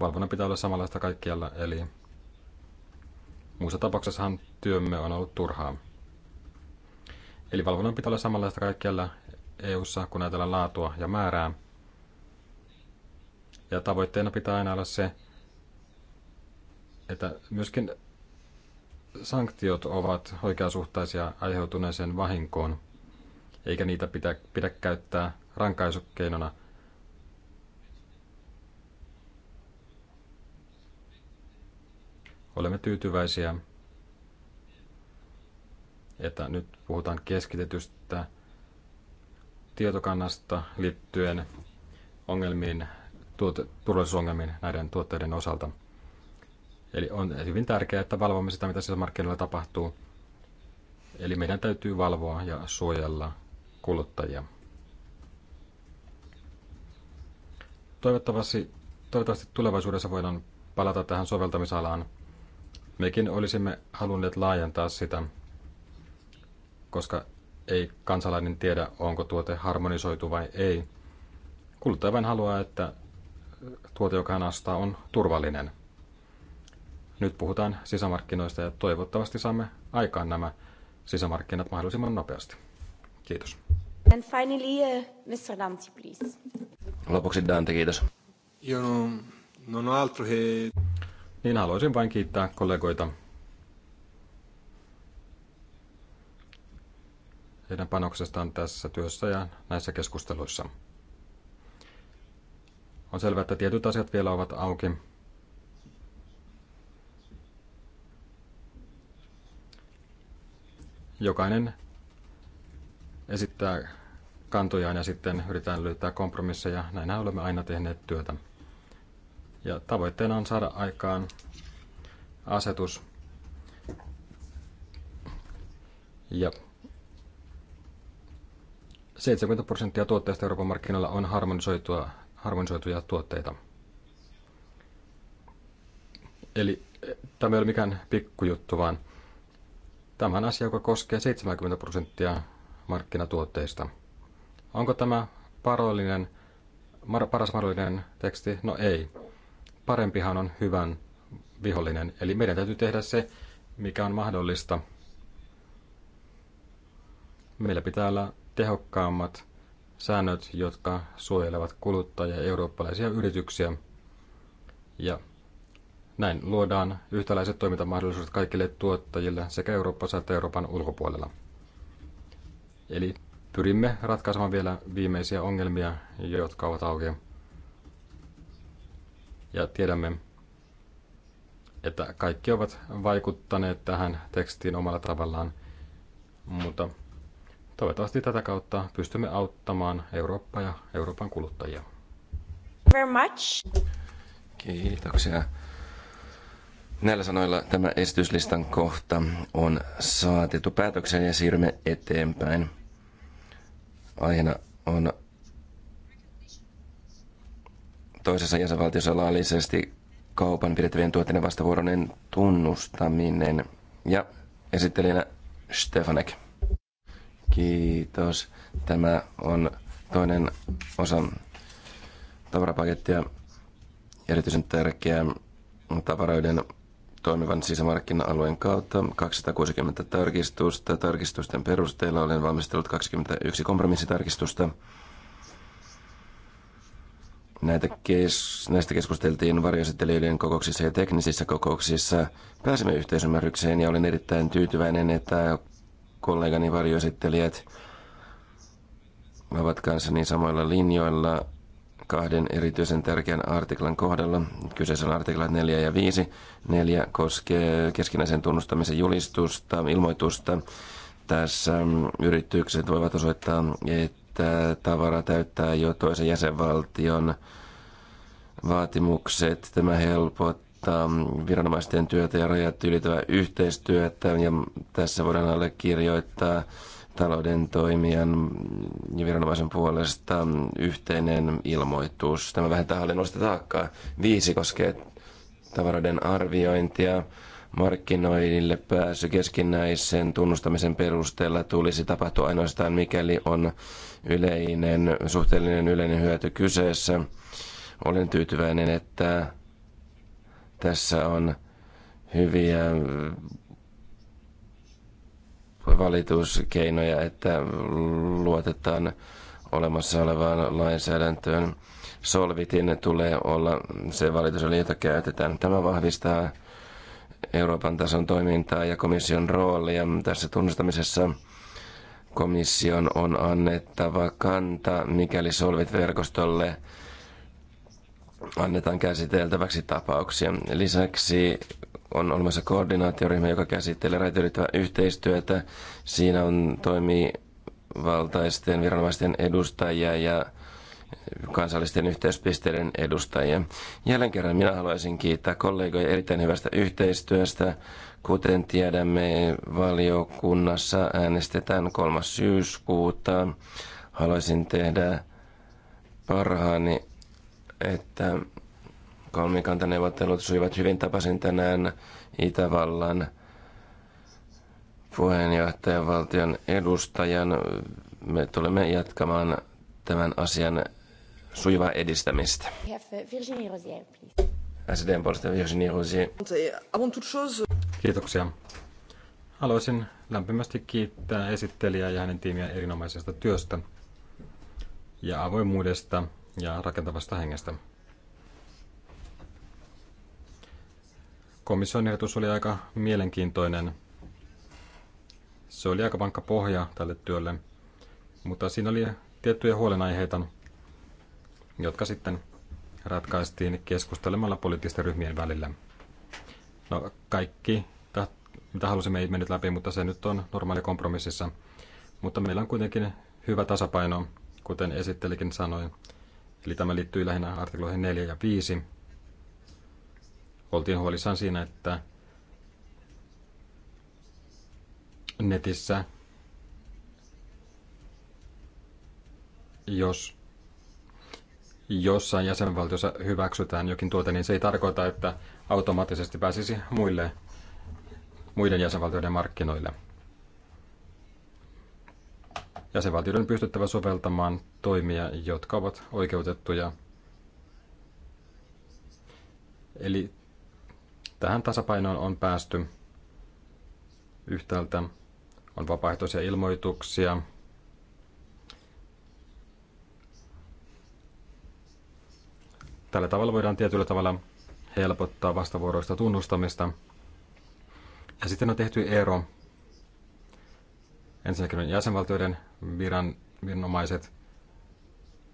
Valvonnan pitää olla samanlaista kaikkialla, eli muussa tapauksessahan työmme on ollut turhaa. Eli valvonnan pitää olla samanlaista kaikkialla EU-ssa, kun ajatellaan laatua ja määrää. Ja tavoitteena pitää aina olla se, että myöskin sanktiot ovat oikeasuhtaisia aiheutuneeseen vahinkoon, eikä niitä pidä, pidä käyttää rankaisukeinona. Olemme tyytyväisiä, että nyt puhutaan keskitetystä tietokannasta liittyen ongelmiin, tuote, turvallisuusongelmiin näiden tuotteiden osalta – Eli on hyvin tärkeää, että valvomme sitä, mitä siellä markkinoilla tapahtuu. Eli meidän täytyy valvoa ja suojella kuluttajia. Toivottavasti, toivottavasti tulevaisuudessa voidaan palata tähän soveltamisalaan. Mekin olisimme halunneet laajentaa sitä, koska ei kansalainen tiedä, onko tuote harmonisoitu vai ei. Kuluttaja vain haluaa, että tuote, joka hän astaa, on turvallinen. Nyt puhutaan sisämarkkinoista ja toivottavasti saamme aikaan nämä sisämarkkinat mahdollisimman nopeasti. Kiitos. And finally, uh, Mr. Danti, please. Lopuksi Dante, kiitos. Io no no ho altro he... Niin haluaisin vain kiittää kollegoita heidän panoksestaan tässä työssä ja näissä keskusteluissa. On selvää, että tietyt asiat vielä ovat auki, jokainen esittää kantojaan ja sitten yritetään löytää kompromisseja. Näinhän olemme aina tehneet työtä. Ja tavoitteena on saada aikaan asetus. Ja 70 prosenttia tuotteista Euroopan markkinoilla on harmonisoitua, harmonisoituja tuotteita. Eli eh, tämä ei ole mikään pikkujuttu, vaan Tämä on asia, joka koskee 70 prosenttia markkinatuotteista. Onko tämä parollinen, mar, paras mahdollinen teksti? No ei. Parempihan on hyvän vihollinen. Eli meidän täytyy tehdä se, mikä on mahdollista. Meillä pitää olla tehokkaammat säännöt, jotka suojelevat kuluttajia ja eurooppalaisia yrityksiä. Ja näin luodaan yhtäläiset toimintamahdollisuudet kaikille tuottajille sekä Euroopassa että Euroopan ulkopuolella. Eli pyrimme ratkaisemaan vielä viimeisiä ongelmia, jotka ovat auki. Ja tiedämme, että kaikki ovat vaikuttaneet tähän tekstiin omalla tavallaan, mutta toivottavasti tätä kautta pystymme auttamaan Eurooppaa ja Euroopan kuluttajia. Very much. Kiitoksia. Näillä sanoilla tämä esityslistan kohta on saatettu päätökseen ja siirrymme eteenpäin. Aiheena on toisessa jäsenvaltiossa laillisesti kaupan pidettävien tuotteiden vastavuoroinen tunnustaminen. Ja esittelijänä Stefanek. Kiitos. Tämä on toinen osa tavarapakettia. Erityisen tärkeä tavaroiden toimivan sisämarkkina-alueen kautta 260 tarkistusta. Tarkistusten perusteella olen valmistellut 21 kompromissitarkistusta. Näitä kes- näistä keskusteltiin varjoesittelijöiden kokouksissa ja teknisissä kokouksissa. Pääsimme yhteisymmärrykseen ja olen erittäin tyytyväinen, että kollegani varjoesittelijät ovat kanssa niin samoilla linjoilla kahden erityisen tärkeän artiklan kohdalla. Kyseessä on artiklat 4 ja 5. 4 koskee keskinäisen tunnustamisen julistusta, ilmoitusta. Tässä mm, yritykset voivat osoittaa, että tavara täyttää jo toisen jäsenvaltion vaatimukset. Tämä helpottaa mm, viranomaisten työtä ja rajat ylittävää yhteistyötä ja tässä voidaan allekirjoittaa talouden toimijan ja viranomaisen puolesta yhteinen ilmoitus. Tämä vähentää hallinnollista taakkaa. Viisi koskee tavaroiden arviointia. Markkinoille pääsy keskinäisen tunnustamisen perusteella tulisi tapahtua ainoastaan, mikäli on yleinen, suhteellinen yleinen hyöty kyseessä. Olen tyytyväinen, että tässä on hyviä valituskeinoja, että luotetaan olemassa olevaan lainsäädäntöön. Solvitin tulee olla se valitus, jota käytetään. Tämä vahvistaa Euroopan tason toimintaa ja komission roolia tässä tunnustamisessa. Komission on annettava kanta, mikäli Solvit-verkostolle annetaan käsiteltäväksi tapauksia. Lisäksi on olemassa koordinaatioryhmä, joka käsittelee rajoittelyttävää yhteistyötä. Siinä on toimii valtaisten viranomaisten edustajia ja kansallisten yhteyspisteiden edustajia. Jälleen kerran minä haluaisin kiittää kollegoja erittäin hyvästä yhteistyöstä. Kuten tiedämme, valiokunnassa äänestetään 3. syyskuuta. Haluaisin tehdä parhaani, että kolmikantaneuvottelut sujuvat hyvin. Tapasin tänään Itävallan puheenjohtajan valtion edustajan. Me tulemme jatkamaan tämän asian sujuvaa edistämistä. SDn puolesta Virginie Rosier. Kiitoksia. Haluaisin lämpimästi kiittää esittelijää ja hänen tiimiä erinomaisesta työstä ja avoimuudesta ja rakentavasta hengestä. komission ehdotus oli aika mielenkiintoinen. Se oli aika vankka pohja tälle työlle, mutta siinä oli tiettyjä huolenaiheita, jotka sitten ratkaistiin keskustelemalla poliittisten ryhmien välillä. No, kaikki, mitä halusimme, ei mennyt läpi, mutta se nyt on normaali kompromississa. Mutta meillä on kuitenkin hyvä tasapaino, kuten esittelikin sanoin. Eli tämä liittyy lähinnä artikloihin 4 ja 5 oltiin huolissaan siinä, että netissä, jos jossain jäsenvaltiossa hyväksytään jokin tuote, niin se ei tarkoita, että automaattisesti pääsisi muille, muiden jäsenvaltioiden markkinoille. Jäsenvaltioiden pystyttävä soveltamaan toimia, jotka ovat oikeutettuja. Eli Tähän tasapainoon on päästy yhtäältä on vapaaehtoisia ilmoituksia. Tällä tavalla voidaan tietyllä tavalla helpottaa vastavuoroista tunnustamista. Ja sitten on tehty ero. Ensinnäkin on jäsenvaltioiden viran, viranomaiset,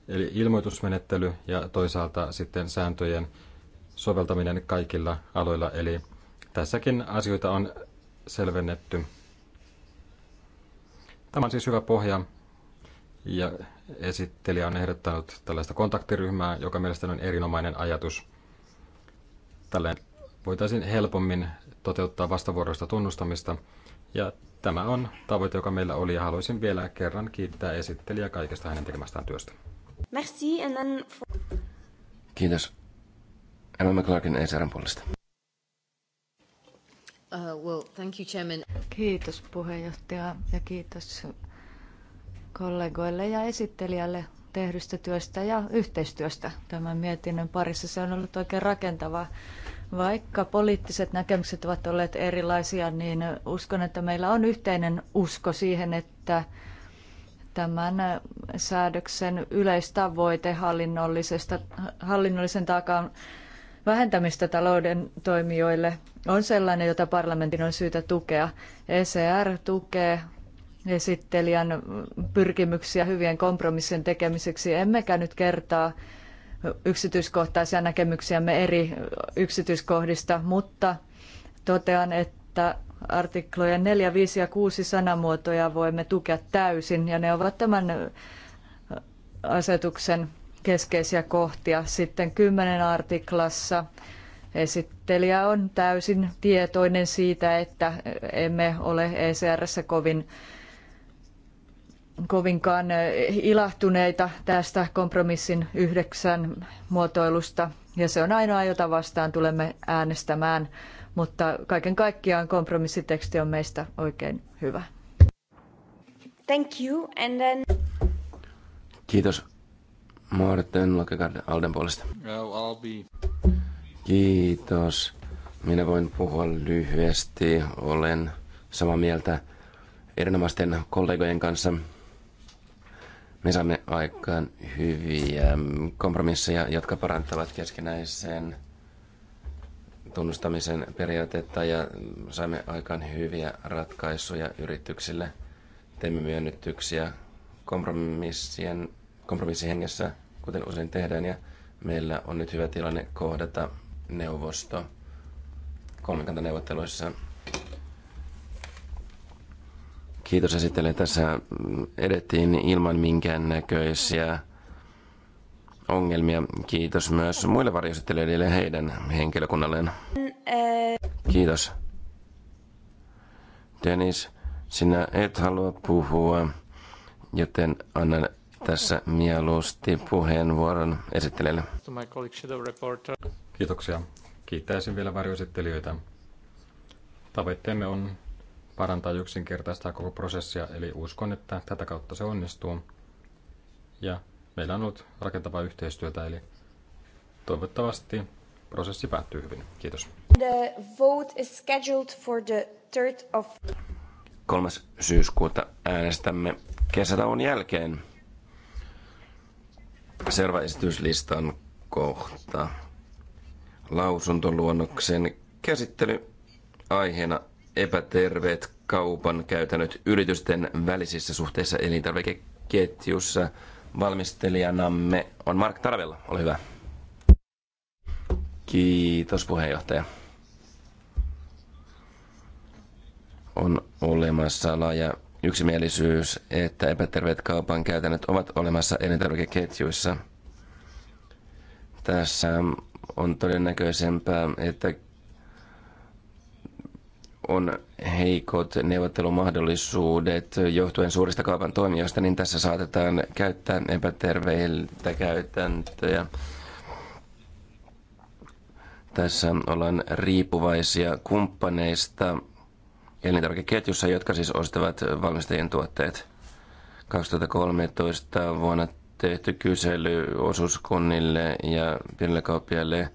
eli ilmoitusmenettely ja toisaalta sitten sääntöjen soveltaminen kaikilla aloilla. Eli tässäkin asioita on selvennetty. Tämä on siis hyvä pohja ja esittelijä on ehdottanut tällaista kontaktiryhmää, joka mielestäni on erinomainen ajatus. tälle. voitaisiin helpommin toteuttaa vastavuoroista tunnustamista ja tämä on tavoite, joka meillä oli ja haluaisin vielä kerran kiittää esittelijää kaikesta hänen tekemästään työstä. Merci and then... Kiitos. Emma McClarkin ECRn puolesta. Uh, well, thank you, Chairman. Kiitos puheenjohtaja ja kiitos kollegoille ja esittelijälle tehdystä työstä ja yhteistyöstä tämän mietinnön parissa. Se on ollut oikein rakentavaa. Vaikka poliittiset näkemykset ovat olleet erilaisia, niin uskon, että meillä on yhteinen usko siihen, että tämän säädöksen yleistavoite hallinnollisesta, hallinnollisen taakan vähentämistä talouden toimijoille on sellainen, jota parlamentin on syytä tukea. ECR tukee esittelijän pyrkimyksiä hyvien kompromissien tekemiseksi, emmekä nyt kertaa yksityiskohtaisia näkemyksiämme eri yksityiskohdista, mutta totean, että artiklojen 4, 5 ja 6 sanamuotoja voimme tukea täysin, ja ne ovat tämän asetuksen keskeisiä kohtia. Sitten kymmenen artiklassa esittelijä on täysin tietoinen siitä, että emme ole ECRssä kovin kovinkaan ilahtuneita tästä kompromissin yhdeksän muotoilusta, ja se on ainoa, jota vastaan tulemme äänestämään, mutta kaiken kaikkiaan kompromissiteksti on meistä oikein hyvä. Thank you, and then... Kiitos. Morten Lokegaard Alden puolesta. Kiitos. Minä voin puhua lyhyesti. Olen samaa mieltä erinomaisten kollegojen kanssa. Me saamme aikaan hyviä kompromisseja, jotka parantavat keskinäisen tunnustamisen periaatetta ja saamme aikaan hyviä ratkaisuja yrityksille. Teimme myönnytyksiä kompromissien kompromissihengessä, kuten usein tehdään, ja meillä on nyt hyvä tilanne kohdata neuvosto kolmikantaneuvotteluissa. Kiitos esittelijä. Tässä edettiin ilman minkäännäköisiä ongelmia. Kiitos myös muille varjoesittelijöille ja heidän henkilökunnalleen. Kiitos. Dennis, sinä et halua puhua, joten annan tässä mieluusti puheenvuoron esittelijälle. Kiitoksia. Kiittäisin vielä varjoesittelijöitä. Tavoitteemme on parantaa ja yksinkertaistaa koko prosessia, eli uskon, että tätä kautta se onnistuu. Ja meillä on ollut rakentavaa yhteistyötä, eli toivottavasti prosessi päättyy hyvin. Kiitos. The vote is scheduled for the third of... 3. syyskuuta äänestämme kesätauon jälkeen selvä esityslistan kohta. Lausuntoluonnoksen käsittely aiheena epäterveet kaupan käytännöt yritysten välisissä suhteissa elintarvikeketjussa. Valmistelijanamme on Mark Tarvella. Ole hyvä. Kiitos puheenjohtaja. On olemassa laaja yksimielisyys, että epäterveet kaupan käytännöt ovat olemassa elintarvikeketjuissa. Tässä on todennäköisempää, että on heikot neuvottelumahdollisuudet johtuen suurista kaupan toimijoista, niin tässä saatetaan käyttää epäterveiltä käytäntöjä. Tässä ollaan riippuvaisia kumppaneista, elintarvikeketjussa, jotka siis ostavat valmistajien tuotteet. 2013 vuonna tehty kysely osuuskunnille ja pienille kauppiaille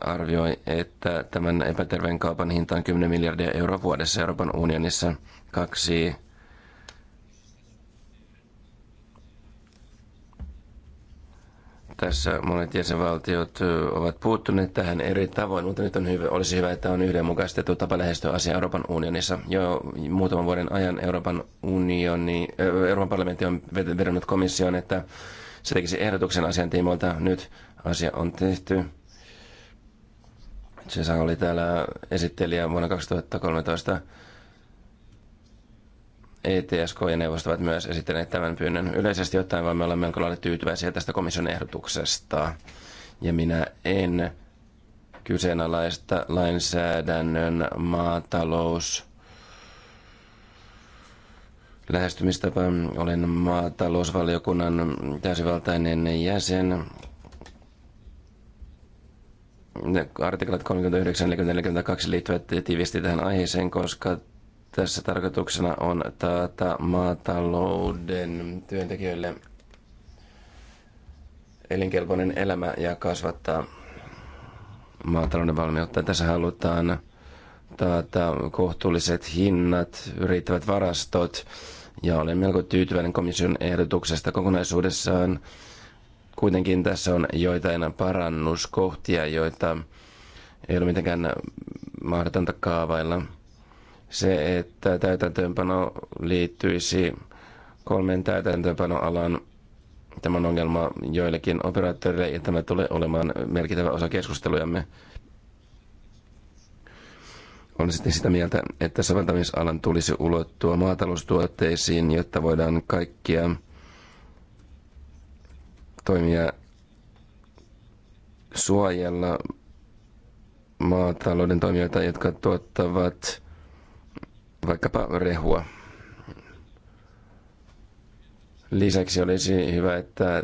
arvioi, että tämän epäterveen kaupan hinta on 10 miljardia euroa vuodessa Euroopan unionissa. Kaksi Tässä monet jäsenvaltiot ovat puuttuneet tähän eri tavoin, mutta nyt on hyvä, olisi hyvä, että on yhdenmukaistettu tapa lähestyä asiaa Euroopan unionissa. Jo muutaman vuoden ajan Euroopan, unioni, Euroopan parlamentti on vedonnut komission, että se tekisi ehdotuksen asian Nyt asia on tehty. Se oli täällä esittelijä vuonna 2013 ETSK ja neuvosto ovat myös esittäneet tämän pyynnön. Yleisesti ottaen voimme olla melko lailla tyytyväisiä tästä komission ehdotuksesta. Ja minä en kyseenalaista lainsäädännön maatalous lähestymistapa. Olen maatalousvaliokunnan täysivaltainen jäsen. Artiklat 39 ja 42 liittyvät tiivisti tähän aiheeseen, koska tässä tarkoituksena on taata maatalouden työntekijöille elinkelpoinen elämä ja kasvattaa maatalouden valmiutta. Tässä halutaan taata kohtuulliset hinnat, riittävät varastot ja olen melko tyytyväinen komission ehdotuksesta kokonaisuudessaan. Kuitenkin tässä on joitain parannuskohtia, joita ei ole mitenkään mahdotonta kaavailla – se, että täytäntöönpano liittyisi kolmen täytäntöönpanoalan Tämä on ongelma joillekin operaattoreille ja tämä tulee olemaan merkittävä osa keskustelujamme. On sitten sitä mieltä, että soveltamisalan tulisi ulottua maataloustuotteisiin, jotta voidaan kaikkia toimia suojella maatalouden toimijoita, jotka tuottavat vaikkapa rehua. Lisäksi olisi hyvä, että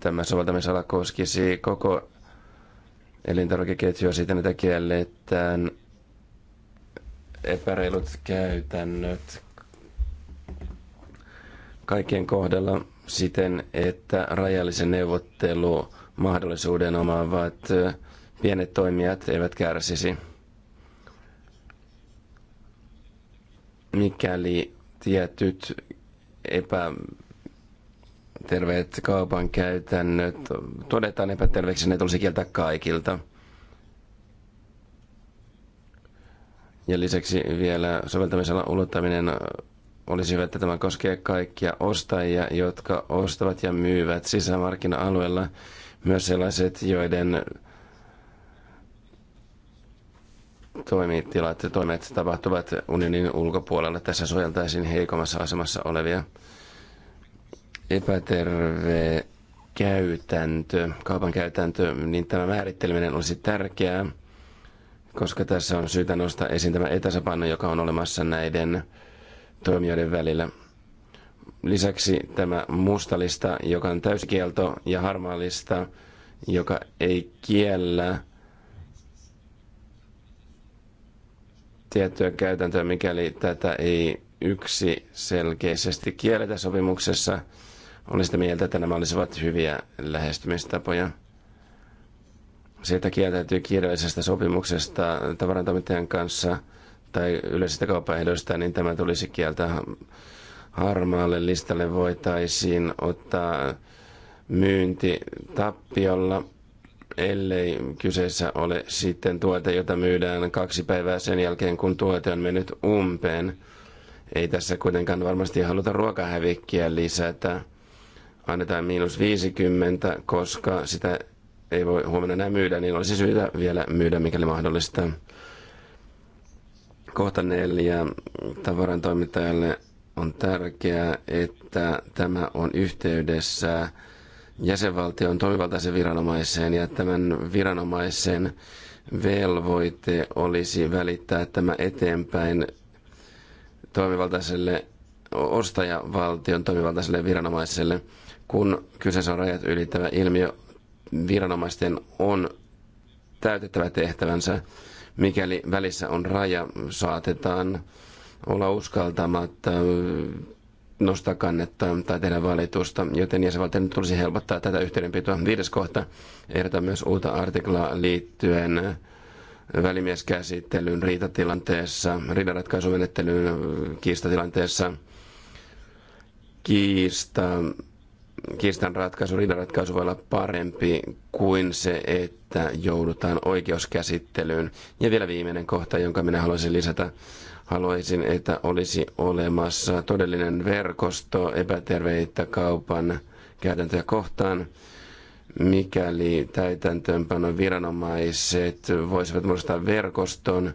tämä soveltamisala koskisi koko elintarvikeketjua siten, että kielletään epäreilut käytännöt kaikkien kohdalla siten, että rajallisen neuvottelumahdollisuuden omaavat pienet toimijat eivät kärsisi. mikäli tietyt epäterveet kaupan käytännöt todetaan epäterveeksi, ne tulisi kieltää kaikilta. Ja lisäksi vielä soveltamisella ulottaminen olisi hyvä, että tämä koskee kaikkia ostajia, jotka ostavat ja myyvät sisämarkkina-alueella. Myös sellaiset, joiden toimitilat ja toimet tapahtuvat unionin ulkopuolella. Tässä suojeltaisiin heikommassa asemassa olevia. Epäterve käytäntö, kaupan käytäntö, niin tämä määritteleminen olisi tärkeää, koska tässä on syytä nostaa esiin tämä etäsapanno, joka on olemassa näiden toimijoiden välillä. Lisäksi tämä mustalista, joka on täyskielto, ja harmaalista, joka ei kiellä tiettyä käytäntöä, mikäli tätä ei yksi selkeästi kielletä sopimuksessa. Olen sitä mieltä, että nämä olisivat hyviä lähestymistapoja. Se, että kieltäytyy kirjallisesta sopimuksesta tavarantoimittajan kanssa tai yleisistä kauppaehdoista, niin tämä tulisi kieltää harmaalle listalle voitaisiin ottaa myynti tappiolla ellei kyseessä ole sitten tuote, jota myydään kaksi päivää sen jälkeen, kun tuote on mennyt umpeen. Ei tässä kuitenkaan varmasti haluta ruokahävikkiä lisätä. Annetaan miinus 50, koska sitä ei voi huomenna enää myydä, niin olisi syytä vielä myydä, mikäli mahdollista. Kohta neljä. Tavaran toimittajalle on tärkeää, että tämä on yhteydessä jäsenvaltion toimivaltaisen viranomaiseen ja tämän viranomaisen velvoite olisi välittää tämä eteenpäin toimivaltaiselle ostajavaltion toimivaltaiselle viranomaiselle, kun kyseessä on rajat ylittävä ilmiö, viranomaisten on täytettävä tehtävänsä. Mikäli välissä on raja, saatetaan olla uskaltamatta nostaa kannetta tai tehdä valitusta, joten jäsenvaltioiden tulisi helpottaa tätä yhteydenpitoa. Viides kohta ehdottaa myös uutta artiklaa liittyen välimieskäsittelyyn riitatilanteessa, riidanratkaisumenettelyyn kiistatilanteessa, kiista, kiistan ratkaisu, riidanratkaisu voi olla parempi kuin se, että joudutaan oikeuskäsittelyyn. Ja vielä viimeinen kohta, jonka minä haluaisin lisätä, Haluaisin, että olisi olemassa todellinen verkosto epäterveitä kaupan käytäntöjä kohtaan, mikäli täytäntöönpanon viranomaiset voisivat muodostaa verkoston.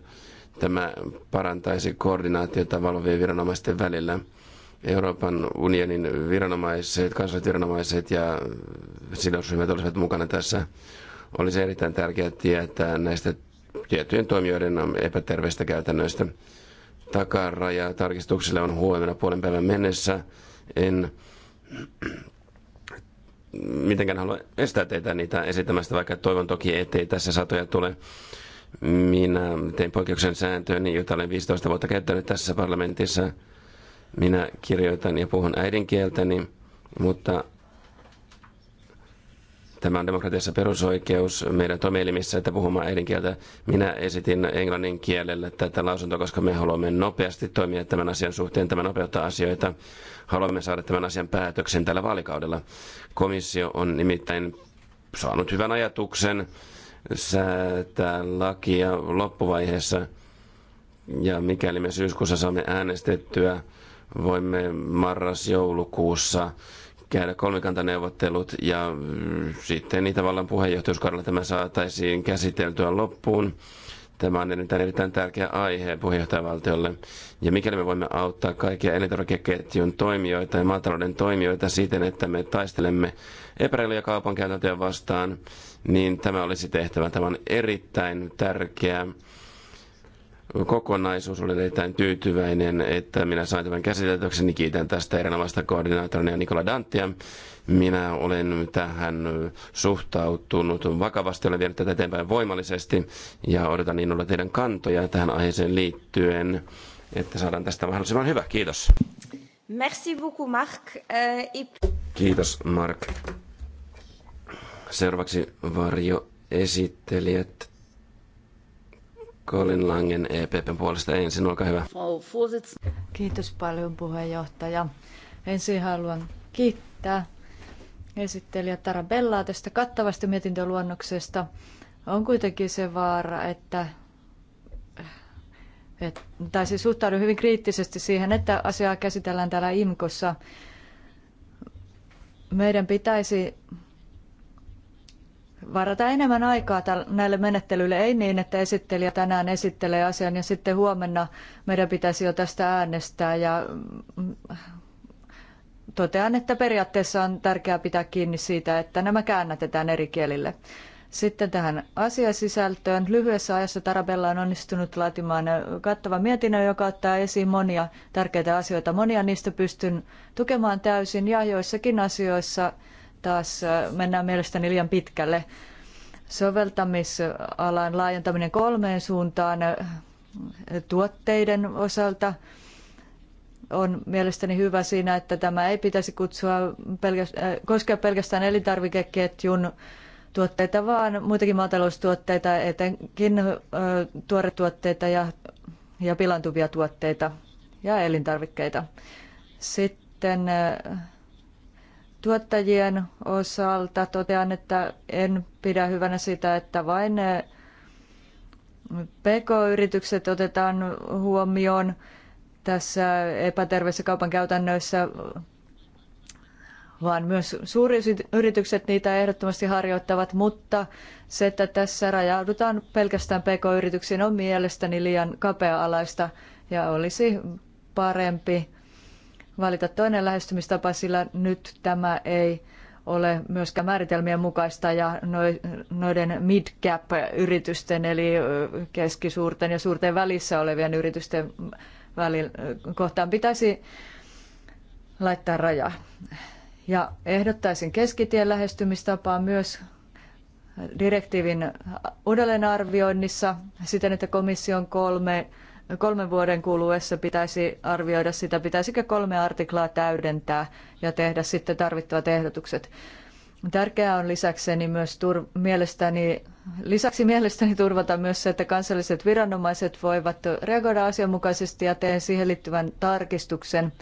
Tämä parantaisi koordinaatiota valvovien viranomaisten välillä. Euroopan unionin viranomaiset, kansalliset viranomaiset ja sidosryhmät olisivat mukana tässä. Olisi erittäin tärkeää tietää näistä tiettyjen toimijoiden epäterveistä käytännöistä takaraja tarkistukselle on huomenna puolen päivän mennessä. En mitenkään halua estää teitä niitä esittämästä, vaikka toivon toki, ettei tässä satoja tule. Minä tein poikkeuksen sääntöön, niin jota olen 15 vuotta käyttänyt tässä parlamentissa. Minä kirjoitan ja puhun äidinkieltäni, mutta Tämä on demokratiassa perusoikeus meidän toimielimissä, että puhumaan äidinkieltä. Minä esitin englannin kielellä tätä lausuntoa, koska me haluamme nopeasti toimia tämän asian suhteen. Tämä nopeuttaa asioita. Haluamme saada tämän asian päätöksen tällä vaalikaudella. Komissio on nimittäin saanut hyvän ajatuksen säätää lakia loppuvaiheessa. Ja mikäli me syyskuussa saamme äänestettyä, voimme marras-joulukuussa käydä kolmikantaneuvottelut ja mm, sitten Itävallan puheenjohtajuuskaudella tämä saataisiin käsiteltyä loppuun. Tämä on erittäin, erittäin tärkeä aihe puheenjohtajavaltiolle. Ja mikäli me voimme auttaa kaikkia elintarvikeketjun toimijoita ja maatalouden toimijoita siten, että me taistelemme epäreiluja kaupankäytäntöjä vastaan, niin tämä olisi tehtävä. Tämä on erittäin tärkeä kokonaisuus. Olen erittäin tyytyväinen, että minä sain tämän käsiteltäkseni. Kiitän tästä erinomaista koordinaattorina Nikola Danttia. Minä olen tähän suhtautunut vakavasti, olen vienyt tätä eteenpäin voimallisesti ja odotan innolla teidän kantoja tähän aiheeseen liittyen, että saadaan tästä mahdollisimman hyvä. Kiitos. Merci beaucoup, Marc. Euh, Kiitos, Mark. Seuraavaksi varjo esittelijät Colin Langen EPPn puolesta ensin, olkaa hyvä. Kiitos paljon puheenjohtaja. Ensin haluan kiittää esittelijä Tarabellaa tästä kattavasta mietintöluonnoksesta. On kuitenkin se vaara, että et, tai siis suhtaudun hyvin kriittisesti siihen, että asiaa käsitellään täällä IMKossa. Meidän pitäisi varata enemmän aikaa näille menettelyille, ei niin, että esittelijä tänään esittelee asian ja sitten huomenna meidän pitäisi jo tästä äänestää ja mm, totean, että periaatteessa on tärkeää pitää kiinni siitä, että nämä käännätetään eri kielille. Sitten tähän asiasisältöön. Lyhyessä ajassa Tarabella on onnistunut laatimaan kattava mietinnön, joka ottaa esiin monia tärkeitä asioita. Monia niistä pystyn tukemaan täysin ja joissakin asioissa – taas äh, mennään mielestäni liian pitkälle. Soveltamisalan laajentaminen kolmeen suuntaan äh, tuotteiden osalta on mielestäni hyvä siinä, että tämä ei pitäisi kutsua pelkästään, äh, koskea pelkästään elintarvikeketjun tuotteita, vaan muitakin maataloustuotteita, etenkin tuoretuotteita ja, ja pilantuvia tuotteita ja elintarvikkeita. Sitten Tuottajien osalta totean, että en pidä hyvänä sitä, että vain PK-yritykset otetaan huomioon tässä epäterveissä kaupan käytännöissä, vaan myös suuryritykset niitä ehdottomasti harjoittavat, mutta se, että tässä rajaudutaan pelkästään PK-yrityksiin on mielestäni liian kapea-alaista ja olisi parempi valita toinen lähestymistapa, sillä nyt tämä ei ole myöskään määritelmien mukaista ja noiden mid-cap-yritysten eli keskisuurten ja suurten välissä olevien yritysten välillä kohtaan pitäisi laittaa raja. Ja ehdottaisin keskitien lähestymistapaa myös direktiivin uudelleenarvioinnissa siten, että komission kolme kolmen vuoden kuluessa pitäisi arvioida sitä, pitäisikö kolme artiklaa täydentää ja tehdä sitten tarvittavat ehdotukset. Tärkeää on lisäkseni myös tur- mielestäni, lisäksi mielestäni turvata myös se, että kansalliset viranomaiset voivat reagoida asianmukaisesti ja teen siihen liittyvän tarkistuksen.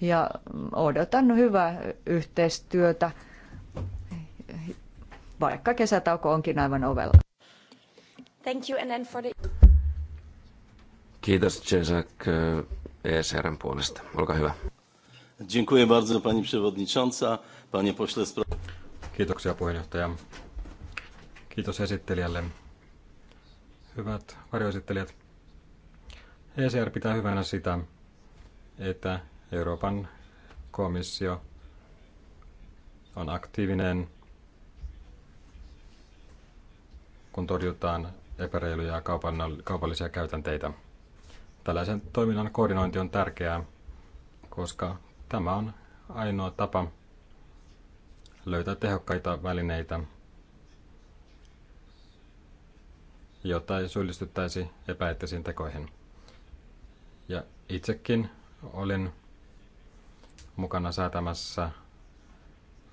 Ja odotan hyvää yhteistyötä, vaikka kesätauko onkin aivan ovella. Thank you, and then for the... Kiitos Czesak, ESR:n eh, e puolesta. Olkaa hyvä. Dziękuję bardzo pani przewodnicząca, panie pośle Kiitoksia puheenjohtaja. Kiitos esittelijälle. Hyvät varjoesittelijät. ECR pitää hyvänä sitä, että Euroopan komissio on aktiivinen, kun torjutaan epäreiluja kaupallisia käytänteitä. Tällaisen toiminnan koordinointi on tärkeää, koska tämä on ainoa tapa löytää tehokkaita välineitä, jotta ei syyllistyttäisi epäeettisiin tekoihin. Ja itsekin olin mukana säätämässä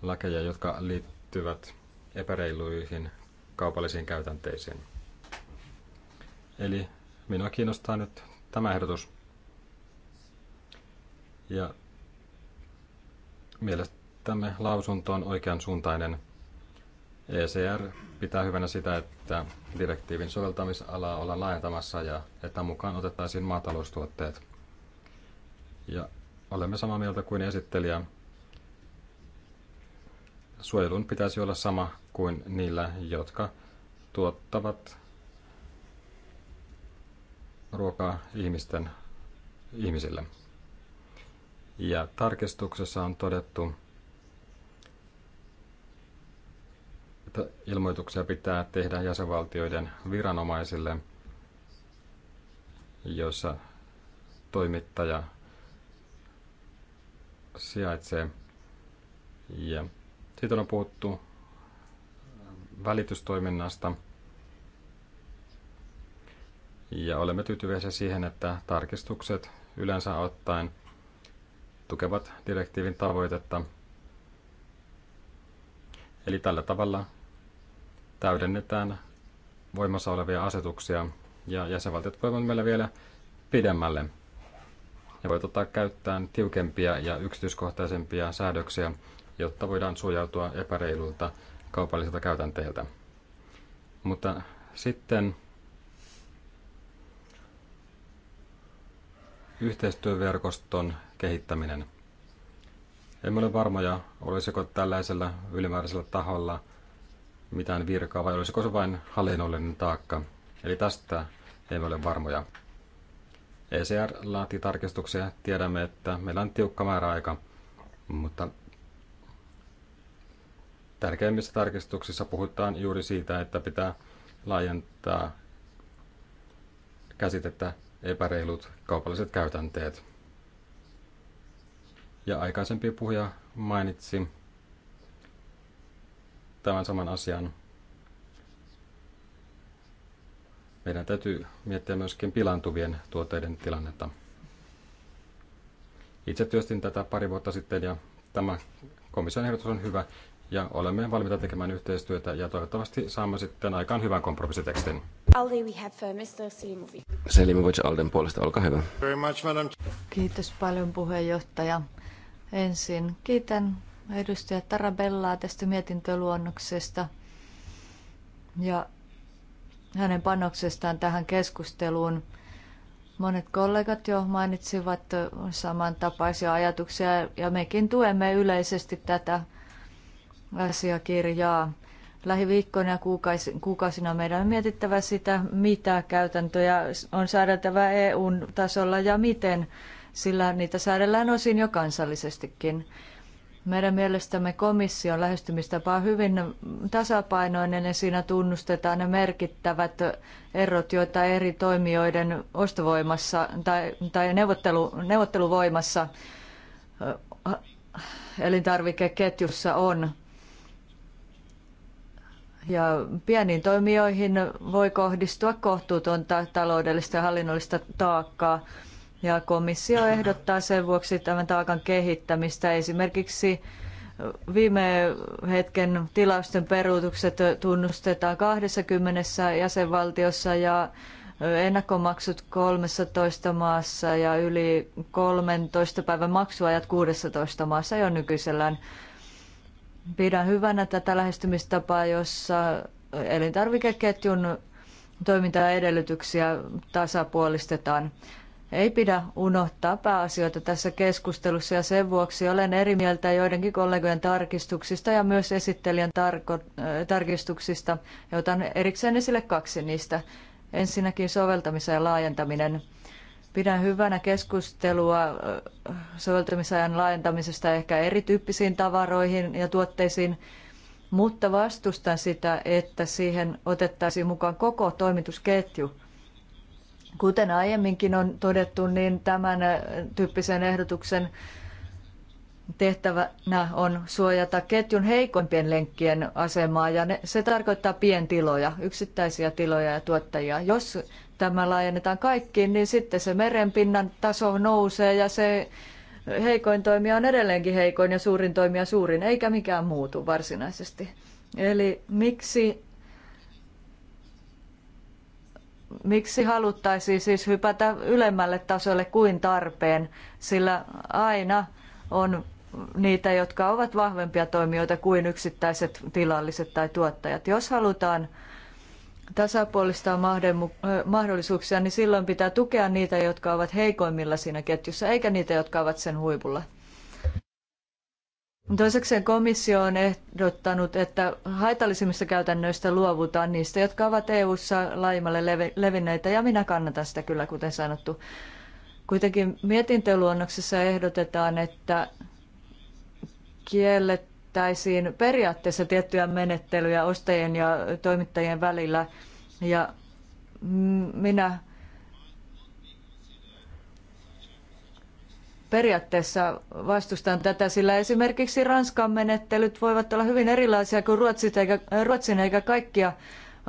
lakeja, jotka liittyvät epäreiluihin kaupallisiin käytänteisiin. Eli minua kiinnostaa nyt tämä ehdotus. Ja mielestämme lausunto on oikean suuntainen. ECR pitää hyvänä sitä, että direktiivin soveltamisalaa ollaan laajentamassa ja että mukaan otettaisiin maataloustuotteet. Ja olemme samaa mieltä kuin esittelijä. Suojelun pitäisi olla sama kuin niillä, jotka tuottavat ruokaa ihmisten, ihmisille. Ja tarkistuksessa on todettu, että ilmoituksia pitää tehdä jäsenvaltioiden viranomaisille, joissa toimittaja sijaitsee. Ja siitä on puhuttu välitystoiminnasta – ja olemme tyytyväisiä siihen, että tarkistukset yleensä ottaen tukevat direktiivin tavoitetta. Eli tällä tavalla täydennetään voimassa olevia asetuksia ja jäsenvaltiot voivat meillä vielä pidemmälle. Ja voit ottaa käyttöön tiukempia ja yksityiskohtaisempia säädöksiä, jotta voidaan suojautua epäreilulta kaupallisilta käytänteiltä. Mutta sitten yhteistyöverkoston kehittäminen. Emme ole varmoja, olisiko tällaisella ylimääräisellä taholla mitään virkaa vai olisiko se vain hallinnollinen taakka. Eli tästä emme ole varmoja. ECR laati tarkistuksia. Tiedämme, että meillä on tiukka määräaika, mutta tärkeimmissä tarkistuksissa puhutaan juuri siitä, että pitää laajentaa käsitettä epäreilut kaupalliset käytänteet. Ja aikaisempi puhuja mainitsi tämän saman asian. Meidän täytyy miettiä myöskin pilantuvien tuotteiden tilannetta. Itse työstin tätä pari vuotta sitten ja tämä komission ehdotus on hyvä ja olemme valmiita tekemään yhteistyötä ja toivottavasti saamme sitten aikaan hyvän kompromissitekstin. Uh, Selimovic. Selimovic Alden puolesta, olkaa hyvä. Very much, madam. Kiitos paljon puheenjohtaja. Ensin kiitän edustaja Tarabellaa tästä mietintöluonnoksesta ja hänen panoksestaan tähän keskusteluun. Monet kollegat jo mainitsivat samantapaisia ajatuksia ja mekin tuemme yleisesti tätä asiakirjaa. Lähiviikkoina ja kuukausina meidän on mietittävä sitä, mitä käytäntöjä on säädeltävä EUn tasolla ja miten, sillä niitä säädellään osin jo kansallisestikin. Meidän mielestämme komission lähestymistapa on hyvin tasapainoinen ja siinä tunnustetaan ne merkittävät erot, joita eri toimijoiden ostovoimassa tai, tai neuvottelu, neuvotteluvoimassa elintarvikeketjussa on ja pieniin toimijoihin voi kohdistua kohtuutonta taloudellista ja hallinnollista taakkaa. Ja komissio ehdottaa sen vuoksi tämän taakan kehittämistä. Esimerkiksi viime hetken tilausten peruutukset tunnustetaan 20 jäsenvaltiossa ja ennakkomaksut 13 maassa ja yli 13 päivän maksuajat 16 maassa jo nykyisellään. Pidän hyvänä tätä lähestymistapaa, jossa elintarvikeketjun toimintaedellytyksiä tasapuolistetaan. Ei pidä unohtaa pääasioita tässä keskustelussa ja sen vuoksi olen eri mieltä joidenkin kollegojen tarkistuksista ja myös esittelijän äh, tarkistuksista, Ja otan erikseen esille kaksi niistä. Ensinnäkin soveltamisen ja laajentaminen. Pidän hyvänä keskustelua soveltamisajan laajentamisesta ehkä erityyppisiin tavaroihin ja tuotteisiin, mutta vastustan sitä, että siihen otettaisiin mukaan koko toimitusketju. Kuten aiemminkin on todettu, niin tämän tyyppisen ehdotuksen tehtävänä on suojata ketjun heikompien lenkkien asemaa ja ne, se tarkoittaa pientiloja, yksittäisiä tiloja ja tuottajia. Jos tämä laajennetaan kaikkiin, niin sitten se merenpinnan taso nousee ja se heikoin toimija on edelleenkin heikoin ja suurin toimija suurin, eikä mikään muutu varsinaisesti. Eli miksi, miksi haluttaisiin siis hypätä ylemmälle tasolle kuin tarpeen, sillä aina on niitä, jotka ovat vahvempia toimijoita kuin yksittäiset tilalliset tai tuottajat. Jos halutaan tasapuolistaa mahdollisuuksia, niin silloin pitää tukea niitä, jotka ovat heikoimmilla siinä ketjussa, eikä niitä, jotka ovat sen huipulla. Toisekseen komissio on ehdottanut, että haitallisimmista käytännöistä luovutaan niistä, jotka ovat EU-ssa laajemmalle levinneitä, ja minä kannatan sitä kyllä, kuten sanottu. Kuitenkin mietintöluonnoksessa ehdotetaan, että kiellet kehitettäisiin periaatteessa tiettyjä menettelyjä ostajien ja toimittajien välillä. Ja minä periaatteessa vastustan tätä, sillä esimerkiksi Ranskan menettelyt voivat olla hyvin erilaisia kuin Ruotsit eikä, Ruotsin, eikä kaikkia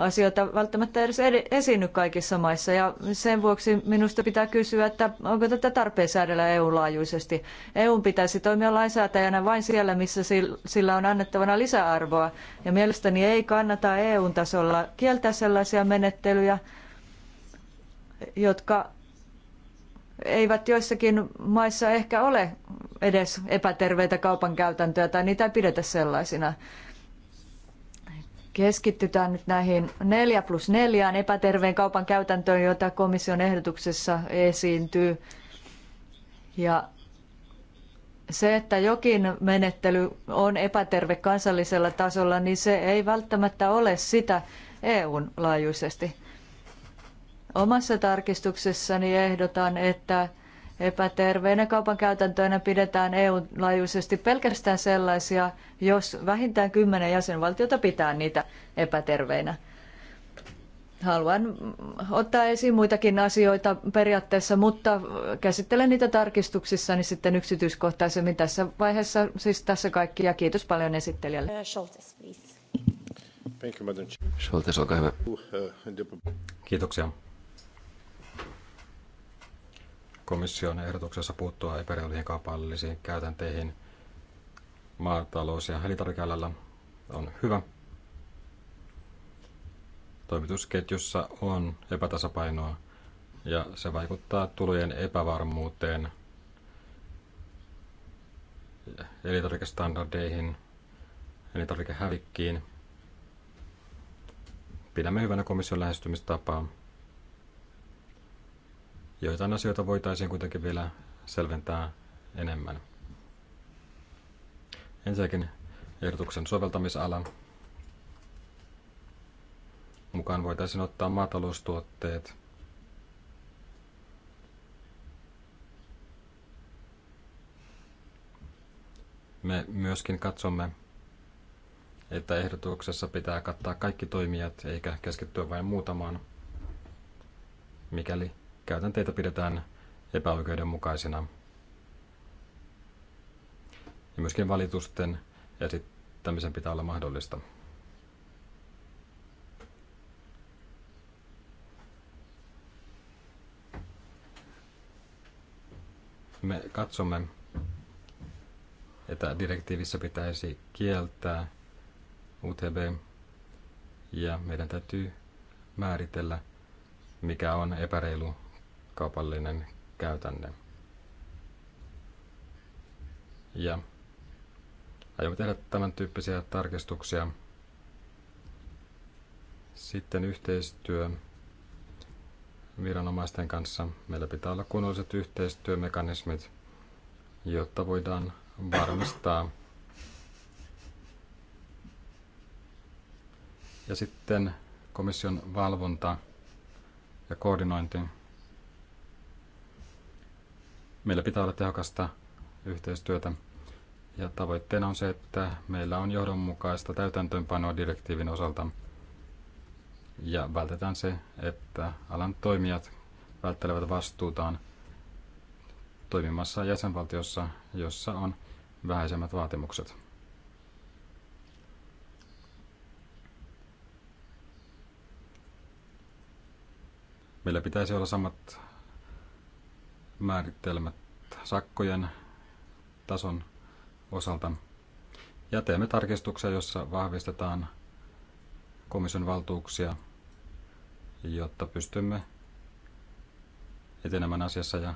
asioita välttämättä edes esiinny kaikissa maissa ja sen vuoksi minusta pitää kysyä, että onko tätä tarpeen säädellä EU-laajuisesti. EU pitäisi toimia lainsäätäjänä vain siellä, missä sillä on annettavana lisäarvoa ja mielestäni ei kannata eu tasolla kieltää sellaisia menettelyjä, jotka eivät joissakin maissa ehkä ole edes epäterveitä kaupankäytäntöjä tai niitä ei pidetä sellaisina keskitytään nyt näihin 4 plus 4 epäterveen kaupan käytäntöön, jota komission ehdotuksessa esiintyy. Ja se, että jokin menettely on epäterve kansallisella tasolla, niin se ei välttämättä ole sitä EUn laajuisesti. Omassa tarkistuksessani ehdotan, että kaupan kaupankäytäntöinä pidetään EU-laajuisesti pelkästään sellaisia, jos vähintään kymmenen jäsenvaltiota pitää niitä epäterveinä. Haluan ottaa esiin muitakin asioita periaatteessa, mutta käsittelen niitä niin sitten yksityiskohtaisemmin tässä vaiheessa. Siis tässä kaikki ja kiitos paljon esittelijälle. Äh, olkaa hyvä. Uh, uh, Kiitoksia komission ehdotuksessa puuttua epäreiluihin kaupallisiin käytänteihin maatalous- ja elintarvikealalla on hyvä. Toimitusketjussa on epätasapainoa ja se vaikuttaa tulojen epävarmuuteen, elintarvikestandardeihin, elintarvikehävikkiin. Pidämme hyvänä komission lähestymistapaa Joitain asioita voitaisiin kuitenkin vielä selventää enemmän. Ensinnäkin ehdotuksen soveltamisala. Mukaan voitaisiin ottaa maataloustuotteet. Me myöskin katsomme, että ehdotuksessa pitää kattaa kaikki toimijat eikä keskittyä vain muutamaan, mikäli käytänteitä pidetään epäoikeudenmukaisina. Ja myöskin valitusten esittämisen pitää olla mahdollista. Me katsomme, että direktiivissä pitäisi kieltää UTB ja meidän täytyy määritellä, mikä on epäreilu kaupallinen käytänne. Ja aiomme tehdä tämän tyyppisiä tarkistuksia. Sitten yhteistyö viranomaisten kanssa. Meillä pitää olla kunnolliset yhteistyömekanismit, jotta voidaan varmistaa. Ja sitten komission valvonta ja koordinointi meillä pitää olla tehokasta yhteistyötä. Ja tavoitteena on se, että meillä on johdonmukaista täytäntöönpanoa direktiivin osalta ja vältetään se, että alan toimijat välttelevät vastuutaan toimimassa jäsenvaltiossa, jossa on vähäisemmät vaatimukset. Meillä pitäisi olla samat määritelmät sakkojen tason osalta. Ja teemme tarkistuksia, jossa vahvistetaan komission valtuuksia, jotta pystymme etenemään asiassa ja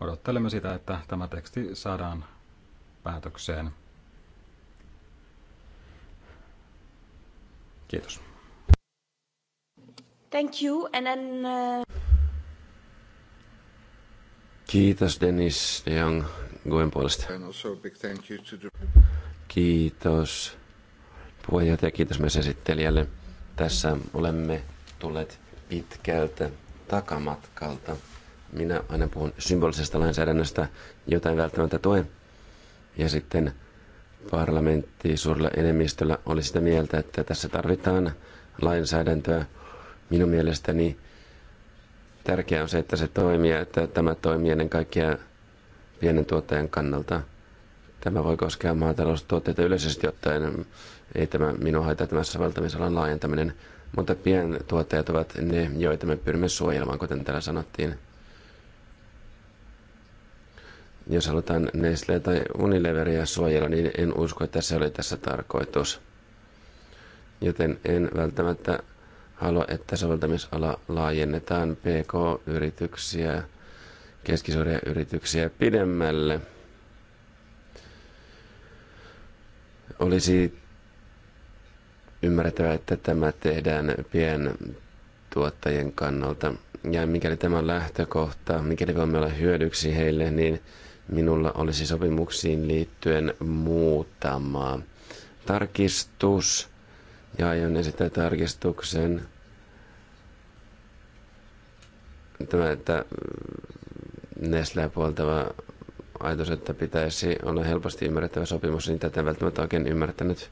odottelemme sitä, että tämä teksti saadaan päätökseen. Kiitos. Thank you. And then, uh... Kiitos Dennis de Jong Goen puolesta. Kiitos puheenjohtaja, kiitos myös esittelijälle. Tässä olemme tulleet pitkältä takamatkalta. Minä aina puhun symbolisesta lainsäädännöstä, jota välttämättä tue. Ja sitten parlamentti suurella enemmistöllä oli sitä mieltä, että tässä tarvitaan lainsäädäntöä. Minun mielestäni Tärkeää on se, että se toimii ja että tämä toimii ennen kaikkea pienen tuottajan kannalta. Tämä voi koskea maataloustuotteita yleisesti ottaen. Ei tämä minua haittaa tämä soveltamisalan laajentaminen, mutta pientuottajat ovat ne, joita me pyrimme suojelemaan, kuten täällä sanottiin. Jos halutaan Nestle tai Unileveria suojella, niin en usko, että se oli tässä tarkoitus. Joten en välttämättä halua, että soveltamisala laajennetaan PK-yrityksiä, keskisuuria yrityksiä pidemmälle. Olisi ymmärrettävä, että tämä tehdään tuottajien kannalta. Ja mikäli tämä on lähtökohta, mikäli voimme olla hyödyksi heille, niin minulla olisi sopimuksiin liittyen muutama tarkistus ja aion esittää tarkistuksen. Tämä, että mm, Nesleä puoltava ajatus, että pitäisi olla helposti ymmärrettävä sopimus, niin tätä en välttämättä oikein ymmärtänyt.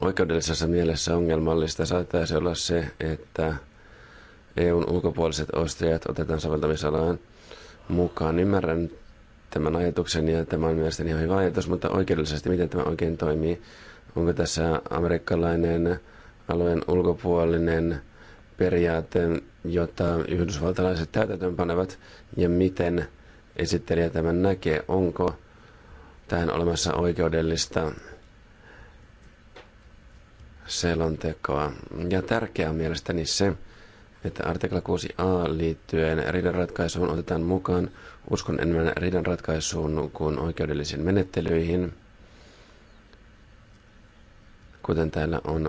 Oikeudellisessa mielessä ongelmallista saattaisi olla se, että EUn ulkopuoliset ostajat otetaan soveltamisalaan mukaan. Ymmärrän tämän ajatuksen ja tämä on mielestäni ihan hyvä ajatus, mutta oikeudellisesti miten tämä oikein toimii? Onko tässä amerikkalainen alueen ulkopuolinen periaate, jota yhdysvaltalaiset täytäntöönpanevat ja miten esittelijä tämän näkee? Onko tähän olemassa oikeudellista selontekoa? Ja tärkeää on mielestäni se, että artikla 6a liittyen riidanratkaisuun otetaan mukaan Uskon enemmän ratkaisuun kuin oikeudellisiin menettelyihin. Kuten täällä on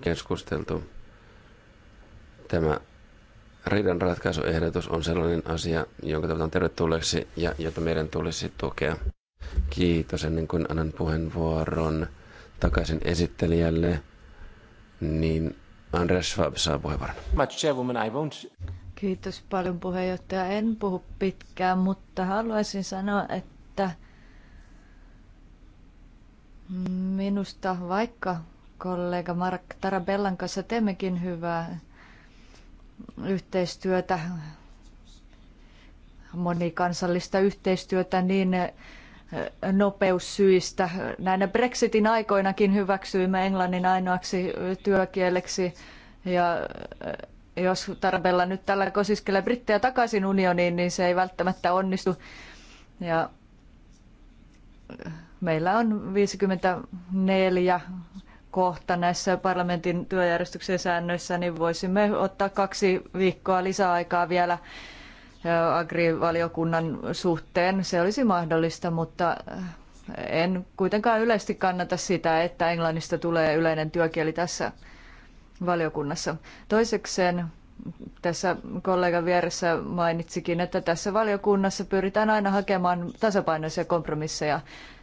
keskusteltu, tämä ratkaisuehdotus on sellainen asia, jonka toivotan tervetulleeksi ja jota meidän tulisi tukea. Kiitos ennen kuin annan puheenvuoron takaisin esittelijälle, niin Andreas Schwab saa puheenvuoron. Kiitos paljon puheenjohtaja. En puhu pitkään, mutta haluaisin sanoa, että minusta vaikka kollega Mark Tarabellan kanssa teemmekin hyvää yhteistyötä, monikansallista yhteistyötä, niin nopeussyistä. Näinä Brexitin aikoinakin hyväksyimme englannin ainoaksi työkieleksi ja jos Tarabella nyt tällä kosiskelee brittejä takaisin unioniin, niin se ei välttämättä onnistu. Ja meillä on 54 kohta näissä parlamentin työjärjestyksen säännöissä, niin voisimme ottaa kaksi viikkoa lisäaikaa vielä agrivaliokunnan suhteen. Se olisi mahdollista, mutta en kuitenkaan yleisesti kannata sitä, että englannista tulee yleinen työkieli tässä valiokunnassa. Toisekseen tässä kollega vieressä mainitsikin, että tässä valiokunnassa pyritään aina hakemaan tasapainoisia kompromisseja.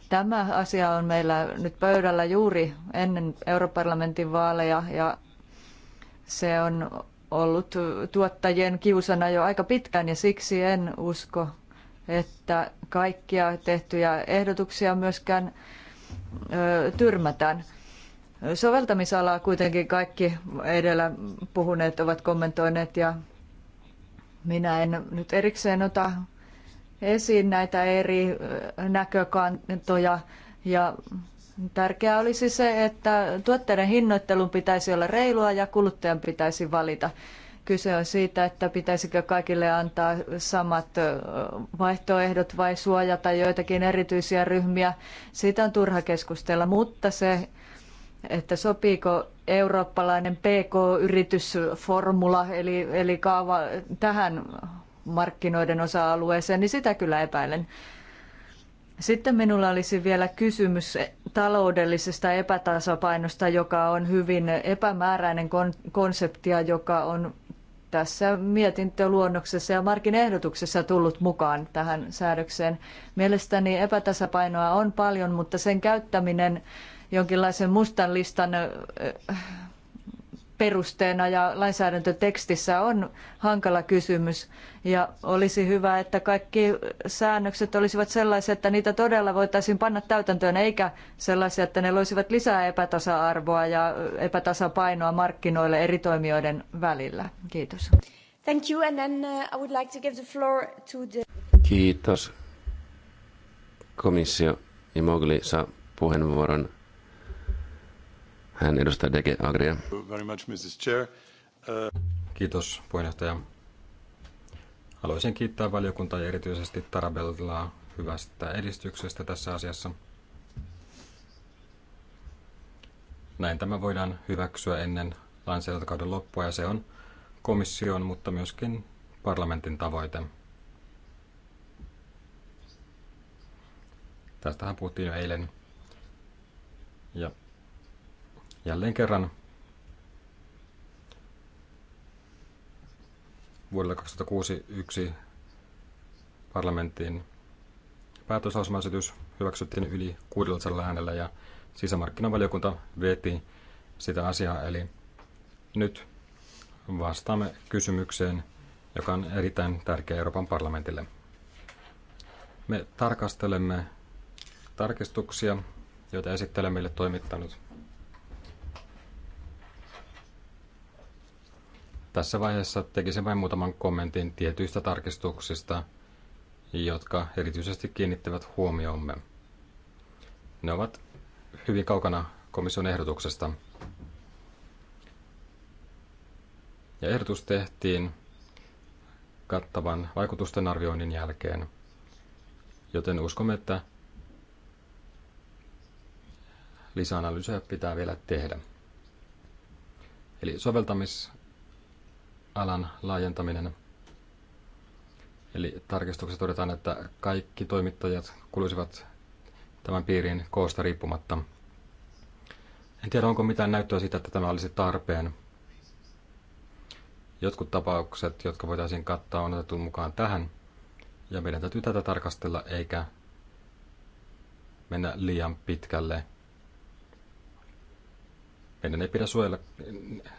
Tämä asia on meillä nyt pöydällä juuri ennen europarlamentin vaaleja ja se on ollut tuottajien kiusana jo aika pitkään ja siksi en usko, että kaikkia tehtyjä ehdotuksia myöskään ö, tyrmätään soveltamisalaa kuitenkin kaikki edellä puhuneet ovat kommentoineet ja minä en nyt erikseen ota esiin näitä eri näkökantoja ja Tärkeää olisi se, että tuotteiden hinnoittelun pitäisi olla reilua ja kuluttajan pitäisi valita. Kyse on siitä, että pitäisikö kaikille antaa samat vaihtoehdot vai suojata joitakin erityisiä ryhmiä. Siitä on turha keskustella, mutta se että sopiiko eurooppalainen PK-yritysformula eli, eli kaava tähän markkinoiden osa-alueeseen, niin sitä kyllä epäilen. Sitten minulla olisi vielä kysymys taloudellisesta epätasapainosta, joka on hyvin epämääräinen konsepti ja joka on tässä mietintöluonnoksessa ja ehdotuksessa tullut mukaan tähän säädökseen. Mielestäni epätasapainoa on paljon, mutta sen käyttäminen jonkinlaisen mustan listan perusteena ja lainsäädäntötekstissä on hankala kysymys ja olisi hyvä, että kaikki säännökset olisivat sellaisia, että niitä todella voitaisiin panna täytäntöön eikä sellaisia, että ne loisivat lisää epätasa-arvoa ja epätasapainoa markkinoille eri toimijoiden välillä. Kiitos. Thank you and then uh, I would like to give the floor to the... Kiitos. Komissio ja Mogli saa puheenvuoron hän edustaa DG Agria. Uh, Kiitos puheenjohtaja. Haluaisin kiittää valiokuntaa ja erityisesti Tarabellaa hyvästä edistyksestä tässä asiassa. Näin tämä voidaan hyväksyä ennen lainsäädäntökauden loppua ja se on komission, mutta myöskin parlamentin tavoite. Tästähän puhuttiin jo eilen. Ja Jälleen kerran vuodelle 2006 yksi parlamentin päätöslausumaesitys hyväksyttiin yli 600 äänellä ja sisämarkkinavaliokunta veti sitä asiaa. Eli nyt vastaamme kysymykseen, joka on erittäin tärkeä Euroopan parlamentille. Me tarkastelemme tarkistuksia, joita esittelee meille toimittanut Tässä vaiheessa tekisin vain muutaman kommentin tietyistä tarkistuksista, jotka erityisesti kiinnittävät huomiomme. Ne ovat hyvin kaukana komission ehdotuksesta. Ja ehdotus tehtiin kattavan vaikutusten arvioinnin jälkeen, joten uskomme, että lisäanalyysejä pitää vielä tehdä. Eli soveltamis alan laajentaminen. Eli tarkistuksessa todetaan, että kaikki toimittajat kuluisivat tämän piirin koosta riippumatta. En tiedä, onko mitään näyttöä siitä, että tämä olisi tarpeen. Jotkut tapaukset, jotka voitaisiin kattaa, on otettu mukaan tähän, ja meidän täytyy tätä tarkastella eikä mennä liian pitkälle. Meidän ei pidä suojella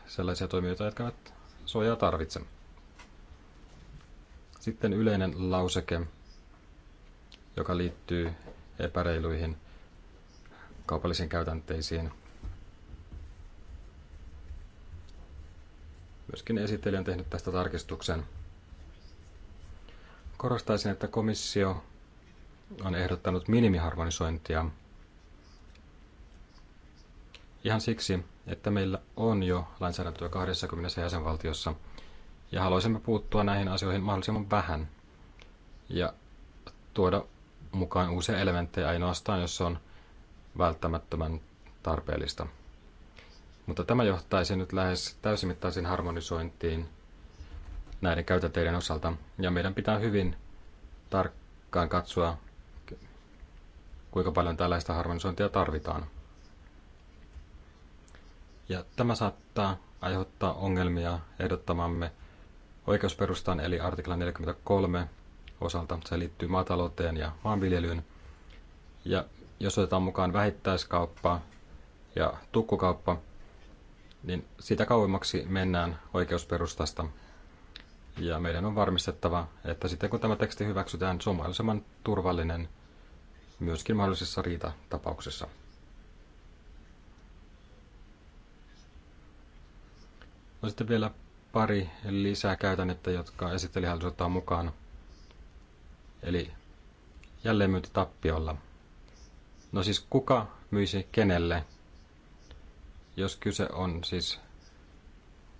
sellaisia toimijoita, jotka ovat suojaa tarvitse. Sitten yleinen lauseke, joka liittyy epäreiluihin kaupallisiin käytänteisiin. Myöskin esittelijä on tehnyt tästä tarkistuksen. Korostaisin, että komissio on ehdottanut minimiharmonisointia ihan siksi, että meillä on jo lainsäädäntöä 20 jäsenvaltiossa ja haluaisimme puuttua näihin asioihin mahdollisimman vähän ja tuoda mukaan uusia elementtejä ainoastaan, jos se on välttämättömän tarpeellista. Mutta tämä johtaisi nyt lähes täysimittaisiin harmonisointiin näiden käytänteiden osalta, ja meidän pitää hyvin tarkkaan katsoa, kuinka paljon tällaista harmonisointia tarvitaan. Ja tämä saattaa aiheuttaa ongelmia ehdottamamme oikeusperustan eli artikla 43 osalta. Se liittyy maatalouteen ja maanviljelyyn. Ja jos otetaan mukaan vähittäiskauppa ja tukkukauppa, niin sitä kauemmaksi mennään oikeusperustasta. Ja meidän on varmistettava, että sitten kun tämä teksti hyväksytään, se on mahdollisimman turvallinen myöskin mahdollisissa riitatapauksissa. No sitten vielä pari lisää käytännettä, jotka esitteli halusi ottaa mukaan. Eli jälleenmyynti tappiolla. No siis kuka myisi kenelle, jos kyse on siis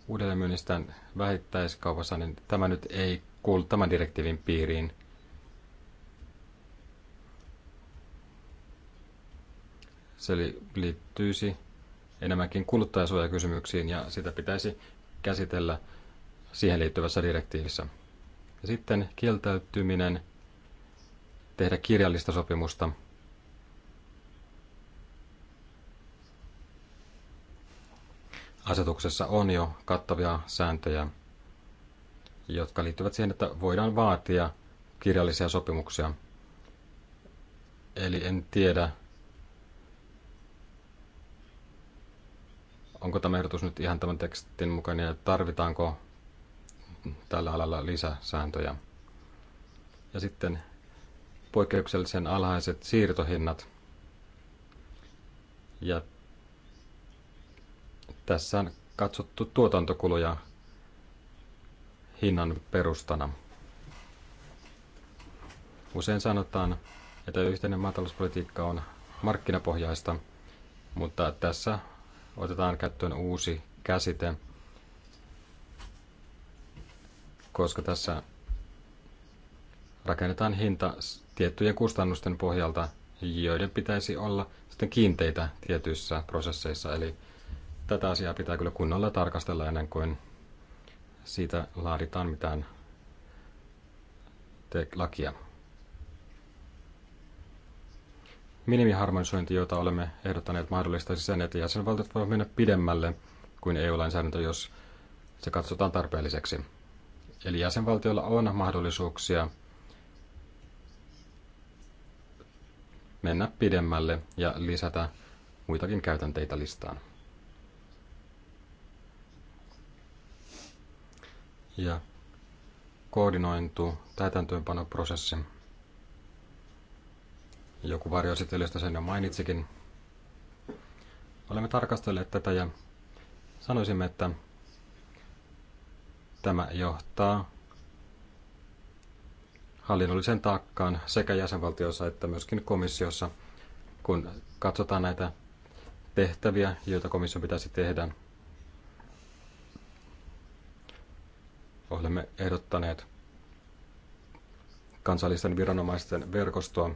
uudelleenmyynnistä vähittäiskaupassa, niin tämä nyt ei kuulu tämän direktiivin piiriin. Se liittyisi enemmänkin kuluttajasuojakysymyksiin ja sitä pitäisi käsitellä siihen liittyvässä direktiivissä. Ja sitten kieltäytyminen tehdä kirjallista sopimusta. Asetuksessa on jo kattavia sääntöjä, jotka liittyvät siihen, että voidaan vaatia kirjallisia sopimuksia. Eli en tiedä, onko tämä ehdotus nyt ihan tämän tekstin mukainen ja tarvitaanko tällä alalla lisäsääntöjä. Ja sitten poikkeuksellisen alhaiset siirtohinnat. Ja tässä on katsottu tuotantokuluja hinnan perustana. Usein sanotaan, että yhteinen maatalouspolitiikka on markkinapohjaista, mutta tässä otetaan käyttöön uusi käsite, koska tässä rakennetaan hinta tiettyjen kustannusten pohjalta, joiden pitäisi olla sitten kiinteitä tietyissä prosesseissa. Eli tätä asiaa pitää kyllä kunnolla tarkastella ennen kuin siitä laaditaan mitään lakia. minimiharmonisointi, jota olemme ehdottaneet mahdollistaisi sen, että jäsenvaltiot voivat mennä pidemmälle kuin EU-lainsäädäntö, jos se katsotaan tarpeelliseksi. Eli jäsenvaltioilla on mahdollisuuksia mennä pidemmälle ja lisätä muitakin käytänteitä listaan. Ja koordinointu täytäntöönpanoprosessi joku varjoesittelystä sen jo mainitsikin. Olemme tarkastelleet tätä ja sanoisimme, että tämä johtaa hallinnollisen taakkaan sekä jäsenvaltiossa että myöskin komissiossa, kun katsotaan näitä tehtäviä, joita komissio pitäisi tehdä. Olemme ehdottaneet kansallisten viranomaisten verkostoa,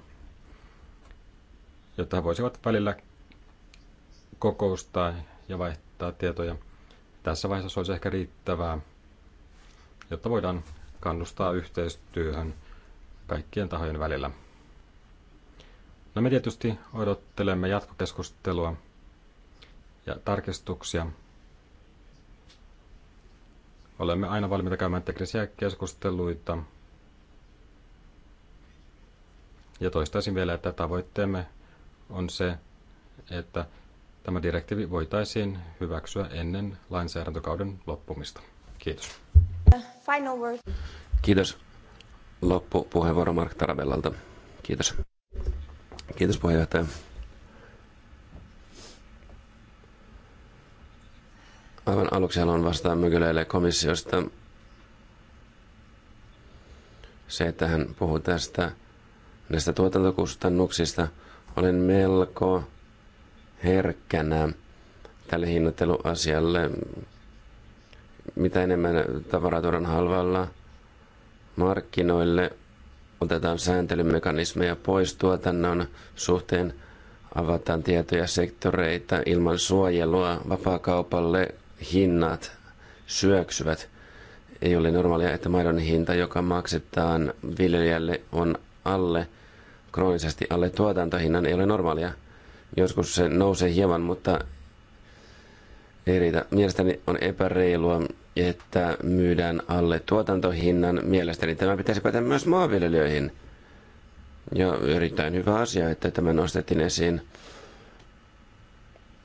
jotta he voisivat välillä kokoustaa ja vaihtaa tietoja. Tässä vaiheessa se olisi ehkä riittävää, jotta voidaan kannustaa yhteistyöhön kaikkien tahojen välillä. No me tietysti odottelemme jatkokeskustelua ja tarkistuksia. Olemme aina valmiita käymään teknisiä keskusteluita. Ja toistaisin vielä, että tavoitteemme on se, että tämä direktiivi voitaisiin hyväksyä ennen lainsäädäntökauden loppumista. Kiitos. Final word. Kiitos. Loppupuheenvuoro Mark Taravellalta. Kiitos. Kiitos puheenjohtaja. Aivan aluksi haluan vastata Mykyleille komissiosta. Se, että hän puhuu tästä näistä tuotantokustannuksista – olen melko herkkänä tälle hinnoitteluasialle. Mitä enemmän tavaraa tuodaan halvalla markkinoille, otetaan sääntelymekanismeja pois tuotannon suhteen, avataan tietoja sektoreita ilman suojelua vapaakaupalle, hinnat syöksyvät. Ei ole normaalia, että maidon hinta, joka maksetaan viljelijälle, on alle kroonisesti alle tuotantohinnan ei ole normaalia. Joskus se nousee hieman, mutta ei riitä. Mielestäni on epäreilua, että myydään alle tuotantohinnan. Mielestäni tämä pitäisi päteä myös maanviljelijöihin. Ja erittäin hyvä asia, että tämä nostettiin esiin.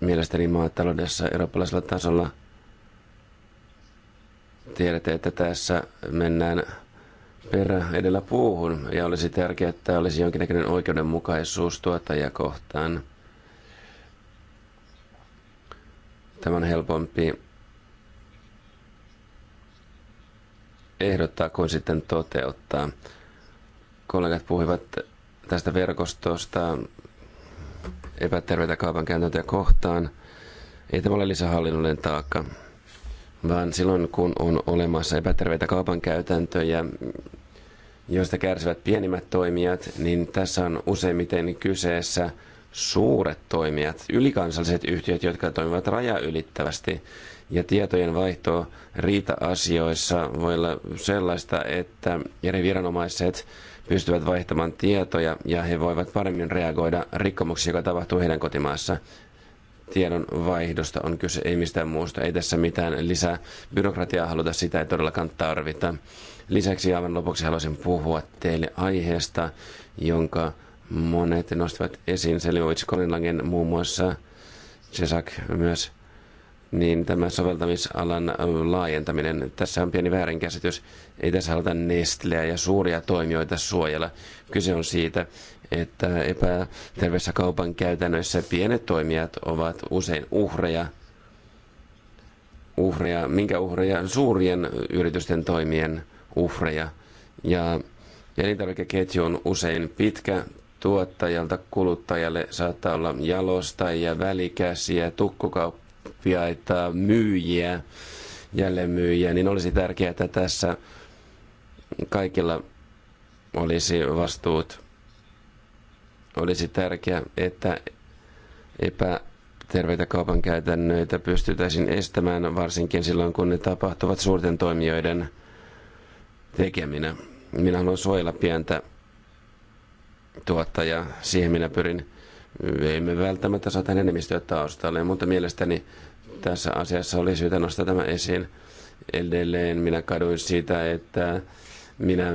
Mielestäni maataloudessa eurooppalaisella tasolla tiedätte, että tässä mennään perä edellä puuhun ja olisi tärkeää, että olisi jonkinnäköinen oikeudenmukaisuus tuottajia kohtaan. Tämä on helpompi ehdottaa kuin sitten toteuttaa. Kollegat puhuivat tästä verkostosta epäterveitä kaupankäyntöjä kohtaan. Ei tämä ole lisähallinnollinen taakka vaan silloin kun on olemassa epäterveitä kaupankäytäntöjä, joista kärsivät pienimmät toimijat, niin tässä on useimmiten kyseessä suuret toimijat, ylikansalliset yhtiöt, jotka toimivat ylittävästi. Ja tietojen vaihto riita-asioissa voi olla sellaista, että eri viranomaiset pystyvät vaihtamaan tietoja ja he voivat paremmin reagoida rikkomuksiin, joka tapahtuu heidän kotimaassa tiedon vaihdosta on kyse, ei mistään muusta. Ei tässä mitään lisää byrokratiaa haluta, sitä ei todellakaan tarvita. Lisäksi aivan lopuksi haluaisin puhua teille aiheesta, jonka monet nostivat esiin, Se oli muun muassa, Cesak myös, niin tämä soveltamisalan laajentaminen, tässä on pieni väärinkäsitys, ei tässä haluta Nestleä ja suuria toimijoita suojella. Kyse on siitä, että epäterveissä kaupan käytännöissä pienet toimijat ovat usein uhreja, uhreja, minkä uhreja suurien yritysten toimien uhreja. Ja elintarvikeketju on usein pitkä, tuottajalta kuluttajalle saattaa olla jalostajia, välikäsiä, tukkukauppiaita, myyjiä, jälleenmyyjiä, niin olisi tärkeää, että tässä kaikilla olisi vastuut olisi tärkeää, että epäterveitä kaupankäytännöitä pystytäisiin estämään, varsinkin silloin kun ne tapahtuvat suurten toimijoiden tekeminä. Minä haluan suojella pientä tuottajaa, siihen minä pyrin. Emme välttämättä saa tämän enemmistöä taustalle, mutta mielestäni tässä asiassa oli syytä nostaa tämä esiin. Edelleen minä kaduin sitä, että minä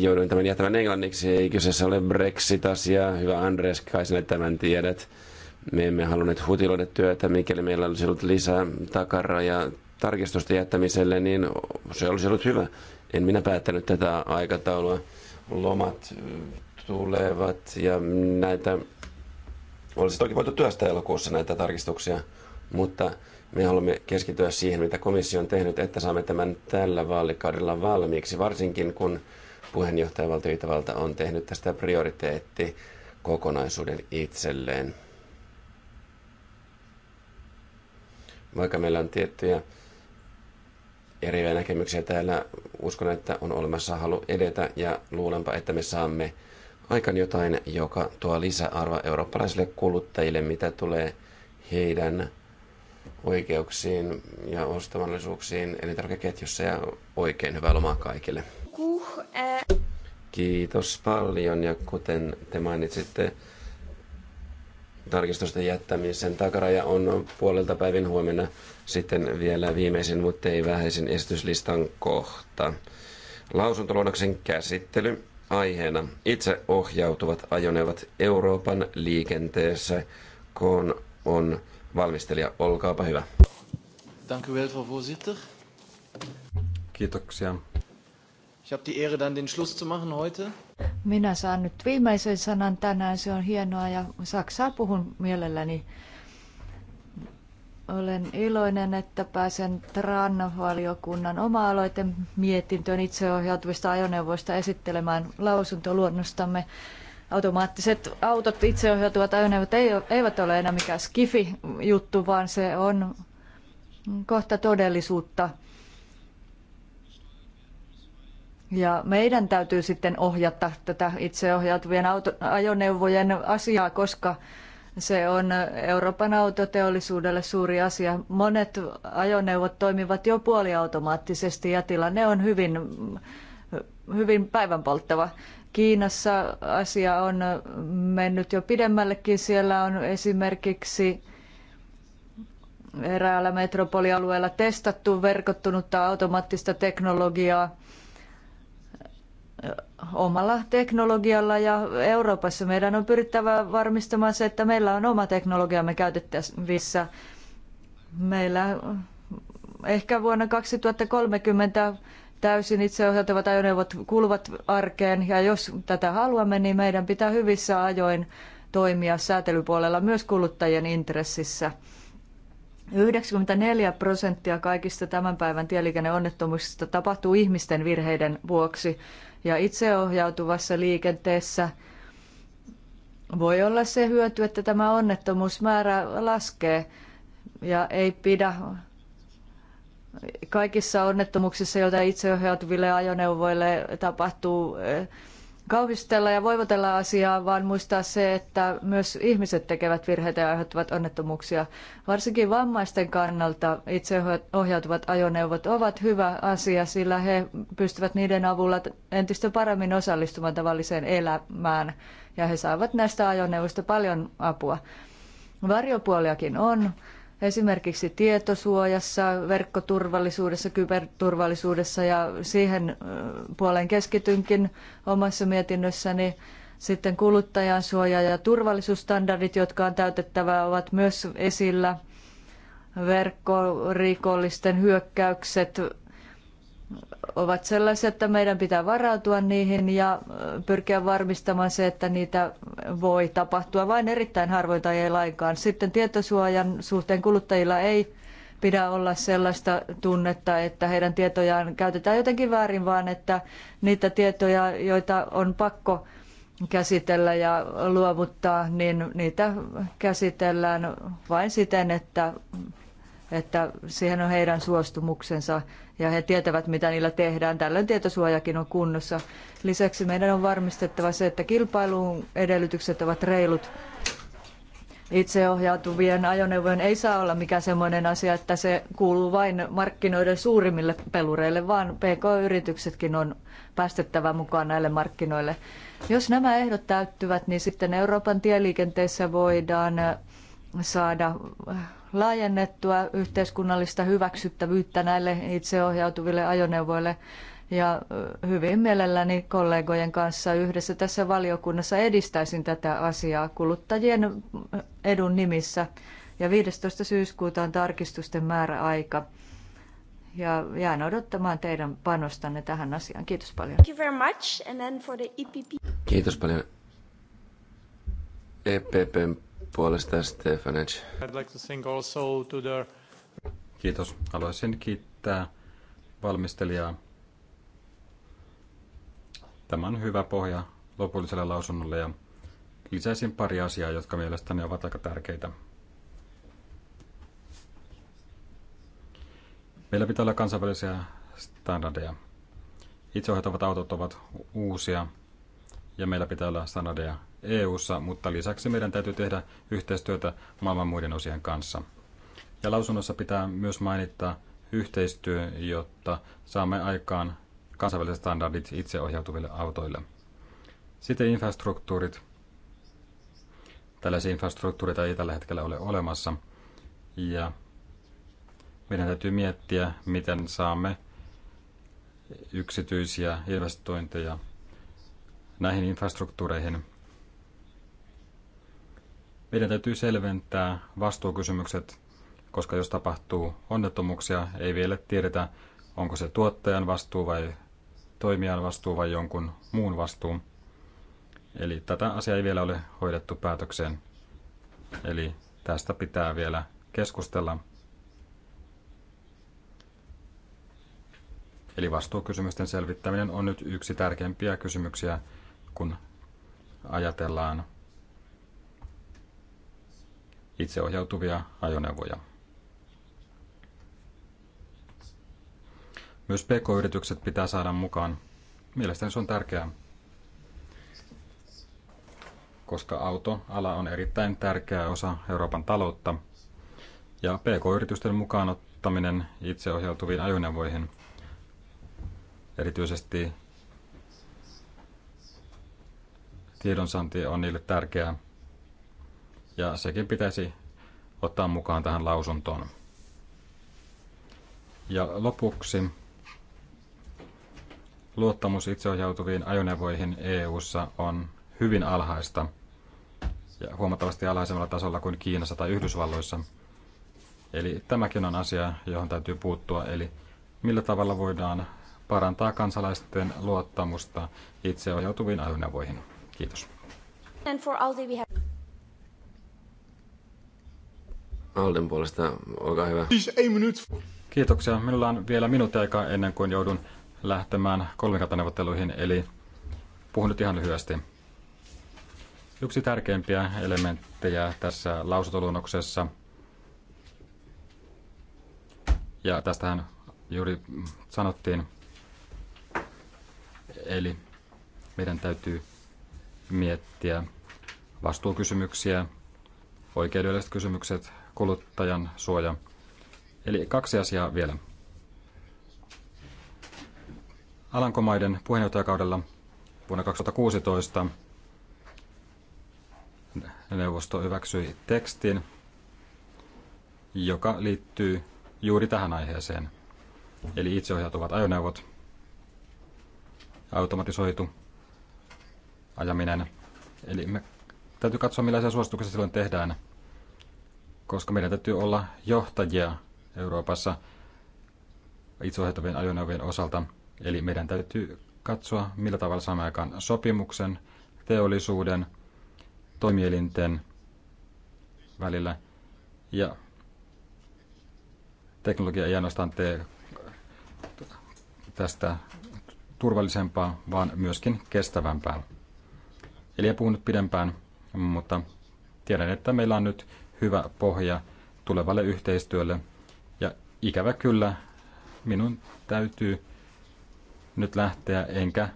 jouduin tämän jättämään englanniksi, ei kyseessä ole Brexit-asia. Hyvä Andres, kai sinä tämän tiedät. Me emme halunneet hutiloida työtä, mikäli meillä olisi ollut lisää takaraja tarkistusta jättämiselle, niin se olisi ollut hyvä. En minä päättänyt tätä aikataulua. Lomat tulevat ja näitä olisi toki voitu työstää elokuussa näitä tarkistuksia, mutta me haluamme keskittyä siihen, mitä komissio on tehnyt, että saamme tämän tällä vaalikaudella valmiiksi, varsinkin kun puheenjohtajavaltio Itävalta on tehnyt tästä prioriteetti kokonaisuuden itselleen. Vaikka meillä on tiettyjä eriä näkemyksiä täällä, uskon, että on olemassa halu edetä ja luulenpa, että me saamme aikaan jotain, joka tuo lisäarvoa eurooppalaisille kuluttajille, mitä tulee heidän oikeuksiin ja ostamallisuuksiin elintarvikeketjussa ja oikein hyvää lomaa kaikille. Kiitos paljon ja kuten te mainitsitte, tarkistusten jättämisen takaraja on puolelta päivin huomenna sitten vielä viimeisin, mutta ei vähäisin esityslistan kohta. Lausuntoluonnoksen käsittely aiheena itse ohjautuvat ajoneuvot Euroopan liikenteessä, kun on valmistelija, olkaapa hyvä. Dank u wel, Frau Voorzitter. Kiitoksia. Ich habe die Ehre, dann den Schluss zu machen heute. Minä saan nyt viimeisen sanan tänään, se on hienoa ja Saksaa puhun mielelläni. Olen iloinen, että pääsen TRAN-valiokunnan oma-aloiten mietintöön itseohjautuvista ajoneuvoista esittelemään lausuntoluonnostamme. luonnostamme automaattiset autot, itseohjautuvat ajoneuvot eivät ole enää mikään skifi-juttu, vaan se on kohta todellisuutta. Ja meidän täytyy sitten ohjata tätä itseohjautuvien auto, ajoneuvojen asiaa, koska se on Euroopan autoteollisuudelle suuri asia. Monet ajoneuvot toimivat jo puoliautomaattisesti ja tilanne on hyvin, hyvin päivänpolttava. Kiinassa asia on mennyt jo pidemmällekin. Siellä on esimerkiksi eräällä metropolialueella testattu verkottunutta automaattista teknologiaa omalla teknologialla ja Euroopassa meidän on pyrittävä varmistamaan se, että meillä on oma teknologiamme käytettävissä. Meillä ehkä vuonna 2030 Täysin itseohjautuvat ajoneuvot kuuluvat arkeen ja jos tätä haluamme, niin meidän pitää hyvissä ajoin toimia säätelypuolella myös kuluttajien intressissä. 94 prosenttia kaikista tämän päivän tieliikenneonnettomuuksista tapahtuu ihmisten virheiden vuoksi ja itseohjautuvassa liikenteessä voi olla se hyöty, että tämä onnettomuusmäärä laskee ja ei pidä Kaikissa onnettomuuksissa, joita itseohjautuville ajoneuvoille tapahtuu, eh, kauhistella ja voivotella asiaa, vaan muistaa se, että myös ihmiset tekevät virheitä ja aiheuttavat onnettomuuksia. Varsinkin vammaisten kannalta itseohjautuvat ajoneuvot ovat hyvä asia, sillä he pystyvät niiden avulla entistä paremmin osallistumaan tavalliseen elämään ja he saavat näistä ajoneuvoista paljon apua. Varjopuoliakin on esimerkiksi tietosuojassa, verkkoturvallisuudessa, kyberturvallisuudessa ja siihen puoleen keskitynkin omassa mietinnössäni. Sitten kuluttajansuoja ja turvallisuusstandardit, jotka on täytettävä, ovat myös esillä. Verkkorikollisten hyökkäykset ovat sellaisia, että meidän pitää varautua niihin ja pyrkiä varmistamaan se, että niitä voi tapahtua vain erittäin harvoin tai ei lainkaan. Sitten tietosuojan suhteen kuluttajilla ei pidä olla sellaista tunnetta, että heidän tietojaan käytetään jotenkin väärin, vaan että niitä tietoja, joita on pakko käsitellä ja luovuttaa, niin niitä käsitellään vain siten, että että siihen on heidän suostumuksensa ja he tietävät, mitä niillä tehdään. Tällöin tietosuojakin on kunnossa. Lisäksi meidän on varmistettava se, että kilpailun edellytykset ovat reilut. Itseohjautuvien ajoneuvojen ei saa olla mikään sellainen asia, että se kuuluu vain markkinoiden suurimmille pelureille, vaan PK-yrityksetkin on päästettävä mukaan näille markkinoille. Jos nämä ehdot täyttyvät, niin sitten Euroopan tieliikenteessä voidaan saada laajennettua yhteiskunnallista hyväksyttävyyttä näille itseohjautuville ajoneuvoille ja hyvin mielelläni kollegojen kanssa yhdessä tässä valiokunnassa edistäisin tätä asiaa kuluttajien edun nimissä. Ja 15. syyskuuta on tarkistusten määräaika. Ja jään odottamaan teidän panostanne tähän asiaan. Kiitos paljon. Thank you very much. And then for the EPP. Kiitos paljon. EPPn puolestaan Stefanec. Kiitos. Haluaisin kiittää valmistelijaa. Tämä on hyvä pohja lopulliselle lausunnolle ja lisäisin pari asiaa, jotka mielestäni ovat aika tärkeitä. Meillä pitää olla kansainvälisiä standardeja. Itseohjautuvat autot ovat uusia ja meillä pitää olla standardeja EU-ssa, mutta lisäksi meidän täytyy tehdä yhteistyötä maailman muiden osien kanssa. Ja lausunnossa pitää myös mainita yhteistyö, jotta saamme aikaan kansainväliset standardit itseohjautuville autoille. Sitten infrastruktuurit. Tällaisia infrastruktuureita ei tällä hetkellä ole olemassa. Ja meidän täytyy miettiä, miten saamme yksityisiä investointeja näihin infrastruktuureihin. Meidän täytyy selventää vastuukysymykset, koska jos tapahtuu onnettomuuksia, ei vielä tiedetä, onko se tuottajan vastuu vai toimijan vastuu vai jonkun muun vastuu. Eli tätä asiaa ei vielä ole hoidettu päätökseen. Eli tästä pitää vielä keskustella. Eli vastuukysymysten selvittäminen on nyt yksi tärkeimpiä kysymyksiä, kun ajatellaan itseohjautuvia ajoneuvoja. Myös pk-yritykset pitää saada mukaan. Mielestäni se on tärkeää, koska autoala on erittäin tärkeä osa Euroopan taloutta ja pk-yritysten mukaan ottaminen itseohjautuviin ajoneuvoihin, erityisesti tiedonsaanti on niille tärkeää, ja sekin pitäisi ottaa mukaan tähän lausuntoon. Ja lopuksi luottamus itseohjautuviin ajoneuvoihin EU:ssa on hyvin alhaista ja huomattavasti alhaisemmalla tasolla kuin Kiinassa tai Yhdysvalloissa. Eli tämäkin on asia, johon täytyy puuttua, eli millä tavalla voidaan parantaa kansalaisten luottamusta itseohjautuviin ajoneuvoihin. Kiitos. And for Aldi we have... Alden puolesta, olkaa hyvä. Siis Kiitoksia. Minulla on vielä minuutti aikaa ennen kuin joudun lähtemään kolmikantaneuvotteluihin, eli puhun nyt ihan lyhyesti. Yksi tärkeimpiä elementtejä tässä lausuntoluonnoksessa, ja tästähän juuri sanottiin, eli meidän täytyy miettiä vastuukysymyksiä, oikeudelliset kysymykset, kuluttajan suoja. Eli kaksi asiaa vielä. Alankomaiden puheenjohtajakaudella vuonna 2016 neuvosto hyväksyi tekstin, joka liittyy juuri tähän aiheeseen. Eli itseohjautuvat ajoneuvot, automatisoitu ajaminen. Eli me täytyy katsoa, millaisia suosituksia silloin tehdään, koska meidän täytyy olla johtajia Euroopassa itseohjautuvien ajoneuvien osalta. Eli meidän täytyy katsoa, millä tavalla saamme aikaan sopimuksen, teollisuuden, toimielinten välillä. Ja teknologia ei ainoastaan tee tästä turvallisempaa, vaan myöskin kestävämpää. Eli ei puhunut pidempään, mutta tiedän, että meillä on nyt hyvä pohja tulevalle yhteistyölle. Ja ikävä kyllä, minun täytyy nyt lähteä, enkä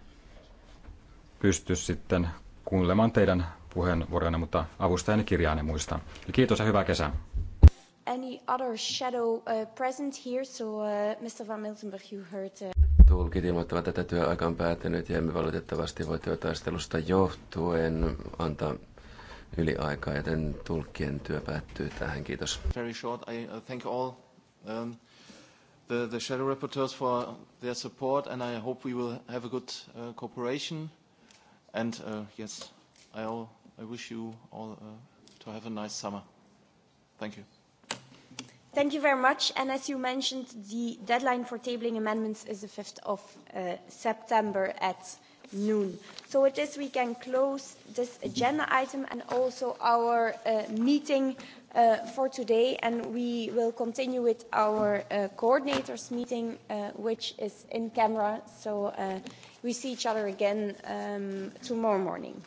pysty sitten kuulemaan teidän puheenvuoronne, mutta avustajani kirjaani muista. Eli kiitos ja hyvää kesää. Any other shadow uh, present here, so uh, Mr. Van Miltenberg, you heard. Uh... Tulkit ilmoittavat, että työaika on päätynyt ja emme valitettavasti voi työtaistelusta johtuen antaa yliaikaa, joten tulkkien työ päättyy tähän. Kiitos. Very short. I uh, thank all um, the, the shadow rapporteurs for their support and I hope we will have a good uh, cooperation. And uh, yes, I, all, I wish you all uh, to have a nice summer. Thank you. Thank you very much. And as you mentioned, the deadline for tabling amendments is the 5th of uh, September at noon. So with this, we can close this agenda item and also our uh, meeting uh, for today. And we will continue with our uh, coordinators meeting, uh, which is in camera. So uh, we see each other again um, tomorrow morning.